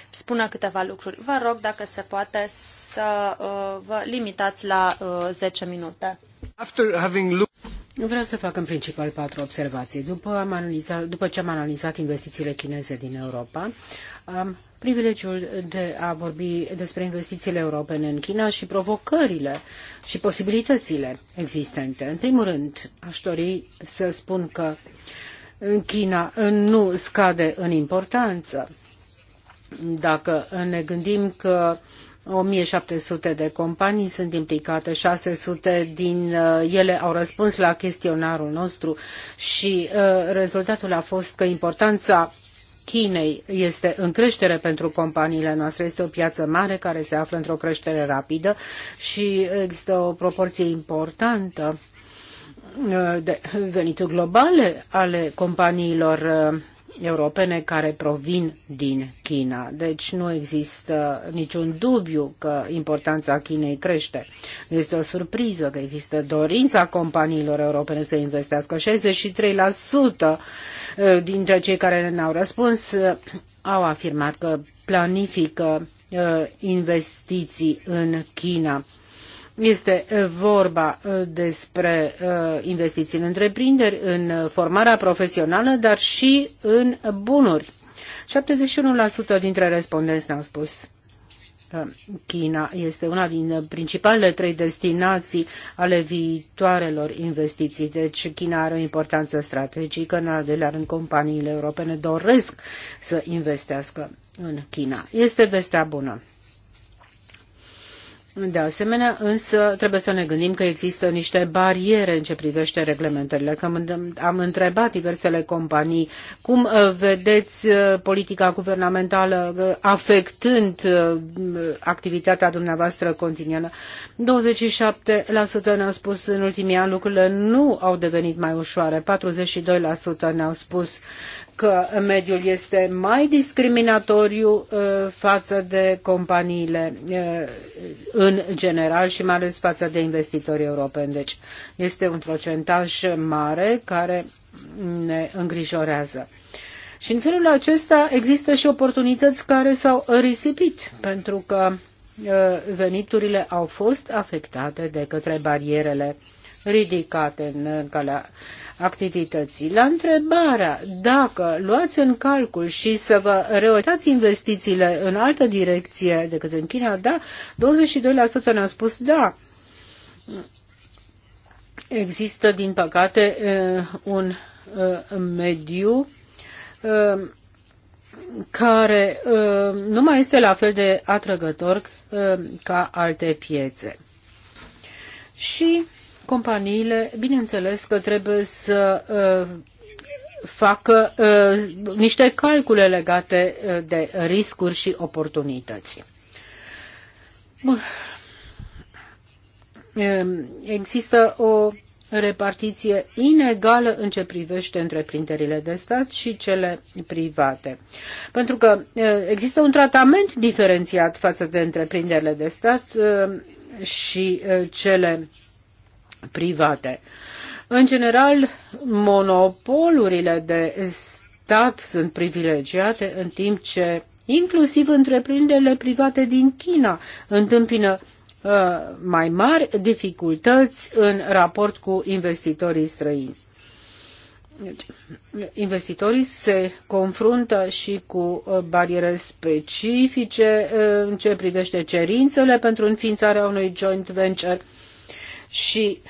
spună câteva lucruri. Vă rog, dacă se poate, să uh, vă limitați la uh, 10 minute. After having looked... Vreau să fac în principal patru observații. După, am analizat, după ce am analizat investițiile chineze din Europa, am privilegiul de a vorbi despre investițiile europene în China și provocările și posibilitățile existente. În primul rând, aș dori să spun că China nu scade în importanță. Dacă ne gândim că 1700 de companii sunt implicate, 600 din uh, ele au răspuns la chestionarul nostru și uh, rezultatul a fost că importanța Chinei este în creștere pentru companiile noastre. Este o piață mare care se află într-o creștere rapidă și există o proporție importantă uh, de venituri globale ale companiilor europene care provin din China. Deci nu există niciun dubiu că importanța Chinei crește. Nu este o surpriză că există dorința companiilor europene să investească. 63% eh, dintre cei care ne-au răspuns eh, au afirmat că planifică eh, investiții în China. Este uh, vorba uh, despre uh, investiții în întreprinderi, în formarea profesională, dar și în bunuri. 71% dintre respondenți ne-au spus că China este una din principalele trei destinații ale viitoarelor investiții. Deci China are o importanță strategică, în al doilea rând companiile europene doresc să investească în China. Este vestea bună. De asemenea, însă, trebuie să ne gândim că există niște bariere în ce privește reglementările. Că am întrebat diversele companii cum uh, vedeți uh, politica guvernamentală uh, afectând activitatea dumneavoastră continuă, 27% ne-au spus în ultimii ani lucrurile nu au devenit mai ușoare, 42% ne-au spus că mediul este mai discriminatoriu uh, față de companiile uh, în general și mai ales față de investitorii europeni. Deci este un procentaj mare care ne îngrijorează. Și în felul acesta există și oportunități care s-au risipit, pentru că uh, veniturile au fost afectate de către barierele ridicate în calea activității. La întrebarea dacă luați în calcul și să vă reorientați investițiile în altă direcție decât în China, da, 22% ne-a spus da. Există, din păcate, eh, un eh, mediu eh, care nu mai este la fel de atrăgător ca alte piețe. Și companiile, bineînțeles că trebuie să uh, facă uh, niște calcule legate uh, de riscuri și oportunități. Bun. Um, există o repartiție inegală în ce privește întreprinderile de stat și cele private. Pentru că există un tratament diferențiat față de întreprinderile de stat și cele private. În general, monopolurile de stat sunt privilegiate, în timp ce inclusiv întreprinderile private din China întâmpină uh, mai mari dificultăți în raport cu investitorii străini. Deci, investitorii se confruntă și cu uh, bariere specifice uh, în ce privește cerințele pentru înființarea unui joint venture și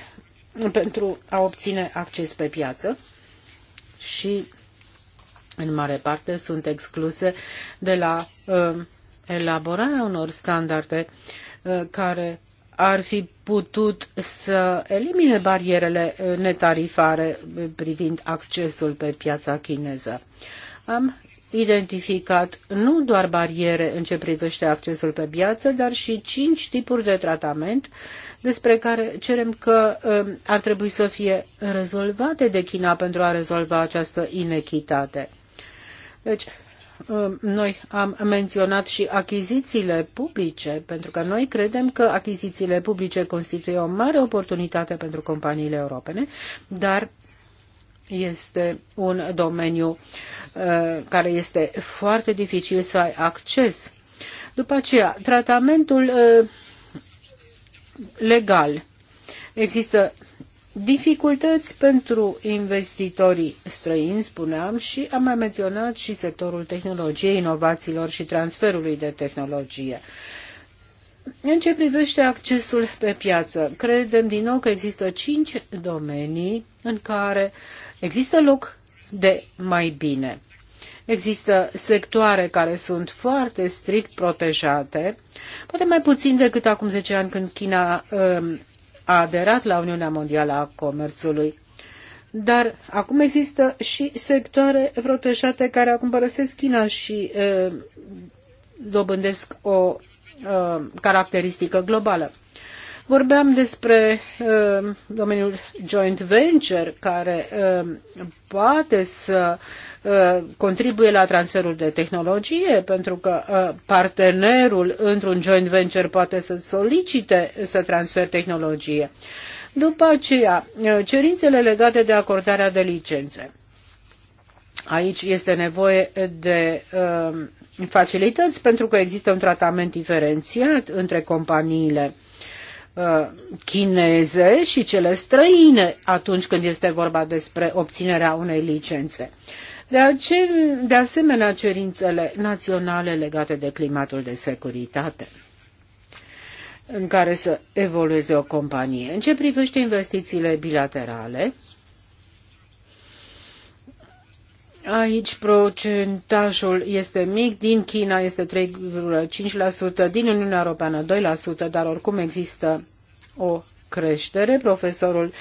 pentru a obține acces pe piață și în mare parte sunt excluse de la uh, elaborarea unor standarde uh, care ar fi putut să elimine barierele netarifare privind accesul pe piața chineză. Am identificat nu doar bariere în ce privește accesul pe piață, dar și cinci tipuri de tratament despre care cerem că um, ar trebui să fie rezolvate de China pentru a rezolva această inechitate. Deci, um, noi am menționat și achizițiile publice, pentru că noi credem că achizițiile publice constituie o mare oportunitate pentru companiile europene, dar este un domeniu uh, Uh, care este foarte dificil să ai acces. După aceea, tratamentul uh, legal. Există dificultăți pentru investitorii străini, spuneam, și am mai menționat și sectorul tehnologiei, inovațiilor și transferului de tehnologie. În ce privește accesul pe piață, credem din nou că există cinci domenii în care există loc de mai bine. Există sectoare care sunt foarte strict protejate, poate mai puțin decât acum 10 ani când China um, a aderat la Uniunea Mondială a Comerțului. Dar acum există și sectoare protejate care acum părăsesc China și um, dobândesc o um, caracteristică globală. Vorbeam despre uh, domeniul joint venture, care uh, poate să uh, contribuie la transferul de tehnologie, pentru că uh, partenerul într-un joint venture poate să solicite să transfer tehnologie. După aceea, uh, cerințele legate de acordarea de licențe. Aici este nevoie de uh, facilități pentru că există un tratament diferențiat între companiile Uh, chineze și cele străine atunci când este vorba despre obținerea unei licențe. De, ace- de asemenea, cerințele naționale legate de climatul de securitate în care să evolueze o companie. În ce privește investițiile bilaterale, Aici procentajul este mic, din China este 3,5%, din Uniunea Europeană 2%, dar oricum există o creștere. Profesorul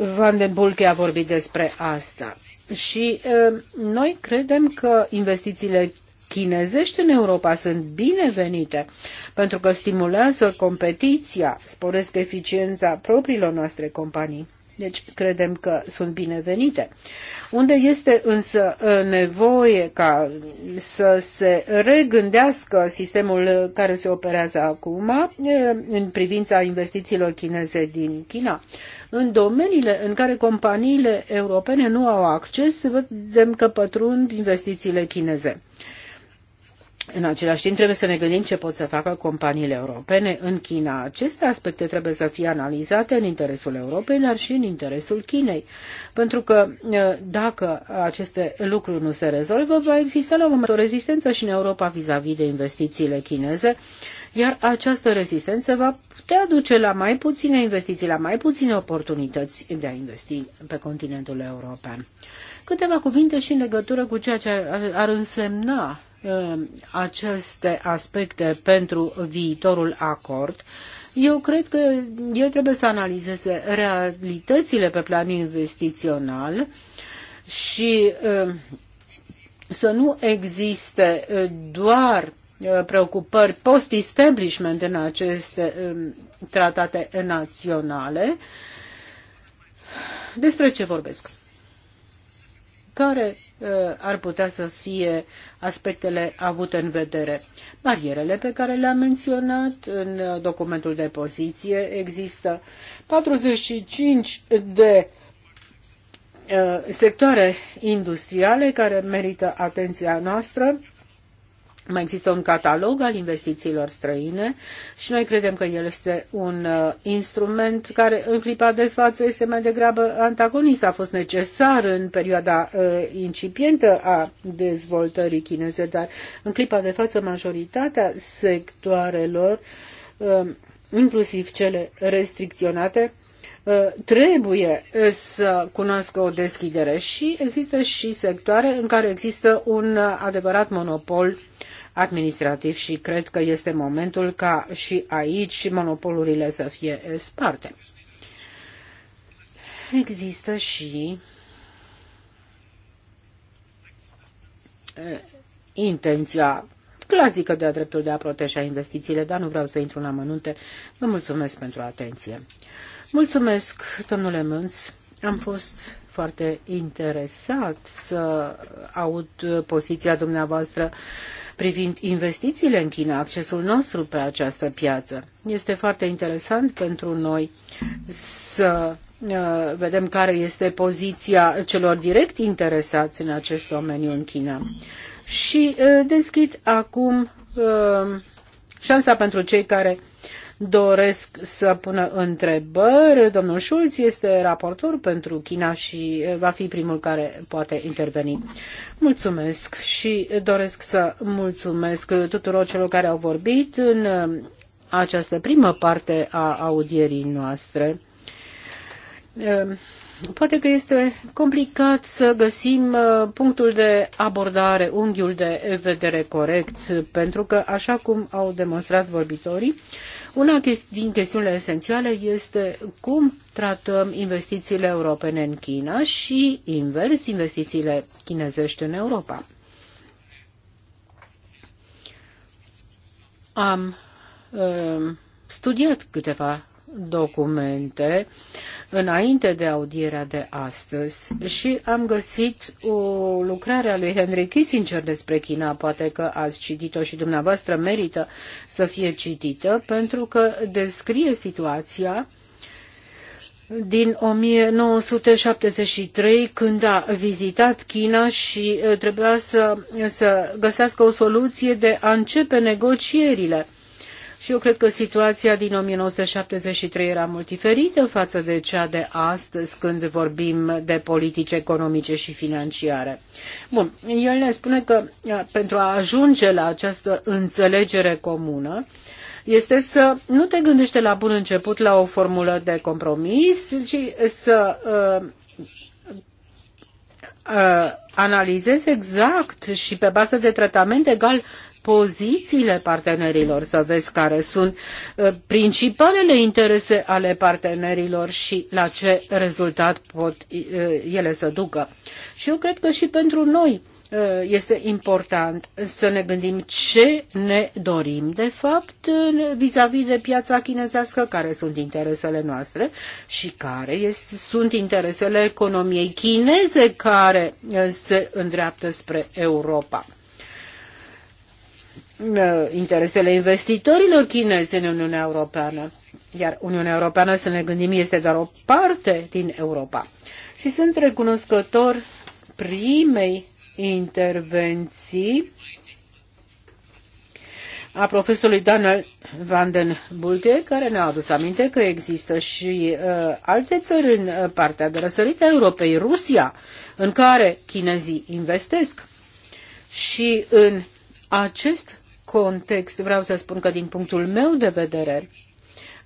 uh, Van den Bulke a vorbit despre asta. Și uh, noi credem că investițiile chinezești în Europa sunt binevenite pentru că stimulează competiția, sporesc eficiența propriilor noastre companii. Deci credem că sunt binevenite. Unde este însă uh, nevoie ca să se regândească sistemul care se operează acum uh, în privința investițiilor chineze din China? În domeniile în care companiile europene nu au acces, vedem că pătrund investițiile chineze. În același timp, trebuie să ne gândim ce pot să facă companiile europene în China. Aceste aspecte trebuie să fie analizate în interesul Europei, dar și în interesul Chinei. Pentru că eh, dacă aceste lucruri nu se rezolvă, va exista la un moment o rezistență și în Europa vis-a-vis -vis de investițiile chineze, iar această rezistență va putea duce la mai puține investiții, la mai puține oportunități de a investi pe continentul european. Câteva cuvinte și în legătură cu ceea ce ar însemna Um, aceste aspecte pentru viitorul acord, eu cred că el trebuie să analizeze realitățile pe plan investițional și um, să nu existe uh, doar uh, preocupări post-establishment în aceste um, tratate naționale. Despre ce vorbesc? care uh, ar putea să fie aspectele avute în vedere. Barierele pe care le-am menționat în uh, documentul de poziție există 45 de uh, sectoare industriale care merită atenția noastră mai există un catalog al investițiilor străine și noi credem că el este un uh, instrument care în clipa de față este mai degrabă antagonist. A fost necesar în perioada uh, incipientă a dezvoltării chineze, dar în clipa de față majoritatea sectoarelor, uh, inclusiv cele restricționate, Uh, trebuie uh, să cunoască o deschidere și există și sectoare în care există un uh, adevărat monopol administrativ și cred că este momentul ca și aici monopolurile să fie sparte. Există și intenția clasică de-a dreptul de a proteja investițiile, dar nu vreau să intru în amănunte. Vă mulțumesc pentru atenție. Mulțumesc, domnule Mânț. Am fost foarte interesat să aud poziția dumneavoastră privind investițiile în China, accesul nostru pe această piață. Este foarte interesant pentru noi să uh, vedem care este poziția celor direct interesați în acest domeniu în China. Și uh, deschid acum uh, șansa pentru cei care doresc să pună întrebări. Domnul Schulz este raportor pentru China și va fi primul care poate interveni. Mulțumesc și doresc să mulțumesc tuturor celor care au vorbit în această primă parte a audierii noastre. Poate că este complicat să găsim punctul de abordare, unghiul de vedere corect, pentru că, așa cum au demonstrat vorbitorii, una din chestiunile esențiale este cum tratăm investițiile europene în China și invers investițiile chinezești în Europa. Am uh, studiat câteva documente înainte de audierea de astăzi și am găsit o lucrare a lui Henry Kissinger despre China. Poate că ați citit-o și dumneavoastră merită să fie citită pentru că descrie situația din 1973 când a vizitat China și eh, trebuia să, să găsească o soluție de a începe negocierile și eu cred că situația din 1973 era mult diferită față de cea de astăzi când vorbim de politici economice și financiare. Bun, el ne spune că uh, pentru a ajunge la această înțelegere comună, este să nu te gândește la bun început la o formulă de compromis, ci să uh, uh, analizezi exact și pe bază de tratament egal pozițiile partenerilor, să vezi care sunt uh, principalele interese ale partenerilor și la ce rezultat pot uh, ele să ducă. Și eu cred că și pentru noi uh, este important să ne gândim ce ne dorim, de fapt, vis-a-vis -vis de piața chinezească, care sunt interesele noastre și care este, sunt interesele economiei chineze care se îndreaptă spre Europa. Uh, interesele investitorilor chinezi în Uniunea Europeană. Iar Uniunea Europeană, să ne gândim, este doar o parte din Europa. Și sunt recunoscător primei intervenții a profesorului Daniel van den Bulke, care ne-a adus aminte că există și uh, alte țări în uh, partea de răsărită a Europei, Rusia, în care chinezii investesc. Și în acest context vreau să spun că din punctul meu de vedere,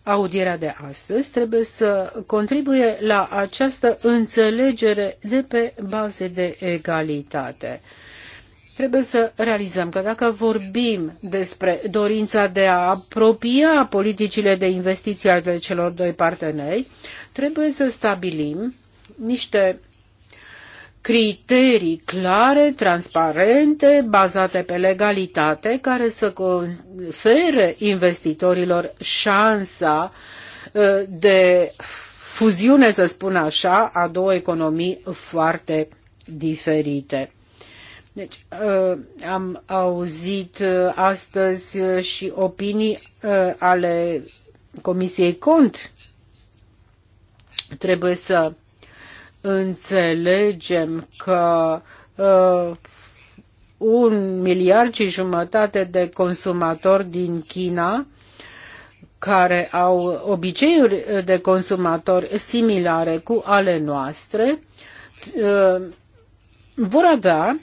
audierea de astăzi trebuie să contribuie la această înțelegere de pe baze de egalitate. Trebuie să realizăm că dacă vorbim despre dorința de a apropia politicile de investiții ale celor doi parteneri, trebuie să stabilim niște criterii clare, transparente, bazate pe legalitate, care să confere investitorilor șansa uh, de fuziune, să spun așa, a două economii foarte diferite. Deci, uh, am auzit uh, astăzi și opinii ale Comisiei Cont. Trebuie să înțelegem că uh, un miliard și jumătate de consumatori din China care au obiceiuri de consumatori similare cu ale noastre, uh, vor avea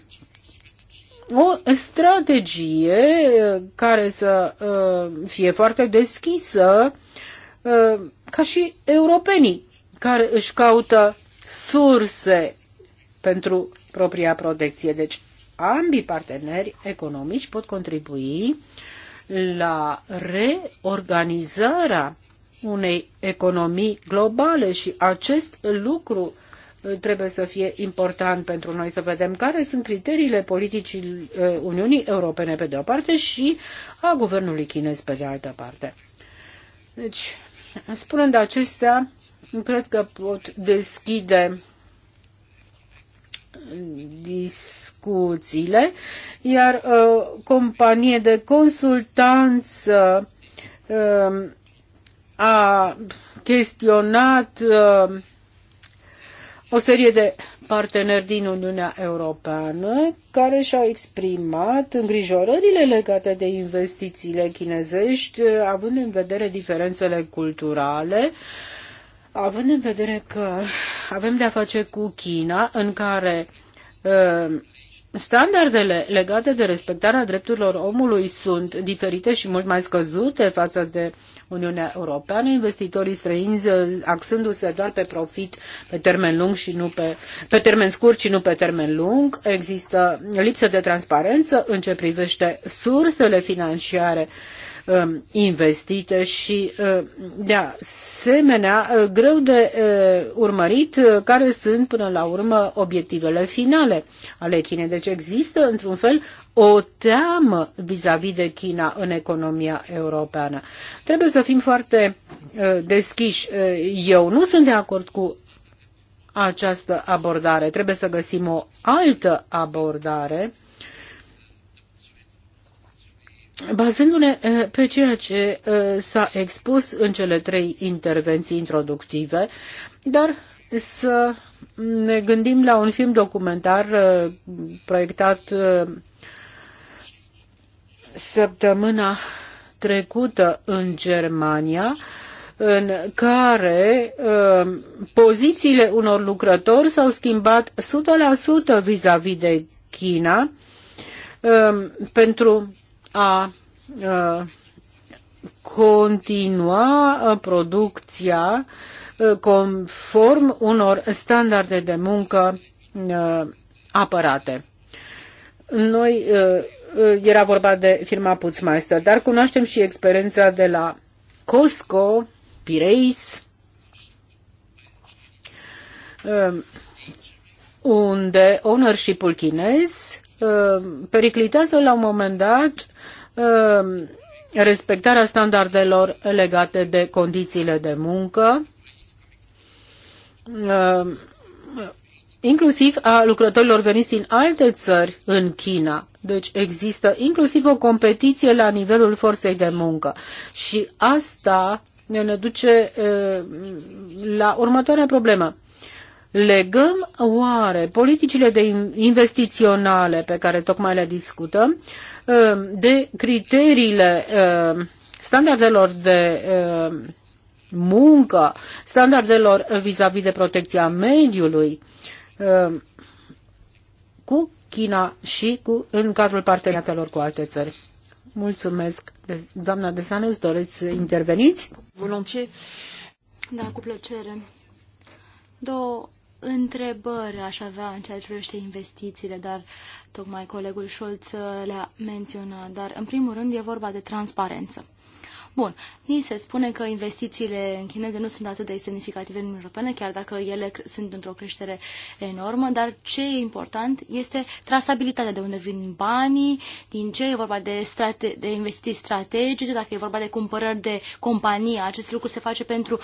o strategie uh, care să uh, fie foarte deschisă, uh, ca și europenii care își caută surse pentru propria protecție. Deci ambii parteneri economici pot contribui la reorganizarea unei economii globale și acest lucru uh, trebuie să fie important pentru noi să vedem care sunt criteriile politicii uh, Uniunii Europene pe de o parte și a guvernului chinez pe de altă parte. Deci, spunând acestea, cred că pot deschide discuțiile, iar uh, companie de consultanță uh, a chestionat uh, o serie de parteneri din Uniunea Europeană care și-au exprimat îngrijorările legate de investițiile chinezești, uh, având în vedere diferențele culturale uh, Având în vedere că avem de-a face cu China, în care uh, standardele legate de respectarea drepturilor omului sunt diferite și mult mai scăzute față de Uniunea Europeană, investitorii străini axându-se doar pe profit pe termen lung și nu pe, pe termen scurt și nu pe termen lung. Există lipsă de transparență în ce privește sursele financiare uh, Um, investite și uh, de asemenea uh, greu de uh, urmărit care sunt până la urmă obiectivele finale ale Chinei. Deci există într-un fel o teamă vis-a-vis -vis de China în economia europeană. Trebuie să fim foarte deschiși. Eu nu sunt de acord cu această abordare. Trebuie să găsim o altă abordare Bazându-ne eh, pe ceea ce eh, s-a expus în cele trei intervenții introductive, dar să ne gândim la un film documentar eh, proiectat săptămâna trecută în Germania, în care uh, pozițiile unor lucrători s-au schimbat 100% vis-a-vis -vis de China uh, pentru a continua producția conform unor standarde de muncă apărate. Noi era vorba de firma Putzmeister, dar cunoaștem și experiența de la Costco, Pireis, unde ownership-ul chinez Uh, periclitează la un moment dat uh, respectarea standardelor legate de condițiile de muncă, uh, inclusiv a lucrătorilor veniți din alte țări în China. Deci există inclusiv o competiție la nivelul forței de muncă și asta ne duce la următoarea problemă. Legăm oare politicile de investiționale pe care tocmai le discutăm uh, de criteriile uh, standardelor de uh, muncă, standardelor vis-a-vis de protecția mediului cu China și cu, în cadrul parteneriatelor cu alte țări. Mulțumesc. Doamna Desanes, doriți să interveniți? Volontier. Da, cu plăcere. Două întrebări aș avea în ceea ce privește investițiile, dar tocmai colegul Scholz le-a menționat. Dar, în primul rând, e vorba de transparență. Bun, ni se spune că investițiile în chineze nu sunt atât de semnificative în Europene, chiar dacă ele sunt într-o creștere enormă, dar ce e important este trasabilitatea de unde vin banii, din ce e vorba de, strate- de investiții strategice, dacă e vorba de cumpărări de companie. Acest lucru se face pentru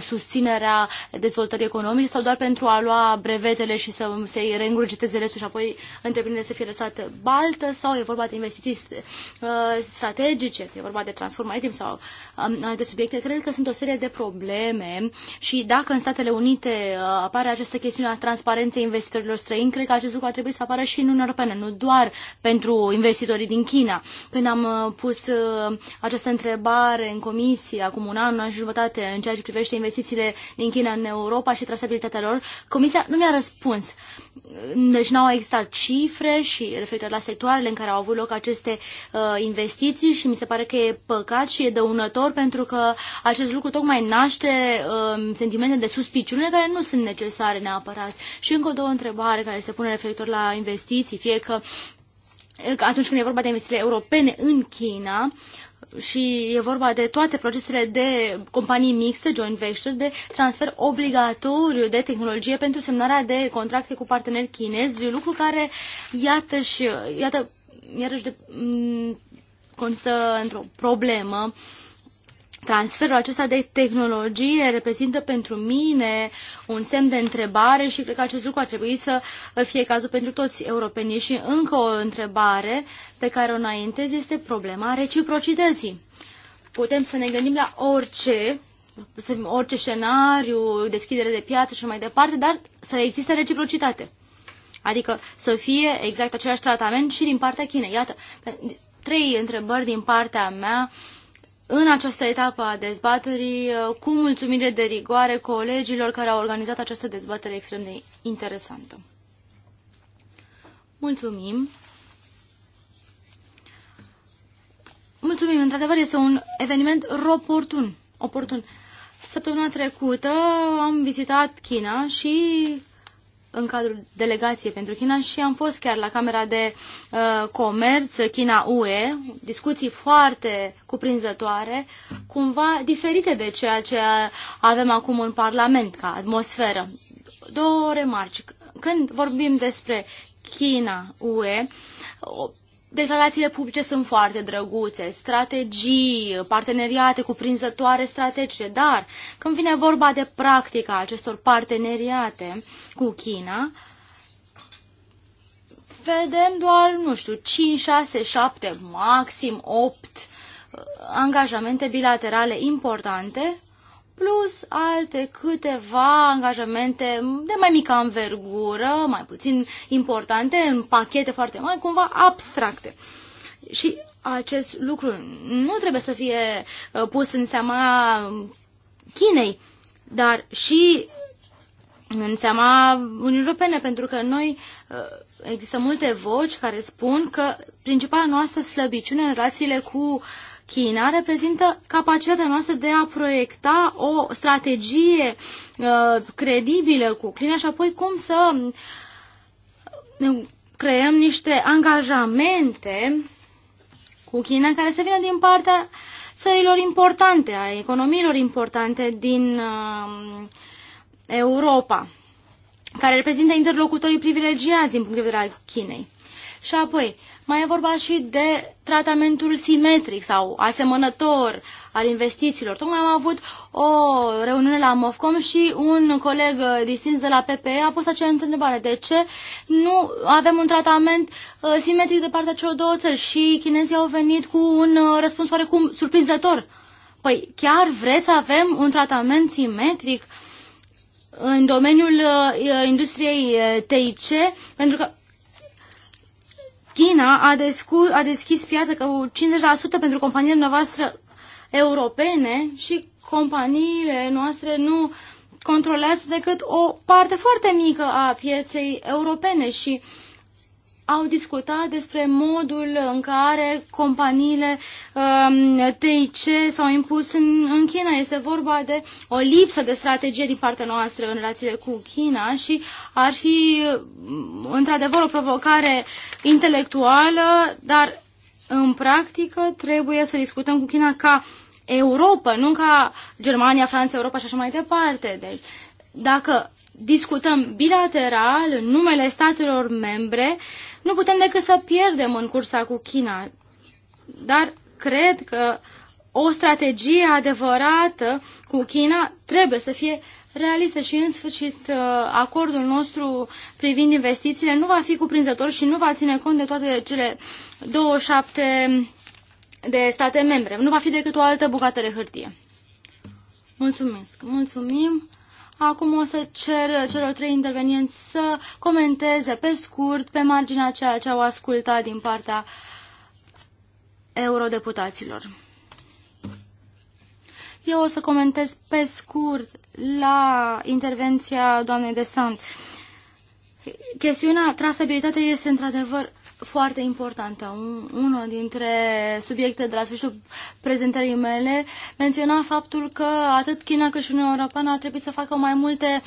susținerea dezvoltării economice sau doar pentru a lua brevetele și să se reîngurgiteze restul și apoi întreprinderea să fie lăsată baltă sau e vorba de investiții uh, strategice, e vorba de transformare sau sau alte subiecte, cred că sunt o serie de probleme și dacă în Statele Unite uh, apare această chestiune a transparenței investitorilor străini, cred că acest lucru ar trebui să apară și în Uniunea Europeană, nu doar pentru investitorii din China. Când am uh, pus uh, această întrebare în comisie acum un an, un an și jumătate, în ceea ce privește investițiile din China în Europa și trasabilitatea lor, comisia nu mi-a răspuns. Deci n-au existat cifre și referitor la sectoarele în care au avut loc aceste uh, investiții și mi se pare că e păcat și e dăunător pentru că acest lucru tocmai naște uh, sentimente de suspiciune care nu sunt necesare neapărat. Și încă o întrebare care se pune referitor la investiții, fie că atunci când e vorba de investiții europene în China, și e vorba de toate procesele de companii mixte, joint venture, de transfer obligatoriu de tehnologie pentru semnarea de contracte cu parteneri chinezi, lucru care, iată și, iată, iarăși de, constă într-o problemă uh, Transferul acesta de tehnologie reprezintă pentru mine un semn de întrebare și cred că acest lucru ar trebui să fie cazul pentru toți europenii. Și încă o întrebare pe care o înaintez este problema reciprocității. Putem să ne gândim la orice, orice scenariu, deschidere de piață și mai departe, dar să existe reciprocitate. Adică să fie exact același tratament și din partea Chinei. Iată, trei întrebări din partea mea uh, în această etapă a dezbaterii, uh, cu mulțumire de rigoare colegilor care au organizat această dezbatere extrem de interesantă. Mulțumim! Mulțumim, într-adevăr este un eveniment oportun. oportun. Săptămâna trecută am vizitat China și în cadrul delegației pentru China și am fost chiar la Camera de uh, Comerț China-UE, discuții foarte cuprinzătoare, cumva diferite de ceea ce avem acum în Parlament ca atmosferă. Două remarci. Când vorbim despre China-UE, declarațiile publice sunt foarte drăguțe, strategii, parteneriate cuprinzătoare strategice, dar când vine vorba de practica acestor parteneriate cu China, vedem doar, nu știu, 5, 6, 7, maxim 8 uh, angajamente bilaterale importante plus alte câteva angajamente de mai mică învergură, mai puțin importante, în pachete foarte mari, cumva abstracte. Și acest lucru nu trebuie să fie uh, pus în seama Chinei, dar și în seama Uniunii Europene, pentru că noi uh, există multe voci care spun că principala noastră slăbiciune în relațiile cu uh, China reprezintă capacitatea noastră de a proiecta o strategie uh, credibilă cu China și apoi cum să uh, creăm niște angajamente cu China care să vină din partea țărilor importante, a economiilor importante din uh, Europa, care reprezintă interlocutorii privilegiați din punct de vedere al Chinei. Și apoi, uh, mai e vorba și de tratamentul simetric sau asemănător al investițiilor. Tocmai am avut o reuniune la MOFCOM și un coleg distins de la PPE a pus acea întrebare. De ce nu avem un tratament uh, simetric de partea celor două țări? Și chinezii au venit cu un uh, răspuns oarecum surprinzător. Păi chiar vreți să avem un tratament simetric în domeniul uh, industriei TIC? Pentru că China a, descu- a deschis piața cu 50% pentru companiile noastre europene și companiile noastre nu controlează decât o parte foarte mică a pieței europene și uh, au discutat despre modul în care companiile um, TIC s-au impus în, în China. Este vorba de o lipsă de strategie din partea noastră în relațiile cu China și ar fi um, într-adevăr o provocare intelectuală, dar în practică trebuie să discutăm cu China ca Europa, nu ca Germania, Franța, Europa și așa mai departe. Deci, dacă discutăm bilateral în numele statelor membre, nu putem decât să pierdem în cursa cu China. Dar cred că o strategie adevărată cu China trebuie să fie realistă și în sfârșit uh, acordul nostru privind investițiile nu va fi cuprinzător și nu va ține cont de toate cele 27 de state membre. Nu va fi decât o altă bucată de hârtie. Mulțumesc. Mulțumim. Acum o să cer celor trei intervenienți să comenteze pe scurt, pe marginea ceea ce au ascultat din partea eurodeputaților. Eu o să comentez pe scurt la intervenția doamnei de Sant. Chestiunea trasabilitate este într-adevăr foarte importantă. Unul dintre subiecte de la sfârșitul prezentării mele menționa faptul că atât China cât și Uniunea Europeană ar trebui să facă mai multe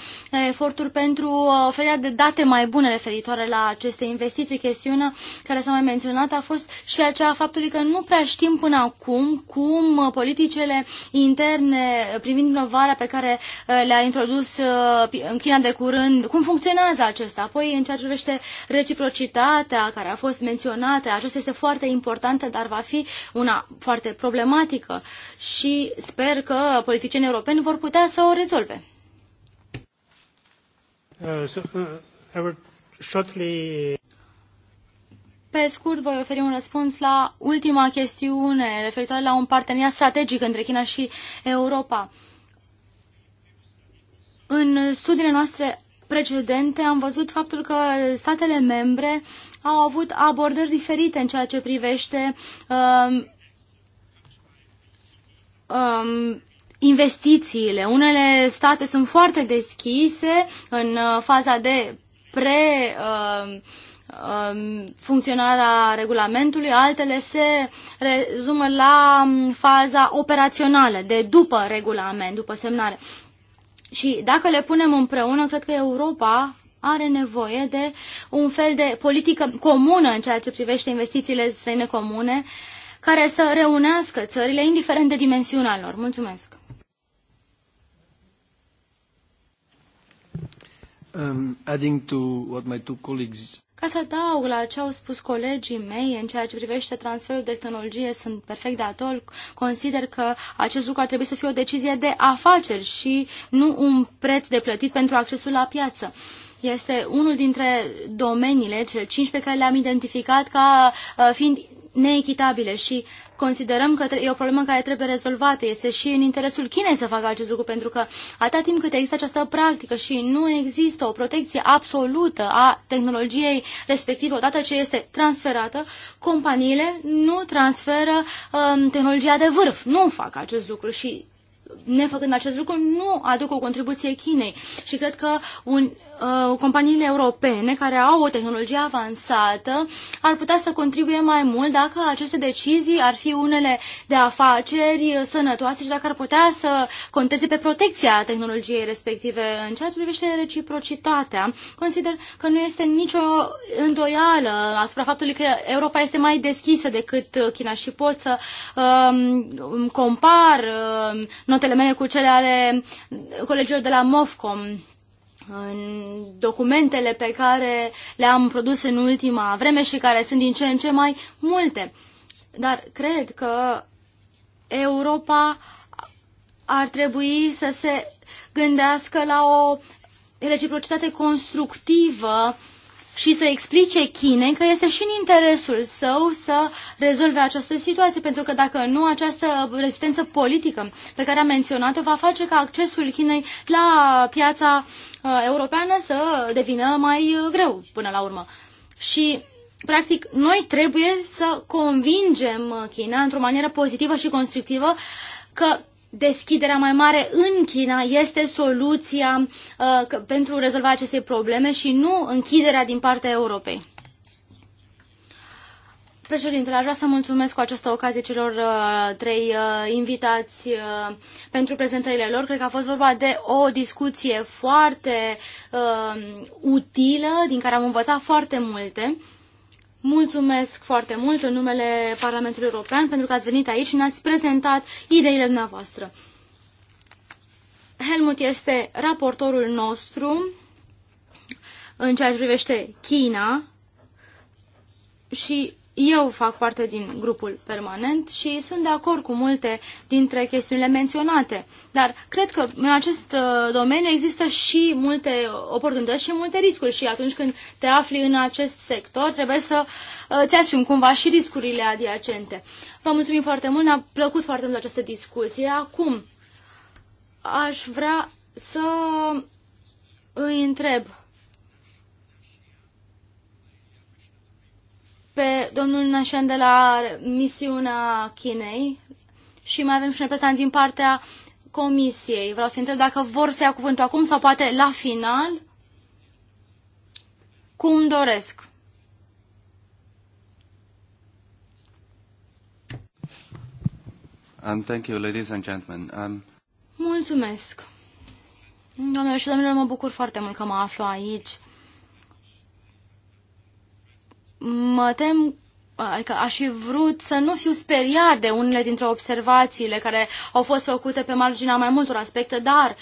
eforturi pentru oferirea de date mai bune referitoare la aceste investiții. Chestiunea care s-a mai menționat a fost și aceea a faptului că nu prea știm până acum cum politicele interne privind inovarea pe care uh, le-a introdus uh, în China de curând, cum funcționează acesta. Apoi, în ceea ce privește reciprocitatea care a fost fost menționate, aceasta este foarte importantă, dar va fi una foarte problematică și sper că politicienii europeni vor putea să o rezolve. Uh, uh, Pe scurt, voi oferi un răspuns la ultima chestiune referitoare la un parteneriat strategic între China și Europa. În studiile noastre precedente am văzut faptul că statele membre au avut abordări diferite în ceea ce privește um, um, investițiile. Unele state sunt foarte deschise în uh, faza de pre um, um funcționarea regulamentului, altele se rezumă la um, faza operațională, de după regulament, după semnare. Și dacă le punem împreună, cred că Europa are nevoie de un fel de politică comună în ceea ce privește investițiile străine comune, care să reunească țările, indiferent de dimensiunea lor. Mulțumesc! Um, adding to what my two colleagues ca să dau la ce au spus colegii mei în ceea ce privește transferul de tehnologie, sunt perfect de atol, consider că acest lucru ar trebui să fie o decizie de afaceri și nu un preț de plătit pentru accesul la piață. Este unul dintre domeniile, cele cinci pe care le-am identificat ca uh, fiind neechitabile și considerăm că e o problemă care trebuie rezolvată. Este și în interesul Chinei să facă acest lucru, pentru că atâta timp cât există această practică și nu există o protecție absolută a tehnologiei respectiv odată ce este transferată, companiile nu transferă um, tehnologia de vârf. Nu fac acest lucru și nefăcând acest lucru, nu aduc o contribuție Chinei. Și cred că un, uh, companiile europene care au o tehnologie avansată ar putea să contribuie mai mult dacă aceste decizii ar fi unele de afaceri sănătoase și dacă ar putea să conteze pe protecția tehnologiei respective. În ceea ce privește reciprocitatea, consider că nu este nicio îndoială asupra faptului că Europa este mai deschisă decât China și pot să um, compar um, notele mele cu cele ale colegilor de la MOFCOM în documentele pe care le-am produs în ultima vreme și care sunt din ce în ce mai multe. Dar cred că Europa ar trebui să se gândească la o reciprocitate constructivă și să explice Chinei că este și în interesul său să rezolve această situație, pentru că dacă nu, această rezistență politică pe care am menționat-o va face ca accesul Chinei la piața uh, europeană să devină mai uh, greu până la urmă. Și practic, noi trebuie să convingem uh, China într-o manieră pozitivă și constructivă că deschiderea mai mare în China este soluția uh, pentru rezolvarea acestei probleme și nu închiderea din partea Europei. Președintele, aș vrea să mulțumesc cu această ocazie celor uh, trei uh, invitați uh, pentru prezentările lor. Cred că a fost vorba de o discuție foarte uh, utilă, din care am învățat foarte multe. Mulțumesc foarte mult în numele Parlamentului European pentru că ați venit aici și ne-ați prezentat ideile dumneavoastră. Helmut este raportorul nostru în ceea ce privește China și eu fac parte din grupul permanent și sunt de acord cu multe dintre chestiunile menționate, dar cred că în acest uh, domeniu există și multe oportunități și multe riscuri și atunci când te afli în acest sector trebuie să îți uh, asumi cumva și riscurile adiacente. Vă mulțumim foarte mult, ne-a plăcut foarte mult această discuție. Acum aș vrea să îi întreb pe domnul Nașan de la misiunea Chinei și mai avem și un reprezentant din partea comisiei. Vreau să întreb dacă vor să ia cuvântul acum sau poate la final, cum doresc. Um, thank you, ladies and gentlemen. Um... Mulțumesc. Domnule și domnilor, mă bucur foarte mult că mă aflu aici mă tem adică aș fi vrut să nu fiu speriat de unele dintre observațiile care au fost făcute pe marginea mai multor aspecte, dar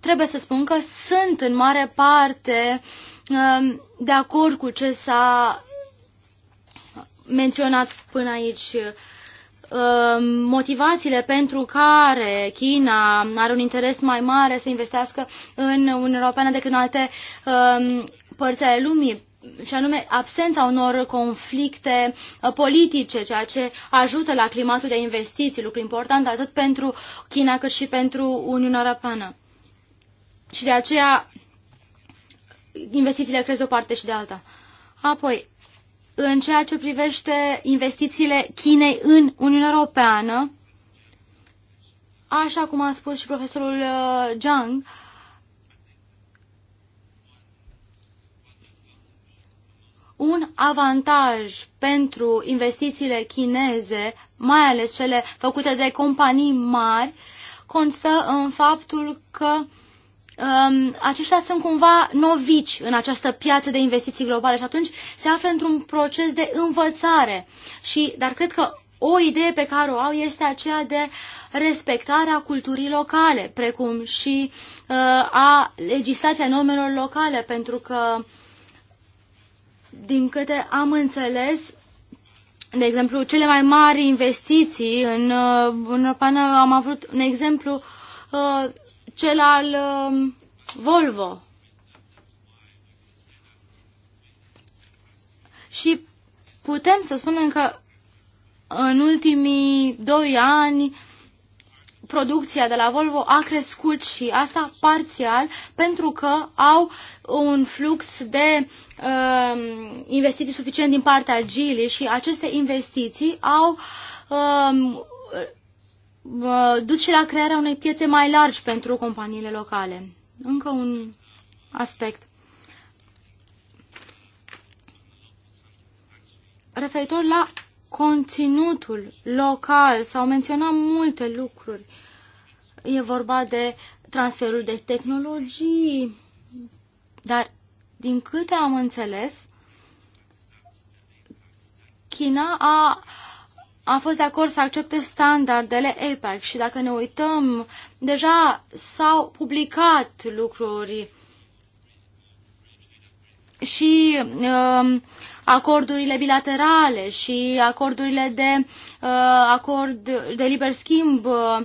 trebuie să spun că sunt în mare parte um, de acord cu ce s-a menționat până aici um, motivațiile pentru care China are un interes mai mare să investească în Uniunea Europeană decât în alte um, părți ale lumii și anume absența unor conflicte uh, politice, ceea ce ajută la climatul de investiții, lucru important atât pentru China cât și pentru Uniunea Europeană. Și de aceea investițiile cresc de o parte și de alta. Apoi, în ceea ce privește investițiile Chinei în Uniunea Europeană, așa cum a spus și profesorul uh, Zhang, uh, un avantaj pentru investițiile chineze, mai ales cele făcute de companii mari, constă în faptul că um, aceștia sunt cumva novici în această piață de investiții globale și atunci se află într-un proces de învățare. Și, dar cred că o idee pe care o au este aceea de respectarea culturii locale, precum și uh, a legislației normelor locale, pentru că uh, din câte am înțeles, de exemplu, cele mai mari investiții în, uh, în Europeană, am avut un exemplu uh, cel al um, Volvo. Și putem să spunem că în ultimii doi ani producția de la Volvo a crescut și asta parțial pentru că au un flux de uh, investiții suficient din partea Gili și aceste investiții au uh, uh, dus și la crearea unei piețe mai largi pentru companiile locale. Încă un aspect. Referitor la conținutul local, s-au menționat multe lucruri. E vorba de transferul de tehnologii, dar din câte am înțeles, China a, a fost de acord să accepte standardele APEC și dacă ne uităm, deja s-au publicat lucruri și uh, acordurile bilaterale și acordurile de uh, acord de liber schimb uh,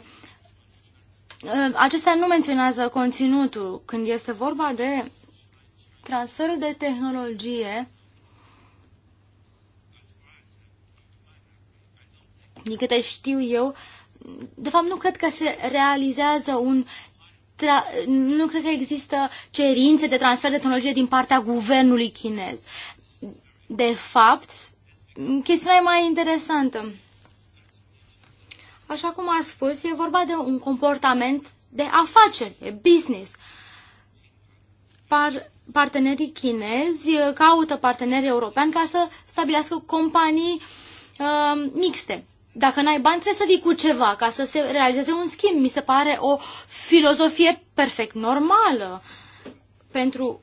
Ă, acestea nu menționează conținutul când este vorba de transferul de tehnologie. Din câte știu eu, de fapt nu cred că se realizează un tra- nu cred că există cerințe de transfer de tehnologie din partea guvernului chinez. De fapt, chestiunea e mai interesantă. Așa cum a spus, e vorba de un comportament de afaceri, e business. Par, partenerii chinezi caută parteneri europeni ca să stabilească companii uh, mixte. Dacă n-ai bani, trebuie să vii cu ceva ca să se realizeze un schimb. Mi se pare o filozofie perfect normală pentru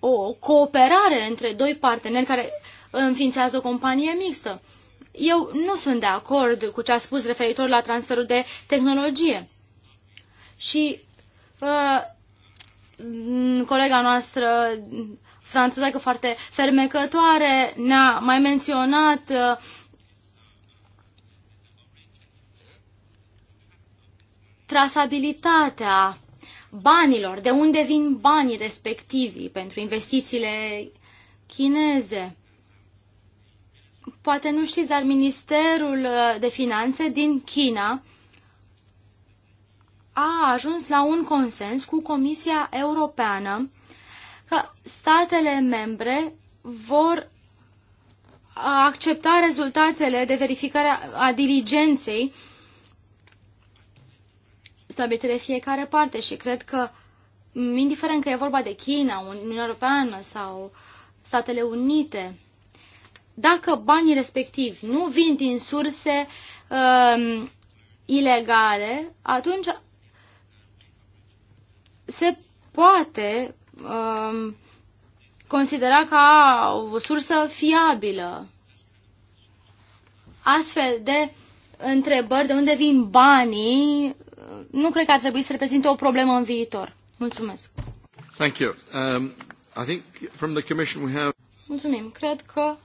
o cooperare între doi parteneri care înființează o companie mixtă. Eu nu sunt de acord cu ce a spus referitor la transferul de tehnologie. Și uh, colega noastră că foarte fermecătoare ne-a mai menționat uh, trasabilitatea banilor, de unde vin banii respectivi pentru investițiile chineze. Poate nu știți, dar Ministerul uh, de Finanțe din China a ajuns la un consens cu Comisia Europeană că statele membre vor accepta rezultatele de verificare a diligenței stabilite de fiecare parte și cred că, indiferent că e vorba de China, Uniunea Europeană sau Statele Unite, dacă banii respectivi nu vin din surse uh, ilegale, atunci se poate uh, considera ca o sursă fiabilă. Astfel de întrebări de unde vin banii, nu cred că ar trebui să reprezinte o problemă în viitor. Mulțumesc. Thank you. Um, I think from the commission we have... Mulțumim. Cred că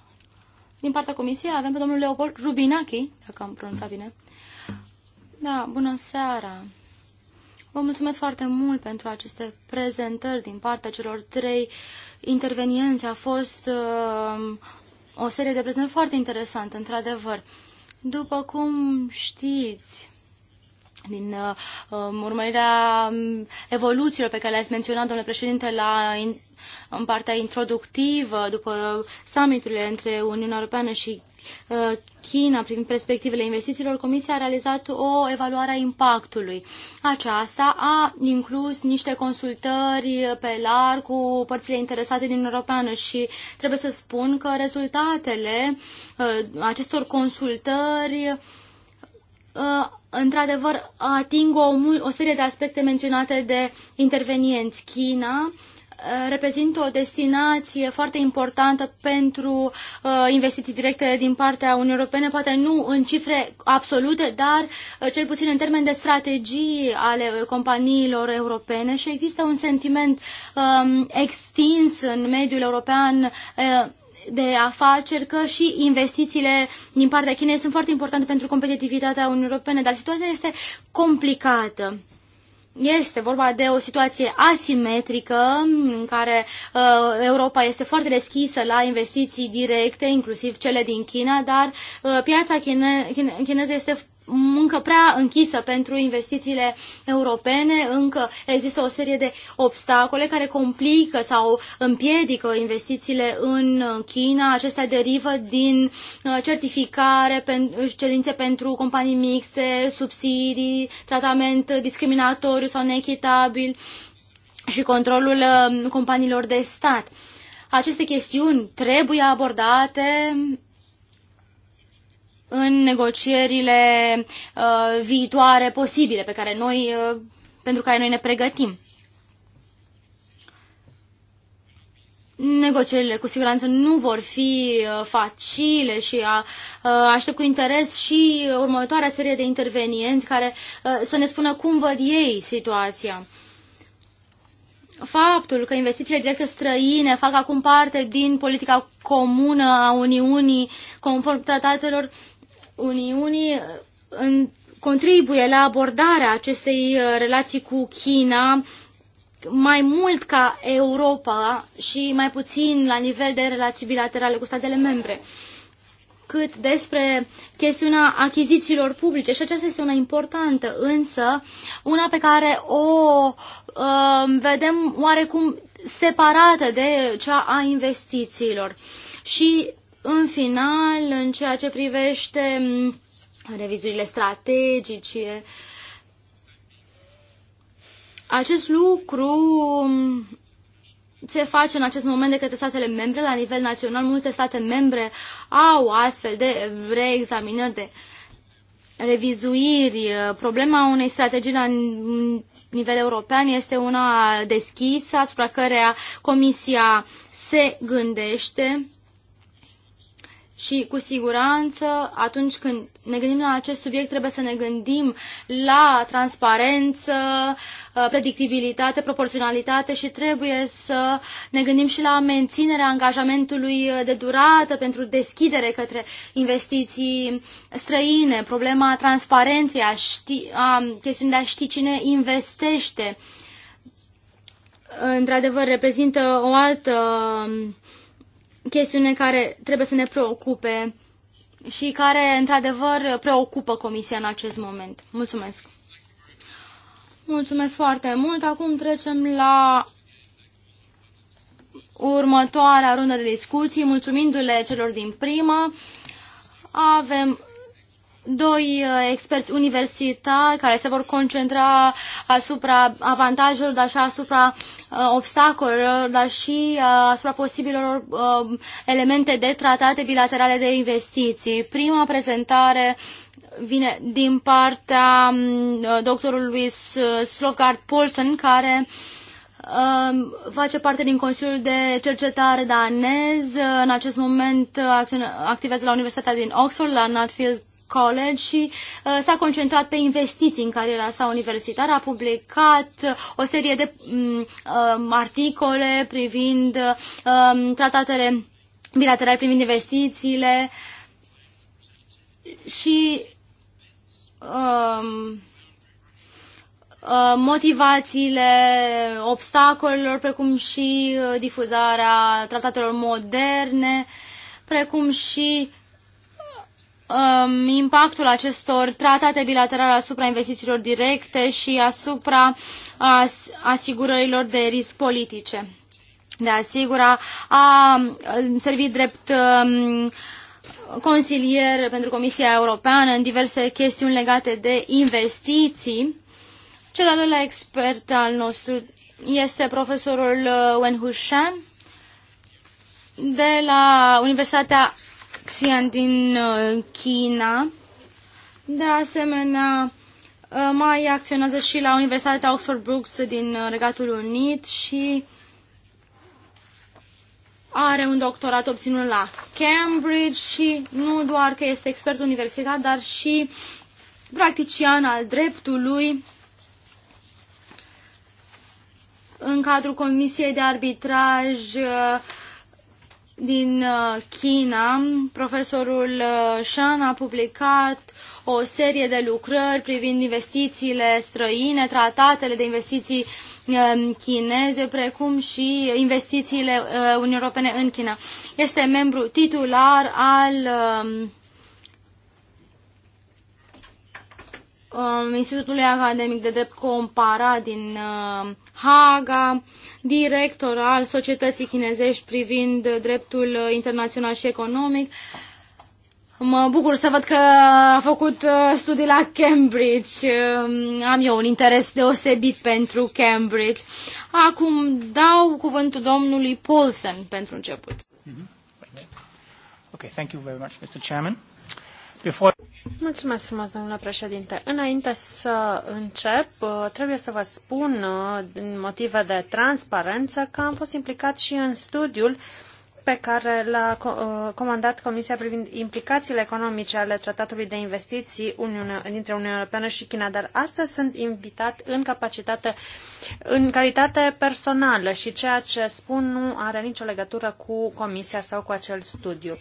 din partea comisiei avem pe domnul Leopold Rubinachi, dacă am pronunțat bine. Da, bună seara! Vă mulțumesc foarte mult pentru aceste prezentări din partea celor trei intervenienți. A fost uh, o serie de prezentări foarte interesante, într-adevăr. După cum știți, din uh, um, urmărirea um, evoluțiilor pe care le-ați menționat, domnule președinte, la in, în partea introductivă, după summiturile între Uniunea Europeană și uh, China, privind perspectivele investițiilor, Comisia a realizat o evaluare a impactului. Aceasta a inclus niște consultări pe larg cu părțile interesate din Europeană și trebuie să spun că rezultatele uh, acestor consultări uh, într-adevăr, ating o, o serie de aspecte menționate de intervenienți. China uh, reprezintă o destinație foarte importantă pentru uh, investiții directe din partea Uniunii Europene, poate nu în cifre absolute, dar uh, cel puțin în termen de strategii ale companiilor europene și există un sentiment um, extins în mediul european uh, de afaceri, că și investițiile din partea Chinei sunt foarte importante pentru competitivitatea Uniunii Europene, dar situația este complicată. Este vorba de o situație asimetrică în care uh, Europa este foarte deschisă la investiții directe, inclusiv cele din China, dar uh, piața chine- chine- chineză este încă prea închisă pentru investițiile europene, încă există o serie de obstacole care complică sau împiedică investițiile în China. Acestea derivă din uh, certificare, cerințe pentru companii mixte, subsidii, tratament discriminatoriu sau neechitabil și controlul uh, companiilor de stat aceste chestiuni trebuie abordate în negocierile uh, viitoare posibile pe care noi, uh, pentru care noi ne pregătim. Negocierile cu siguranță nu vor fi uh, facile și a, uh, uh, aștept cu interes și următoarea serie de intervenienți care uh, să ne spună cum văd ei situația faptul că investițiile directe străine fac acum parte din politica comună a Uniunii conform tratatelor Uniunii în, contribuie la abordarea acestei uh, relații cu China mai mult ca Europa și mai puțin la nivel de relații bilaterale cu statele membre cât despre chestiunea achizițiilor publice și aceasta este una importantă, însă una pe care o uh, vedem oarecum separată de cea a investițiilor. Și în final, în ceea ce privește mm, revizuirile strategice, acest lucru mm, se face în acest moment de către statele membre la nivel național. Multe state membre au astfel de reexaminări, de revizuiri. Problema unei strategii la nivel european este una deschisă asupra căreia Comisia se gândește. Și cu siguranță, atunci când ne gândim la acest subiect, trebuie să ne gândim la transparență, uh, predictibilitate, proporționalitate și trebuie să ne gândim și la menținerea angajamentului uh, de durată pentru deschidere către investiții străine, problema transparenței, a, ști, a chestiunii de a ști cine investește. Într-adevăr, reprezintă o altă chestiune care trebuie să ne preocupe și care, într-adevăr, preocupă Comisia în acest moment. Mulțumesc! Mulțumesc foarte mult! Acum trecem la următoarea rundă de discuții, mulțumindu-le celor din prima. Avem doi uh, experți universitari care se vor concentra asupra avantajelor, dar și asupra uh, obstacolelor, dar și uh, asupra posibilor uh, elemente de tratate bilaterale de investiții. Prima prezentare vine din partea uh, doctorului Slogard Paulson, care um, face parte din Consiliul de Cercetare danez. În acest moment uh, activează la Universitatea din Oxford, la Nutfield College și uh, s-a concentrat pe investiții în cariera sa universitară, a publicat uh, o serie de um, articole privind uh, tratatele bilaterale privind investițiile și um, uh, motivațiile obstacolelor, precum și difuzarea tratatelor moderne, precum și um, impactul acestor tratate bilaterale asupra investițiilor directe și asupra as, asigurărilor de risc politice. De asigura a um, servit drept um, consilier pentru Comisia Europeană în diverse chestiuni legate de investiții. Cel al doilea expert al nostru este profesorul uh, Wen Hushan de la Universitatea Xi'an din uh, China. De asemenea, uh, mai acționează și la Universitatea Oxford Brooks din uh, Regatul Unit și are un doctorat obținut la Cambridge și nu doar că este expert universitar, dar și practician al dreptului în cadrul Comisiei de Arbitraj din uh, China, profesorul uh, Shan a publicat o serie de lucrări privind investițiile străine, tratatele de investiții um, chineze, precum și investițiile uh, Uniunii Europene în China. Este membru titular al um, um, Institutului Academic de Drept Comparat din uh, Haga, director al societății chinezești privind dreptul uh, internațional și economic. Mă bucur să văd că a făcut uh, studii la Cambridge. Um, am eu un interes deosebit pentru Cambridge. Acum dau cuvântul domnului Paulsen pentru început. Mm -hmm. Okay, thank you very much, Mr. Chairman. Înainte să încep, uh, trebuie să vă spun, uh, din motive de transparență, că am fost implicat și în studiul uh, pe care l-a uh, comandat Comisia privind implicațiile economice ale Tratatului de Investiții dintre Uniunea Europeană și China, dar astăzi sunt invitat în capacitate, în calitate personală și ceea ce spun nu are nicio legătură cu Comisia sau cu acel studiu.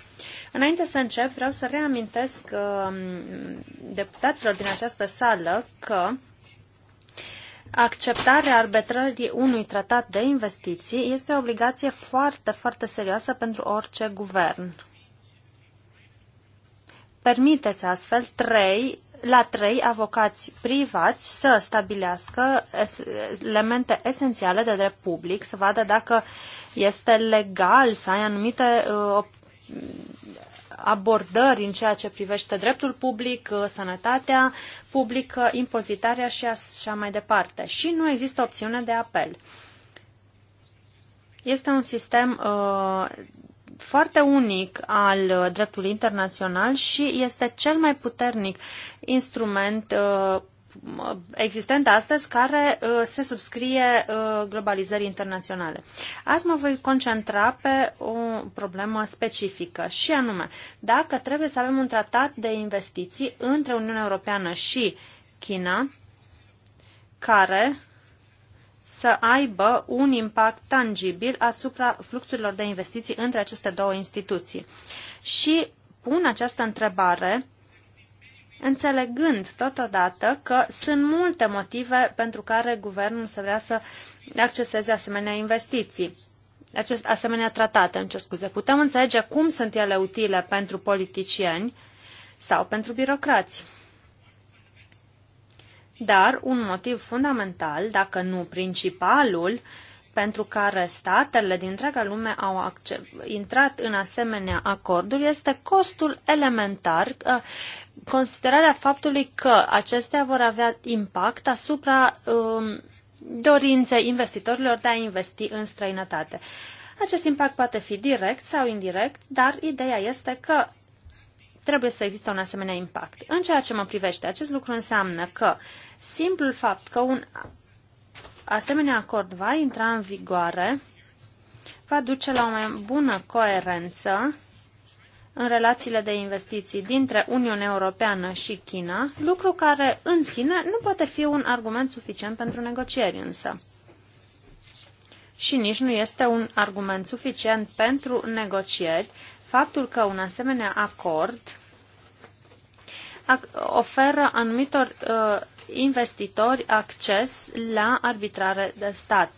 Înainte să încep, vreau să reamintesc um, deputaților din această sală că acceptarea arbitrării unui tratat de investiții este o obligație foarte, foarte serioasă pentru orice guvern. Permiteți astfel trei, la trei avocați privați să stabilească elemente esențiale de drept public, să vadă dacă este legal să ai anumite uh, abordări în ceea ce privește dreptul public, uh, sănătatea publică, impozitarea și așa mai departe. Și nu există opțiune de apel. Este un sistem uh, foarte unic al uh, dreptului internațional și este cel mai puternic instrument uh, Uh, existente astăzi care uh, se subscrie uh, globalizării internaționale. Azi mă voi concentra pe o problemă specifică și anume dacă trebuie să avem un tratat de investiții între Uniunea Europeană și China care să aibă un impact tangibil asupra fluxurilor de investiții între aceste două instituții. Și pun această întrebare înțelegând totodată că sunt multe motive pentru care guvernul să vrea să acceseze asemenea investiții acest asemenea tratate, în ce scuze. Putem înțelege cum sunt ele utile pentru politicieni sau pentru birocrați. Dar un motiv fundamental, dacă nu principalul, pentru care statele din întreaga lume au intrat în asemenea acorduri este costul elementar, uh, considerarea faptului că acestea vor avea impact asupra um, dorinței investitorilor de a investi în străinătate. Acest impact poate fi direct sau indirect, dar ideea este că trebuie să existe un asemenea impact. În ceea ce mă privește, acest lucru înseamnă că simplul fapt că un asemenea acord va intra în vigoare, va duce la o mai bună coerență în relațiile de investiții dintre Uniunea Europeană și China, lucru care în sine nu poate fi un argument suficient pentru negocieri însă. Și nici nu este un argument suficient pentru negocieri faptul că un asemenea acord oferă anumitor uh, investitori acces la arbitrare de stat.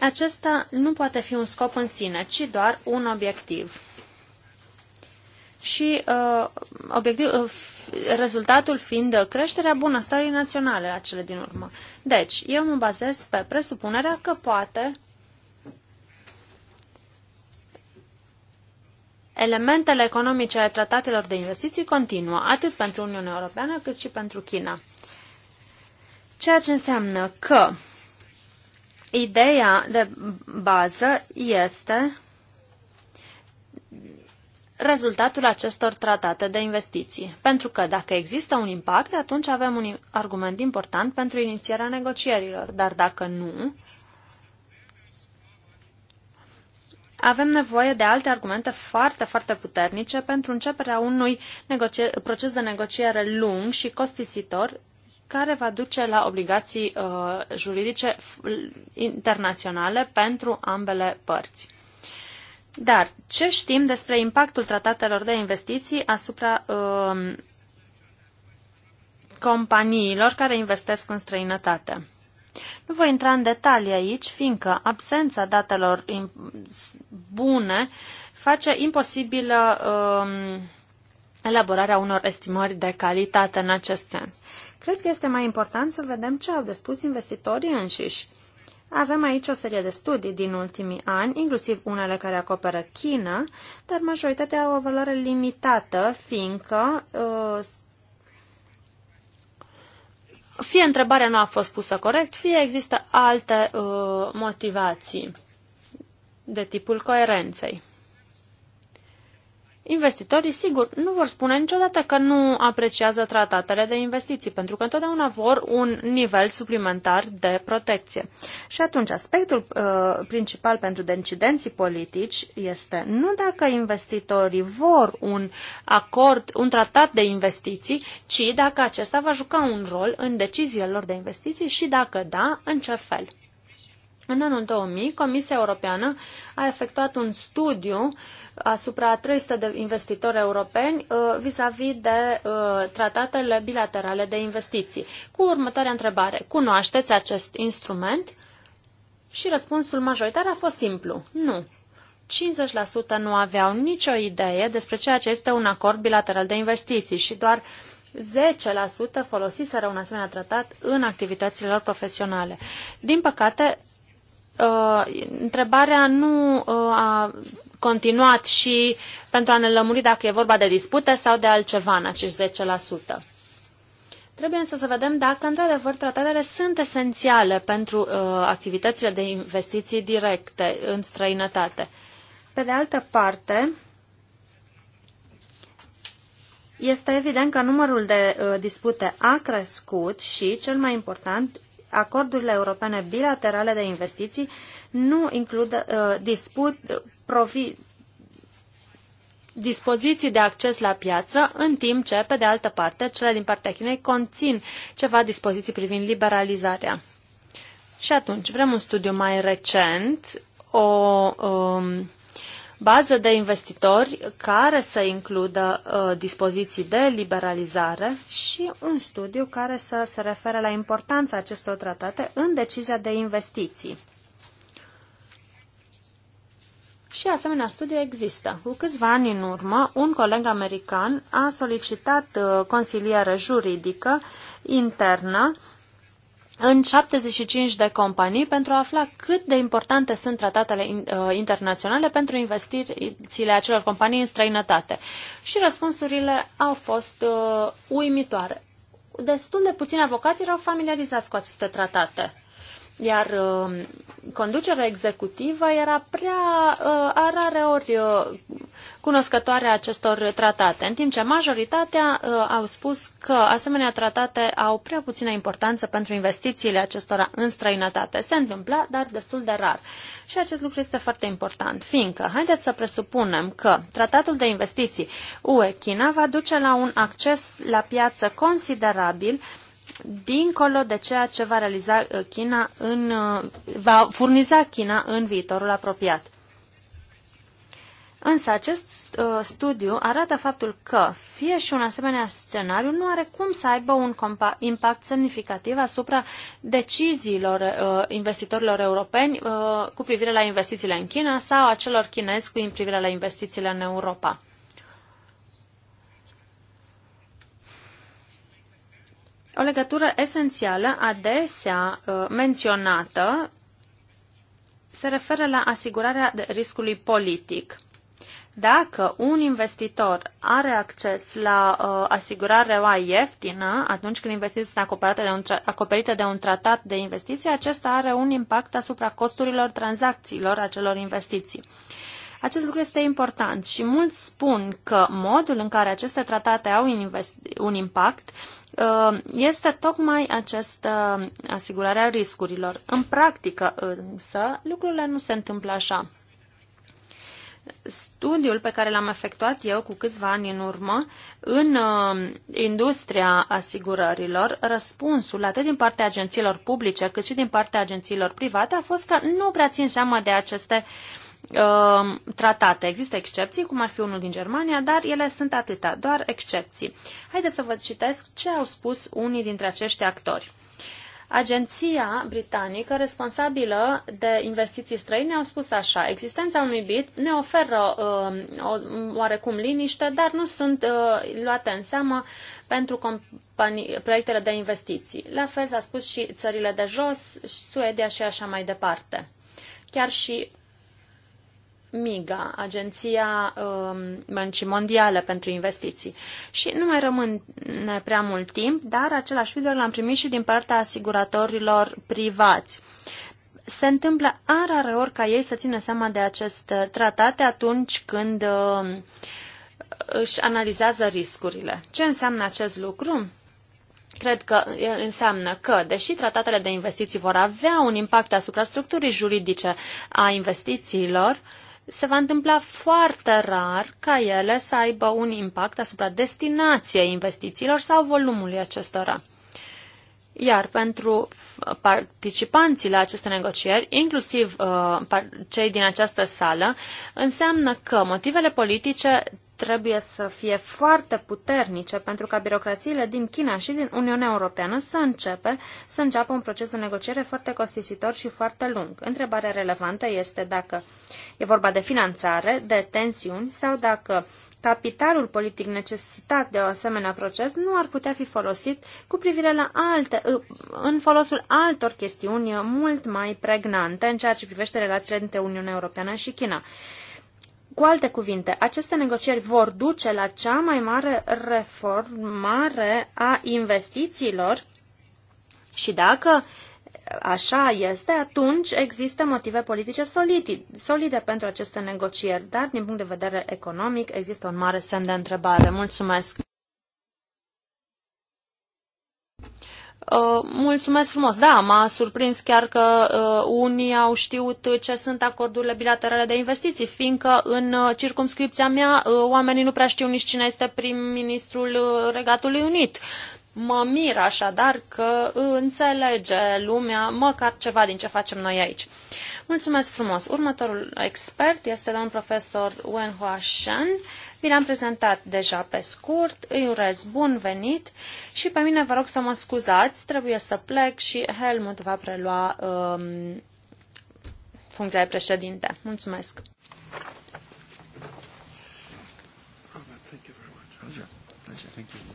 Acesta nu poate fi un scop în sine, ci doar un obiectiv. Și uh, obiectiv, uh, rezultatul fiind creșterea bunăstării naționale la cele din urmă. Deci, eu mă bazez pe presupunerea că poate elementele economice ale tratatelor de investiții continuă, atât pentru Uniunea Europeană cât și pentru China. Ceea ce înseamnă că ideea de bază este rezultatul acestor tratate de investiții. Pentru că dacă există un impact, atunci avem un argument important pentru inițierea negocierilor, dar dacă nu, avem nevoie de alte argumente foarte, foarte puternice pentru începerea unui proces de negociere lung și costisitor care va duce la obligații uh, juridice internaționale pentru ambele părți. Dar ce știm despre impactul tratatelor de investiții asupra uh, companiilor care investesc în străinătate? Nu voi intra în detalii aici, fiindcă absența datelor bune face imposibilă um, elaborarea unor estimări de calitate în acest sens. Cred că este mai important să vedem ce au de spus investitorii înșiși. Avem aici o serie de studii din ultimii ani, inclusiv unele care acoperă China, dar majoritatea au o valoare limitată, fiindcă uh, fie întrebarea nu a fost pusă corect, fie există alte uh, motivații de tipul coerenței. Investitorii, sigur, nu vor spune niciodată că nu apreciază tratatele de investiții, pentru că întotdeauna vor un nivel suplimentar de protecție. Și atunci, aspectul uh, principal pentru decidenții politici este nu dacă investitorii vor un acord, un tratat de investiții, ci dacă acesta va juca un rol în deciziile lor de investiții și, dacă da, în ce fel. În anul 2000, Comisia Europeană a efectuat un studiu asupra 300 de investitori europeni uh, vis-a-vis -vis de uh, tratatele bilaterale de investiții. Cu următoarea întrebare, cunoașteți acest instrument? Și răspunsul majoritar a fost simplu, nu. 50% nu aveau nicio idee despre ceea ce este un acord bilateral de investiții și doar 10% folosiseră un asemenea tratat în activitățile lor profesionale. Din păcate, Uh, întrebarea nu uh, a continuat și pentru a ne lămuri dacă e vorba de dispute sau de altceva în acești 10%. Trebuie însă să vedem dacă, într-adevăr, tratatele sunt esențiale pentru uh, activitățile de investiții directe în străinătate. Pe de altă parte, este evident că numărul de uh, dispute a crescut și, cel mai important, acordurile europene bilaterale de investiții nu includ uh, disput, profi, dispoziții de acces la piață, în timp ce, pe de altă parte, cele din partea Chinei conțin ceva dispoziții privind liberalizarea. Și atunci, vrem un studiu mai recent, o um, bază de investitori care să includă uh, dispoziții de liberalizare și un studiu care să se refere la importanța acestor tratate în decizia de investiții. Și asemenea studiu există. Cu câțiva ani în urmă, un coleg american a solicitat uh, consilieră juridică internă uh, în 75 de companii pentru a afla cât de importante sunt tratatele uh, internaționale pentru investițiile acelor companii în străinătate. Și răspunsurile au fost uh, uimitoare. Destul de puțini avocați erau familiarizați cu aceste tratate. Iar uh, conducerea executivă era prea uh, a rare ori uh, cunoscătoare a acestor tratate, în timp ce majoritatea au spus că asemenea tratate au prea puțină importanță pentru investițiile acestora în străinătate. Se întâmpla, dar destul de rar. Și acest lucru este foarte important, fiindcă haideți să presupunem că tratatul de investiții UE-China va duce la un acces la piață considerabil dincolo de ceea ce va realiza uh, China în, uh, va furniza China în viitorul apropiat. Însă acest uh, studiu arată faptul că fie și un asemenea scenariu nu are cum să aibă un impact semnificativ asupra deciziilor uh, investitorilor europeni uh, cu privire la investițiile în China sau a celor chinezi cu privire la investițiile în Europa. o legătură esențială, adesea uh, menționată, se referă la asigurarea de riscului politic. Dacă un investitor are acces la uh, asigurare mai ieftină atunci când investiția este acoperită de, un de un tratat de investiții, acesta are un impact asupra costurilor tranzacțiilor acelor investiții. Acest lucru este important și mulți spun că modul în care aceste tratate au un impact Uh, este tocmai această asigurare a riscurilor. În practică însă, lucrurile nu se întâmplă așa. Studiul pe care l-am efectuat eu cu câțiva ani în urmă în uh, industria asigurărilor, răspunsul atât din partea agențiilor publice cât și din partea agențiilor private a fost că nu prea țin seama de aceste uh, Um, tratate. Există excepții, cum ar fi unul din Germania, dar ele sunt atâta, doar excepții. Haideți să vă citesc ce au spus unii dintre acești actori. Agenția britanică responsabilă de investiții străine au spus așa, existența unui bit ne oferă uh, o, oarecum liniște, dar nu sunt uh, luate în seamă pentru companii, proiectele de investiții. La fel s-a spus și țările de jos, Suedia și așa mai departe. Chiar și MIGA, Agenția um, Băncii Mondiale pentru Investiții. Și nu mai rămâne prea mult timp, dar același video l-am primit și din partea asiguratorilor privați. Se întâmplă arare ori ca ei să țină seama de aceste tratate atunci când um, își analizează riscurile. Ce înseamnă acest lucru? Cred că înseamnă că, deși tratatele de investiții vor avea un impact asupra structurii juridice a investițiilor, uh, se va întâmpla foarte rar ca ele să aibă un impact asupra destinației investițiilor sau volumului acestora. Iar pentru participanții la aceste negocieri, inclusiv uh, cei din această sală, înseamnă că motivele politice trebuie să fie foarte puternice pentru ca birocrațiile din China și din Uniunea Europeană să începe să înceapă un proces de negociere foarte costisitor și foarte lung. Întrebarea relevantă este dacă e vorba de finanțare, de tensiuni sau dacă capitalul politic necesitat de o asemenea proces nu ar putea fi folosit cu privire la alte, în folosul altor chestiuni mult mai pregnante în ceea ce privește relațiile dintre Uniunea Europeană și China. Cu alte cuvinte, aceste negocieri vor duce la cea mai mare reformare a investițiilor și dacă așa este, atunci există motive politice solide, solide pentru aceste negocieri, dar din punct de vedere economic există un mare semn de întrebare. Mulțumesc! Uh, mulțumesc frumos. Da, m-a surprins chiar că uh, unii au știut ce sunt acordurile bilaterale de investiții, fiindcă în uh, circumscripția mea uh, oamenii nu prea știu nici cine este prim-ministrul uh, Regatului Unit. Mă mir așadar că înțelege lumea măcar ceva din ce facem noi aici. Mulțumesc frumos. Următorul expert este domnul profesor Wen Hua vi l-am prezentat deja pe scurt, îi urez bun venit și pe mine vă rog să mă scuzați, trebuie să plec și Helmut va prelua um, funcția de președinte. Mulțumesc! Thank you.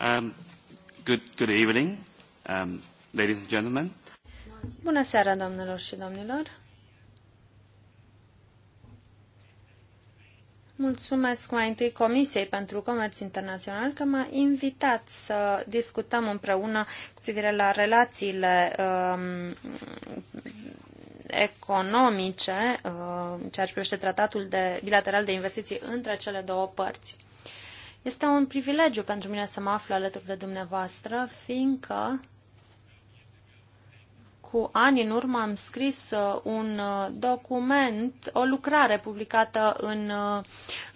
Um, good, good evening, um, ladies and gentlemen. Bună seara, doamnelor și domnilor. Mulțumesc mai întâi Comisiei pentru Comerț Internațional că m-a invitat să discutăm împreună cu privire la relațiile um, economice, uh, ceea ce privește tratatul de, bilateral de investiții între cele două părți. Este un privilegiu pentru mine să mă aflu alături de dumneavoastră, fiindcă cu ani în urmă am scris uh, un uh, document, o lucrare publicată în uh,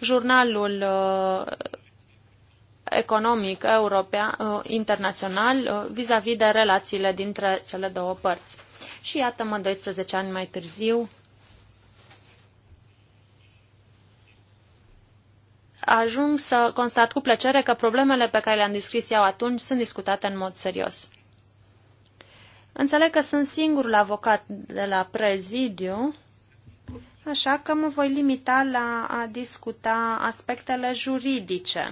jurnalul economic european, internațional vis-a-vis -vis de relațiile dintre cele două părți. Și iată-mă 12 ani mai târziu ajung să constat cu plăcere că problemele pe care le-am descris eu atunci sunt discutate în mod serios. Înțeleg că sunt singurul avocat de la prezidiu, așa că mă voi limita la a discuta aspectele juridice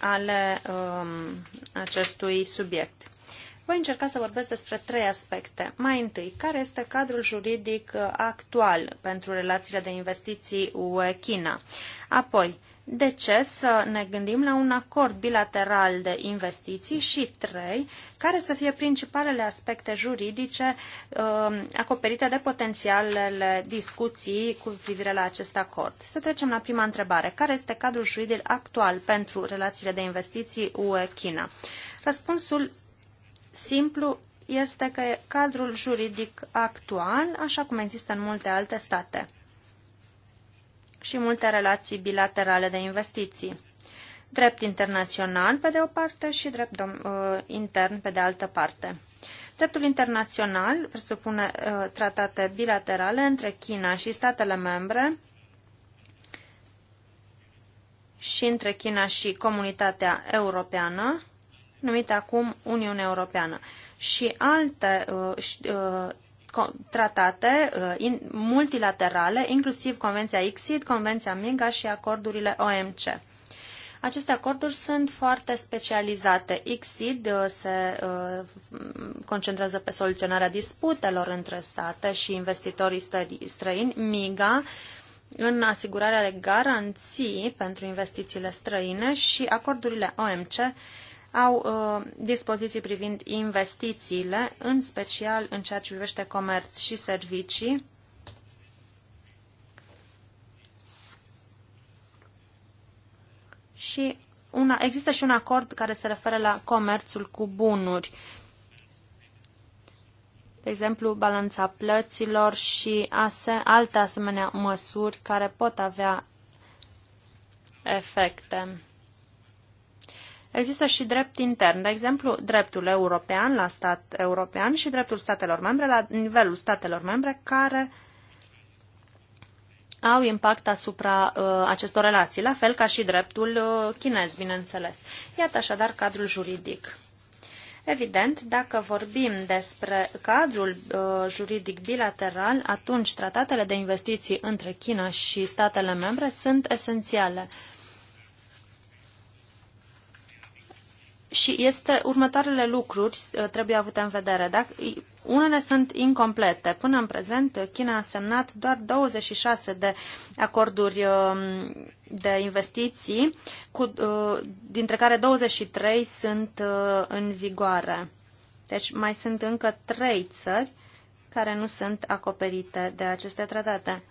ale um, acestui subiect. Voi încerca să vorbesc despre trei aspecte. Mai întâi, care este cadrul juridic uh, actual pentru relațiile de investiții UE-China? Apoi, de ce să ne gândim la un acord bilateral de investiții și, trei, care să fie principalele aspecte juridice uh, acoperite de potențialele discuții cu privire la acest acord? Să trecem la prima întrebare. Care este cadrul juridic actual pentru relațiile de investiții UE-China? Răspunsul simplu este că cadrul juridic actual, așa cum există în multe alte state și multe relații bilaterale de investiții. Drept internațional, pe de o parte, și drept uh, intern, pe de altă parte. Dreptul internațional presupune uh, tratate bilaterale între China și statele membre și între China și comunitatea europeană, numită acum Uniunea Europeană, și alte uh, uh tratate uh, multilaterale, inclusiv Convenția ICSID, Convenția MIGA și acordurile OMC. Aceste acorduri sunt foarte specializate. ICSID uh, se uh, concentrează pe soluționarea disputelor între state și investitorii străini. MIGA în asigurarea de garanții pentru investițiile străine și acordurile OMC au uh, dispoziții privind investițiile, în special în ceea ce privește comerț și servicii. Și una, există și un acord care se referă la comerțul cu bunuri. De exemplu, balanța plăților și ase, alte asemenea măsuri care pot avea efecte. Există și drept intern, de exemplu, dreptul european la stat european și dreptul statelor membre la nivelul statelor membre care au impact asupra uh, acestor relații, la fel ca și dreptul uh, chinez, bineînțeles. Iată așadar cadrul juridic. Evident, dacă vorbim despre cadrul uh, juridic bilateral, atunci tratatele de investiții între China și statele membre sunt esențiale. Uh, și este următoarele lucruri uh, trebuie avute în vedere. Dacă, unele sunt incomplete. Până în prezent, China a semnat doar 26 de acorduri um, de investiții, cu, uh, dintre care 23 sunt uh, în vigoare. Deci mai sunt încă trei țări care nu sunt acoperite de aceste tratate.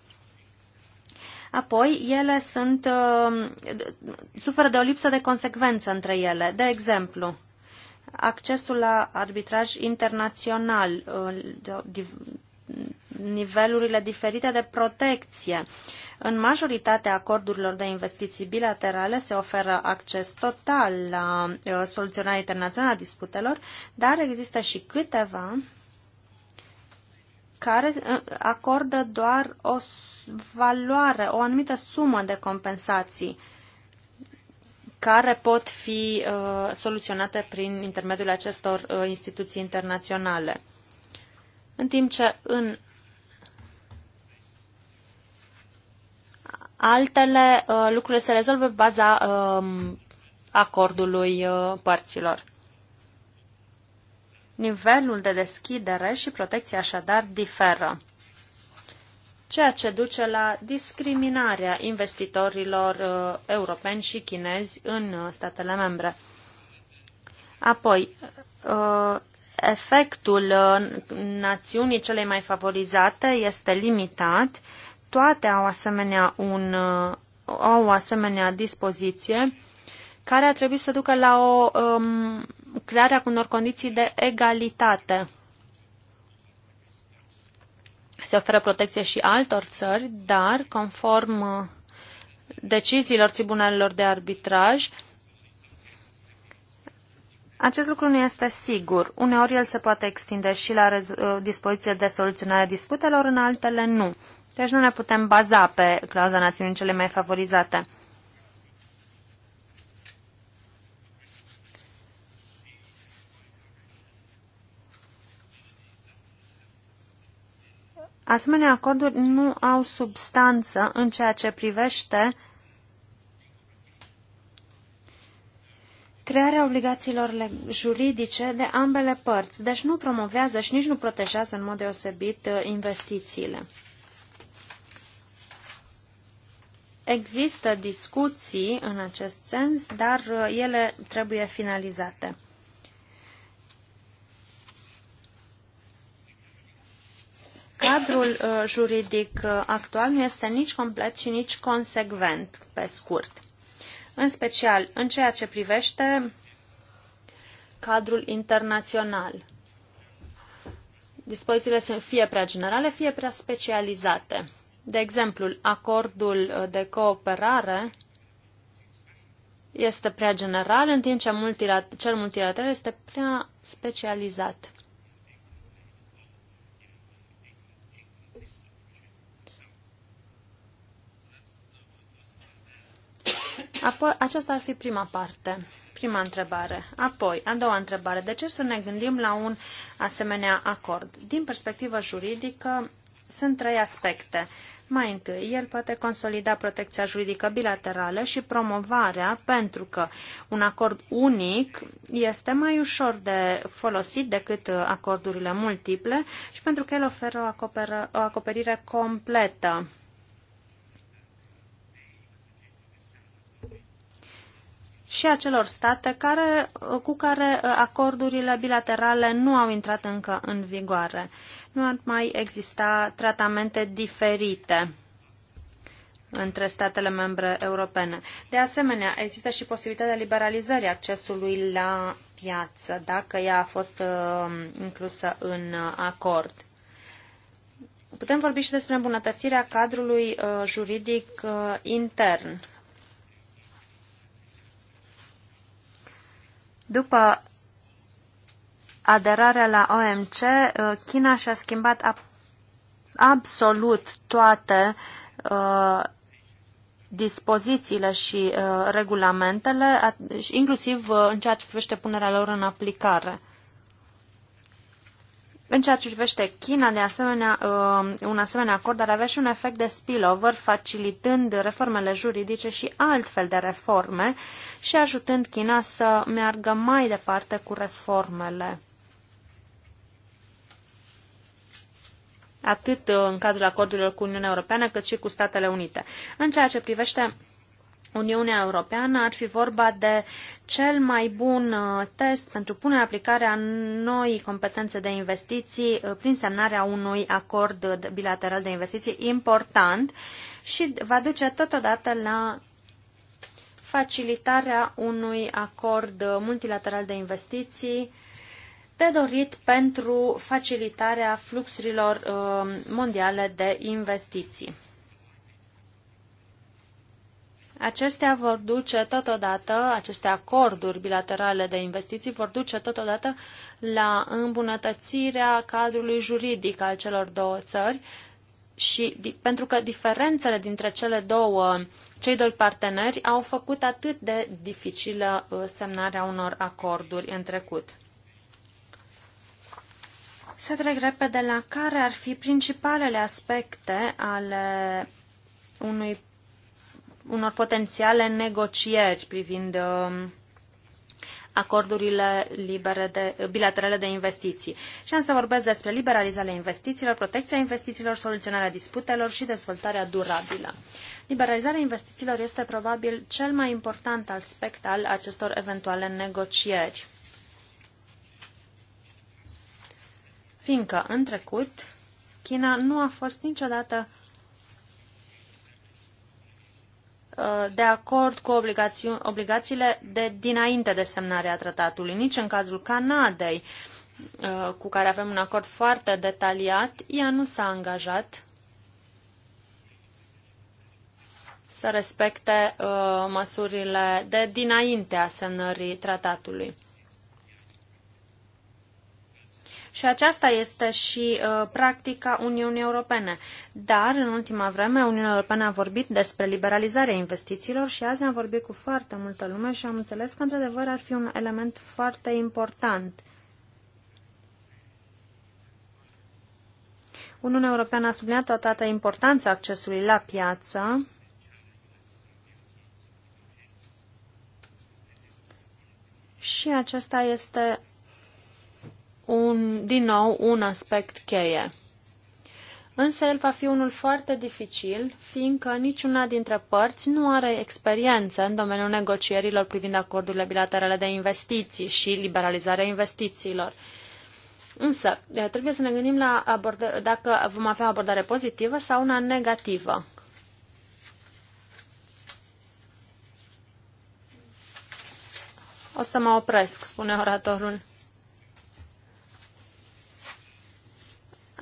Apoi, ele sunt, uh, suferă de o lipsă de consecvență între ele. De exemplu, accesul la arbitraj internațional, uh, nivelurile diferite de protecție. În majoritatea acordurilor de investiții bilaterale se oferă acces total la uh, soluționarea internațională a disputelor, dar există și câteva care uh, acordă doar o valoare, o anumită sumă de compensații care pot fi uh, soluționate prin intermediul acestor uh, instituții internaționale. În timp ce în altele uh, lucrurile se rezolvă baza uh, acordului uh, părților. Nivelul de deschidere și protecție așadar diferă, ceea ce duce la discriminarea investitorilor uh, europeni și chinezi în uh, statele membre. Apoi, uh, efectul națiunii celei mai favorizate este limitat. Toate au asemenea, un, au asemenea dispoziție care ar trebui să ducă la o um, crearea unor condiții de egalitate. Se oferă protecție și altor țări, dar, conform uh, deciziilor tribunalelor de arbitraj, acest lucru nu este sigur. Uneori el se poate extinde și la uh, dispoziție de soluționare a disputelor, în altele nu. Deci nu ne putem baza pe clauza națiunii cele mai favorizate. Asemenea, acorduri nu au substanță în ceea ce privește crearea obligațiilor juridice de ambele părți, deci nu promovează și nici nu protejează în mod deosebit uh, investițiile. Există discuții în acest sens, dar uh, ele trebuie finalizate. cadrul uh, juridic uh, actual nu este nici complet și nici consecvent, pe scurt. În special în ceea ce privește cadrul internațional. Dispozițiile sunt fie prea generale, fie prea specializate. De exemplu, acordul uh, de cooperare este prea general, în timp ce multilater- cel multilateral este prea specializat. Apoi, aceasta ar fi prima parte, prima întrebare. Apoi, a doua întrebare. De ce să ne gândim la un asemenea acord? Din perspectivă juridică, sunt trei aspecte. Mai întâi, el poate consolida protecția juridică bilaterală și promovarea, pentru că un acord unic este mai ușor de folosit decât acordurile multiple și pentru că el oferă o, acoperă, o acoperire completă și a celor state care, cu care uh, acordurile bilaterale nu au intrat încă în vigoare. Nu ar mai exista tratamente diferite între statele membre europene. De asemenea, există și posibilitatea liberalizării accesului la piață, dacă ea a fost uh, inclusă în uh, acord. Putem vorbi și despre îmbunătățirea cadrului juridic intern După aderarea la OMC, uh, China și-a schimbat absolut toate uh, dispozițiile și uh, regulamentele, inclusiv uh, în ceea ce privește punerea lor în aplicare. În ceea ce privește China, de asemenea, uh, un asemenea acord ar avea și un efect de spillover, facilitând reformele juridice și altfel de reforme și ajutând China să meargă mai departe cu reformele. atât uh, în cadrul acordurilor cu Uniunea Europeană, cât și cu Statele Unite. În ceea ce privește Uniunea Europeană ar fi vorba de cel mai bun uh, test pentru punerea aplicare a noi competențe de investiții uh, prin semnarea unui acord bilateral de investiții important și va duce totodată la facilitarea unui acord uh, multilateral de investiții de dorit pentru facilitarea fluxurilor mondiale de investiții. Acestea vor duce totodată, aceste acorduri bilaterale de investiții vor duce totodată la îmbunătățirea cadrului juridic al celor două țări și pentru că diferențele dintre cele două, cei doi parteneri au făcut atât de dificilă uh, semnarea unor acorduri în trecut. Să trec repede la care ar fi principalele aspecte ale unui unor potențiale negocieri privind um, acordurile libere de, bilaterale de investiții. Și am să vorbesc despre liberalizarea investițiilor, protecția investițiilor, soluționarea disputelor și dezvoltarea durabilă. Liberalizarea investițiilor este probabil cel mai important aspect al acestor eventuale negocieri. Fiindcă, în trecut, China nu a fost niciodată Uh, de acord cu obligațiile de dinainte de semnarea tratatului, nici în cazul Canadei, uh, cu care avem un acord foarte detaliat, ea nu s-a angajat să respecte uh, măsurile de dinainte a semnării tratatului. Și aceasta este și uh, practica Uniunii Europene. Dar, în ultima vreme, Uniunea Europeană a vorbit despre liberalizarea investițiilor și azi am vorbit cu foarte multă lume și am înțeles că, într-adevăr, ar fi un element foarte important. Uniunea Europeană a subliniat o importanța accesului la piață, și acesta este un, din nou un aspect cheie. Însă el va fi unul foarte dificil, fiindcă niciuna dintre părți nu are experiență în domeniul negocierilor privind acordurile bilaterale de investiții și liberalizarea investițiilor. Însă, trebuie să ne gândim la abordă- dacă vom avea o abordare pozitivă sau una negativă. O să mă opresc, spune oratorul.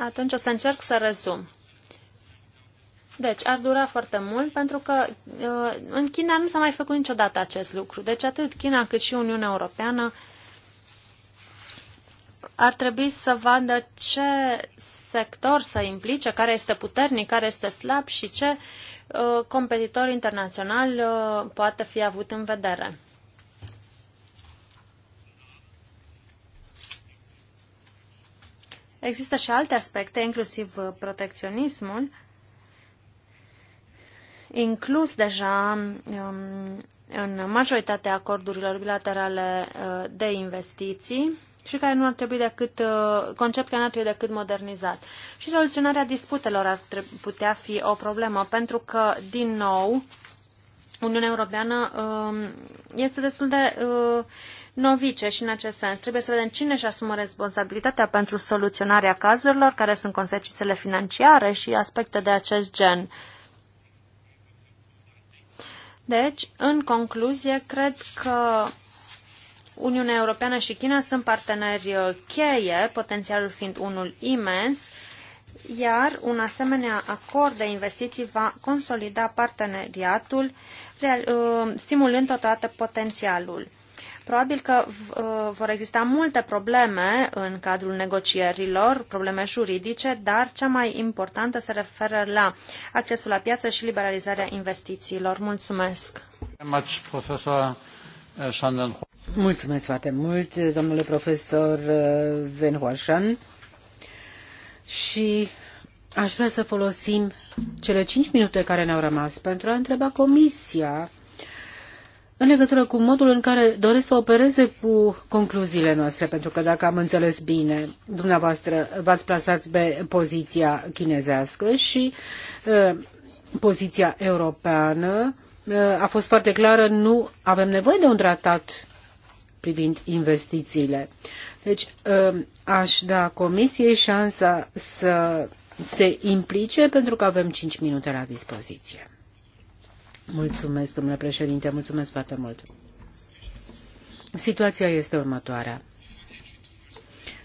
atunci o să încerc să rezum. Deci, ar dura foarte mult pentru că uh, în China nu s-a mai făcut niciodată acest lucru. Deci, atât China cât și Uniunea Europeană ar trebui să vadă ce sector să implice, care este puternic, care este slab și ce uh, competitor internațional uh, poate fi avut în vedere. Există și alte aspecte, inclusiv uh, protecționismul, inclus deja um, în majoritatea acordurilor bilaterale uh, de investiții și care nu ar trebui decât, uh, concept care nu ar trebui decât modernizat. Și soluționarea disputelor ar putea fi o problemă, pentru că, din nou, Uniunea Europeană um, este destul de uh, novice și în acest sens trebuie să vedem cine își asumă responsabilitatea pentru soluționarea cazurilor, care sunt consecințele financiare și aspecte de acest gen. Deci, în concluzie, cred că Uniunea Europeană și China sunt parteneri uh, cheie, potențialul fiind unul imens, iar un asemenea acord de investiții va consolida parteneriatul, uh, stimulând totodată potențialul. Probabil că uh, vor exista multe probleme în cadrul negocierilor, probleme juridice, dar cea mai importantă se referă la accesul la piață și liberalizarea investițiilor. Mulțumesc! Mulțumesc uh, foarte mult, domnule profesor uh, Venhoașan. Și aș vrea să folosim cele cinci minute care ne-au rămas pentru a întreba Comisia în legătură cu modul în care doresc să opereze cu concluziile noastre, pentru că dacă am înțeles bine, dumneavoastră v-ați plasat pe poziția chinezească și uh, poziția europeană uh, a fost foarte clară, nu avem nevoie de un tratat privind investițiile. Deci uh, aș da comisiei șansa să se implice pentru că avem 5 minute la dispoziție. Mulțumesc, domnule președinte, mulțumesc foarte mult. Situația este următoarea.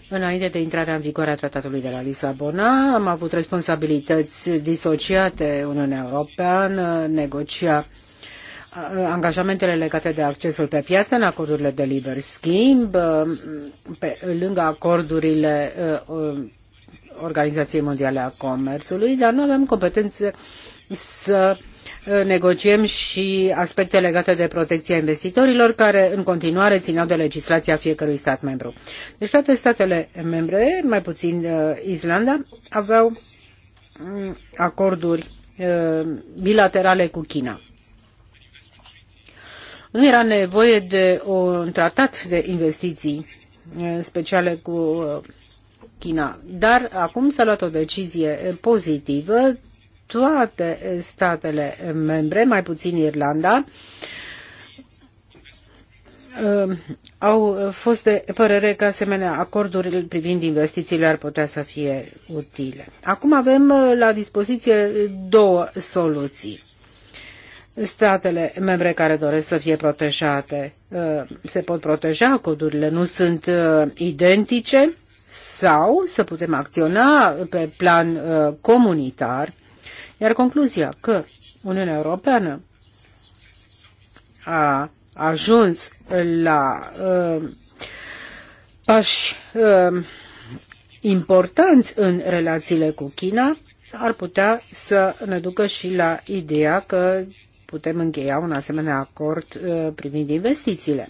Înainte de intrarea în vigoare a tratatului de la Lisabona, am avut responsabilități disociate Uniunea Europeană, negocia angajamentele legate de accesul pe piață în acordurile de liber schimb, pe, lângă acordurile uh, Organizației Mondiale a Comerțului, dar nu avem competențe să negociem și aspecte legate de protecția investitorilor, care în continuare țineau de legislația fiecărui stat membru. Deci toate statele membre, mai puțin uh, Islanda, aveau mm, acorduri uh, bilaterale cu China. Nu era nevoie de un tratat de investiții uh, speciale cu China, dar acum s-a luat o decizie pozitivă toate statele membre, mai puțin Irlanda, um, au fost de părere că asemenea acorduri privind investițiile ar putea să fie utile. Acum avem uh, la dispoziție două soluții. Statele membre care doresc să fie protejate uh, se pot proteja, codurile nu sunt uh, identice sau să putem acționa pe plan comunitar iar concluzia că Uniunea Europeană a ajuns la uh, pași uh, importanți în relațiile cu China ar putea să ne ducă și la ideea că putem încheia un asemenea acord uh, privind investițiile.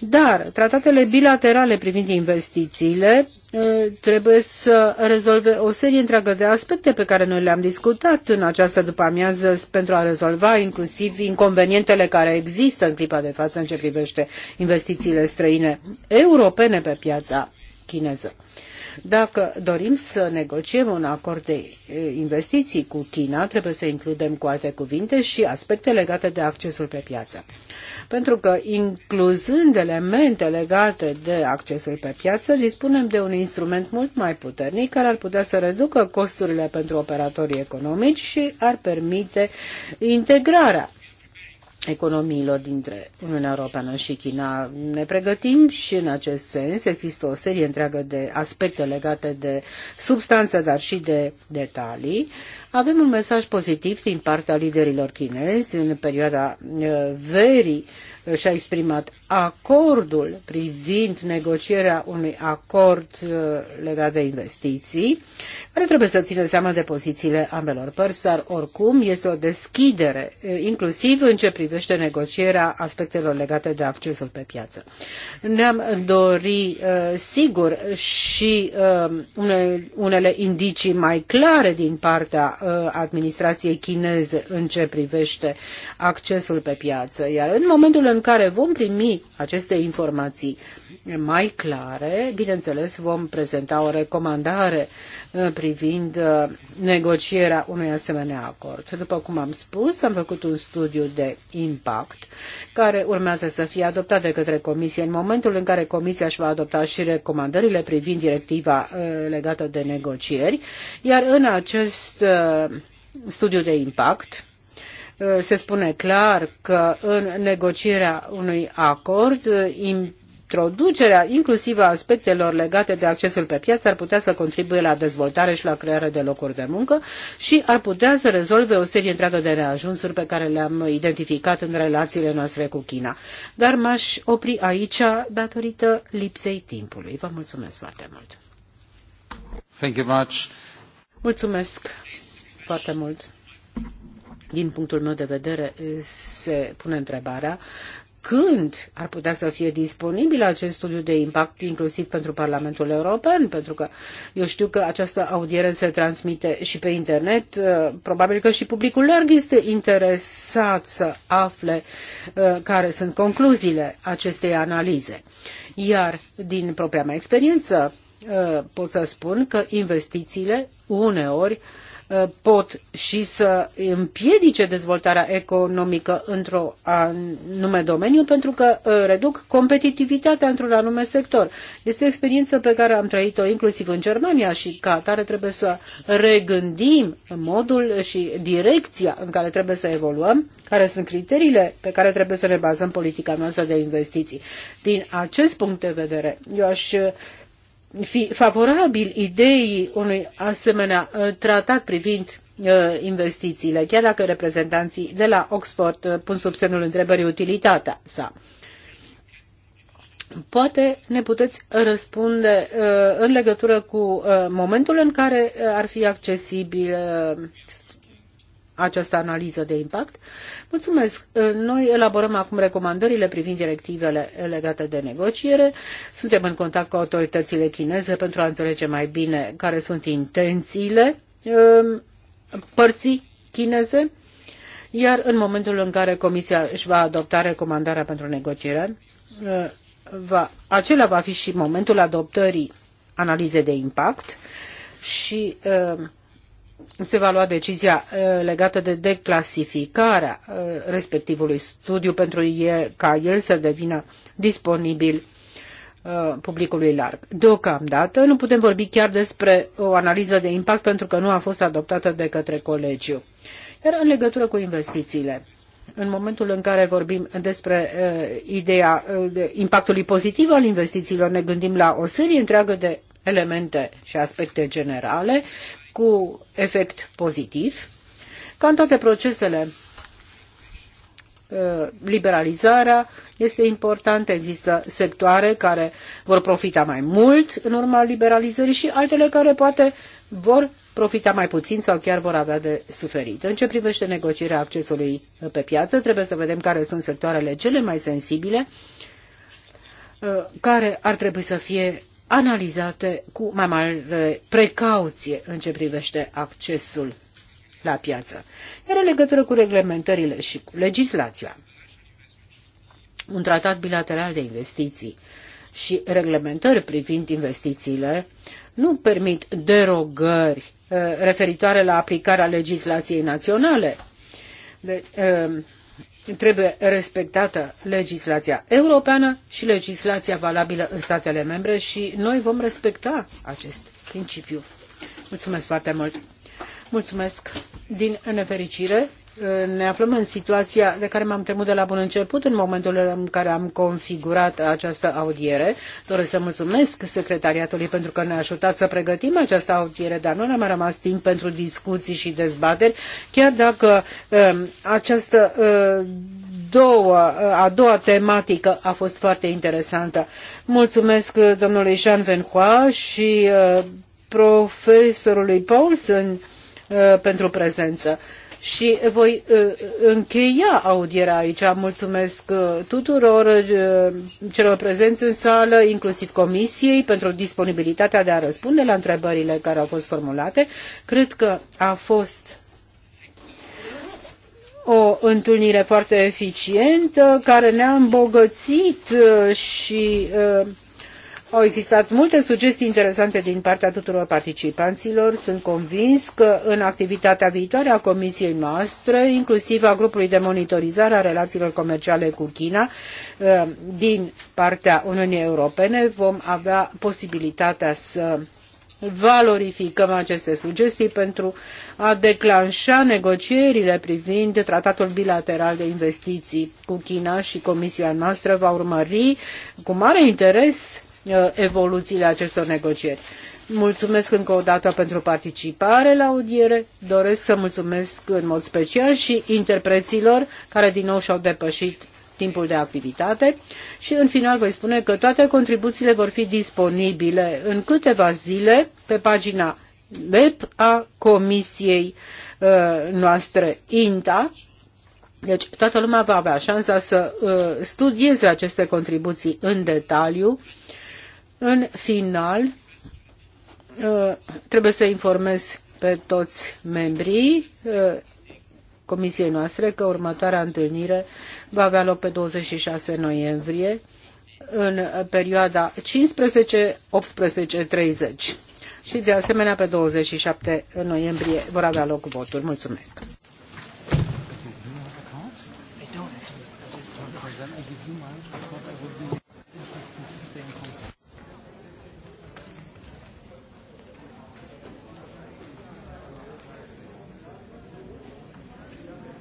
Dar tratatele bilaterale privind investițiile uh, trebuie să rezolve o serie întreagă de aspecte pe care noi le-am discutat în această după-amiază pentru a rezolva inclusiv inconvenientele care există în clipa de față în ce privește investițiile străine europene pe piața chineză. Dacă dorim să negociem un acord de investiții cu China, trebuie să includem cu alte cuvinte și aspecte legate de accesul pe piață. Pentru că incluzând elemente legate de accesul pe piață, dispunem de un instrument mult mai puternic care ar putea să reducă costurile pentru operatorii economici și ar permite integrarea economiilor dintre Uniunea Europeană și China. Ne pregătim și în acest sens. Există o serie întreagă de aspecte legate de substanță, dar și de detalii. Avem un mesaj pozitiv din partea liderilor chinezi în perioada uh, verii și-a exprimat acordul privind negocierea unui acord uh, legat de investiții, care trebuie să țină seama de pozițiile ambelor părți, dar oricum este o deschidere, uh, inclusiv în ce privește negocierea aspectelor legate de accesul pe piață. Ne-am dori, uh, sigur, și unele indicii mai clare din partea administrației chineze în ce privește accesul pe piață, iar în momentul în care vom primi aceste informații mai clare, bineînțeles, vom prezenta o recomandare uh, privind uh, negocierea unui asemenea acord. După cum am spus, am făcut un studiu de impact care urmează să fie adoptat de către Comisie în momentul în care Comisia își va adopta și recomandările privind directiva uh, legată de negocieri, iar în acest studiu de impact Eh, se spune clar că în negocierea unui acord eh, introducerea inclusiv a aspectelor legate de accesul pe piață ar putea să contribuie la dezvoltare și la crearea de locuri de muncă și ar putea să rezolve o serie întreagă de neajunsuri pe care le-am identificat în relațiile noastre cu China. Dar m-aș opri aici datorită lipsei timpului. Vă mulțumesc foarte mult. Thank you much. Mulțumesc foarte mult din punctul meu de vedere, se pune întrebarea când ar putea să fie disponibil acest studiu de impact, inclusiv pentru Parlamentul European, pentru că eu știu că această audiere se transmite și pe internet. Uh, probabil că și publicul larg este interesat să afle uh, care sunt concluziile acestei analize. Iar din propria mea experiență uh, pot să spun că investițiile uneori uh, Uh, pot și să împiedice dezvoltarea economică într un anume domeniu pentru că uh, reduc competitivitatea într-un anume sector. Este o experiență pe care am trăit-o inclusiv în Germania și ca atare trebuie să regândim modul și direcția în care trebuie să evoluăm, care sunt criteriile pe care trebuie să ne bazăm politica noastră de investiții. Din acest punct de vedere, eu aș uh, fi favorabil ideii unui asemenea uh, tratat privind uh, investițiile, chiar dacă reprezentanții de la Oxford uh, pun sub semnul întrebării utilitatea sa. Poate ne puteți răspunde în legătură cu momentul în care ar fi accesibil această analiză de impact. Mulțumesc! Uh, noi elaborăm acum recomandările privind directivele legate de negociere. Suntem în contact cu autoritățile chineze pentru a înțelege mai bine care sunt intențiile um, părții chineze. Iar în momentul în care Comisia își va adopta recomandarea pentru negociere, uh, va, acela va fi și momentul adoptării analizei de impact și uh, se va lua decizia uh, legată de declasificarea uh, respectivului studiu pentru ca el să devină disponibil uh, publicului larg. Deocamdată nu putem vorbi chiar despre o analiză de impact pentru că nu a fost adoptată de către colegiu. Iar în legătură cu investițiile, în momentul în care vorbim despre uh, ideea uh, impactului pozitiv al investițiilor, ne gândim la o serie întreagă de elemente și aspecte generale, cu efect pozitiv. Ca în toate procesele, uh, liberalizarea este importantă, există sectoare care vor profita mai mult în urma liberalizării și altele care poate vor profita mai puțin sau chiar vor avea de suferit. În ce privește negocierea accesului pe piață, trebuie să vedem care sunt sectoarele cele mai sensibile uh, care ar trebui să fie analizate cu mai mare precauție în ce privește accesul la piață. Iar în legătură cu reglementările și cu legislația, un tratat bilateral de investiții și reglementări privind investițiile nu permit derogări uh, referitoare la aplicarea legislației naționale. De, deci, uh, trebuie respectată legislația europeană și legislația valabilă în statele membre și noi vom respecta acest principiu. Mulțumesc foarte mult! Mulțumesc! Din nefericire, ne aflăm în situația de care m-am temut de la bun început în momentul în care am configurat această audiere. Doresc să mulțumesc secretariatului pentru că ne-a ajutat să pregătim această audiere, dar nu ne-a mai rămas timp pentru discuții și dezbateri, chiar dacă um, această uh, două, uh, a doua tematică a fost foarte interesantă. Mulțumesc uh, domnului Jean Venhoa și profesorului Paulsen pentru prezență și voi uh, încheia audierea aici. Mulțumesc uh, tuturor uh, celor prezenți în sală, inclusiv Comisiei, pentru disponibilitatea de a răspunde la întrebările care au fost formulate. Cred că a fost o întâlnire foarte eficientă care ne-a îmbogățit și uh, au existat multe sugestii interesante din partea tuturor participanților. Sunt convins că în activitatea viitoare a Comisiei noastre, inclusiv a grupului de monitorizare a relațiilor comerciale cu China uh, din partea Uniunii Europene, vom avea posibilitatea să valorificăm aceste sugestii pentru a declanșa negocierile privind tratatul bilateral de investiții cu China și Comisia noastră va urmări cu mare interes Uh, evoluțiile acestor negocieri. Mulțumesc încă o dată pentru participare la audiere. Doresc să mulțumesc în mod special și interpreților care din nou și-au depășit timpul de activitate și în final voi spune că toate contribuțiile vor fi disponibile în câteva zile pe pagina web a comisiei uh, noastre INTA. Deci toată lumea va avea șansa să uh, studieze aceste contribuții în detaliu uh, în final, ă, trebuie să informez pe toți membrii ă, comisiei noastre că următoarea întâlnire va avea loc pe 26 noiembrie în perioada 15-18.30 și de asemenea pe 27 noiembrie vor avea loc voturi. Mulțumesc!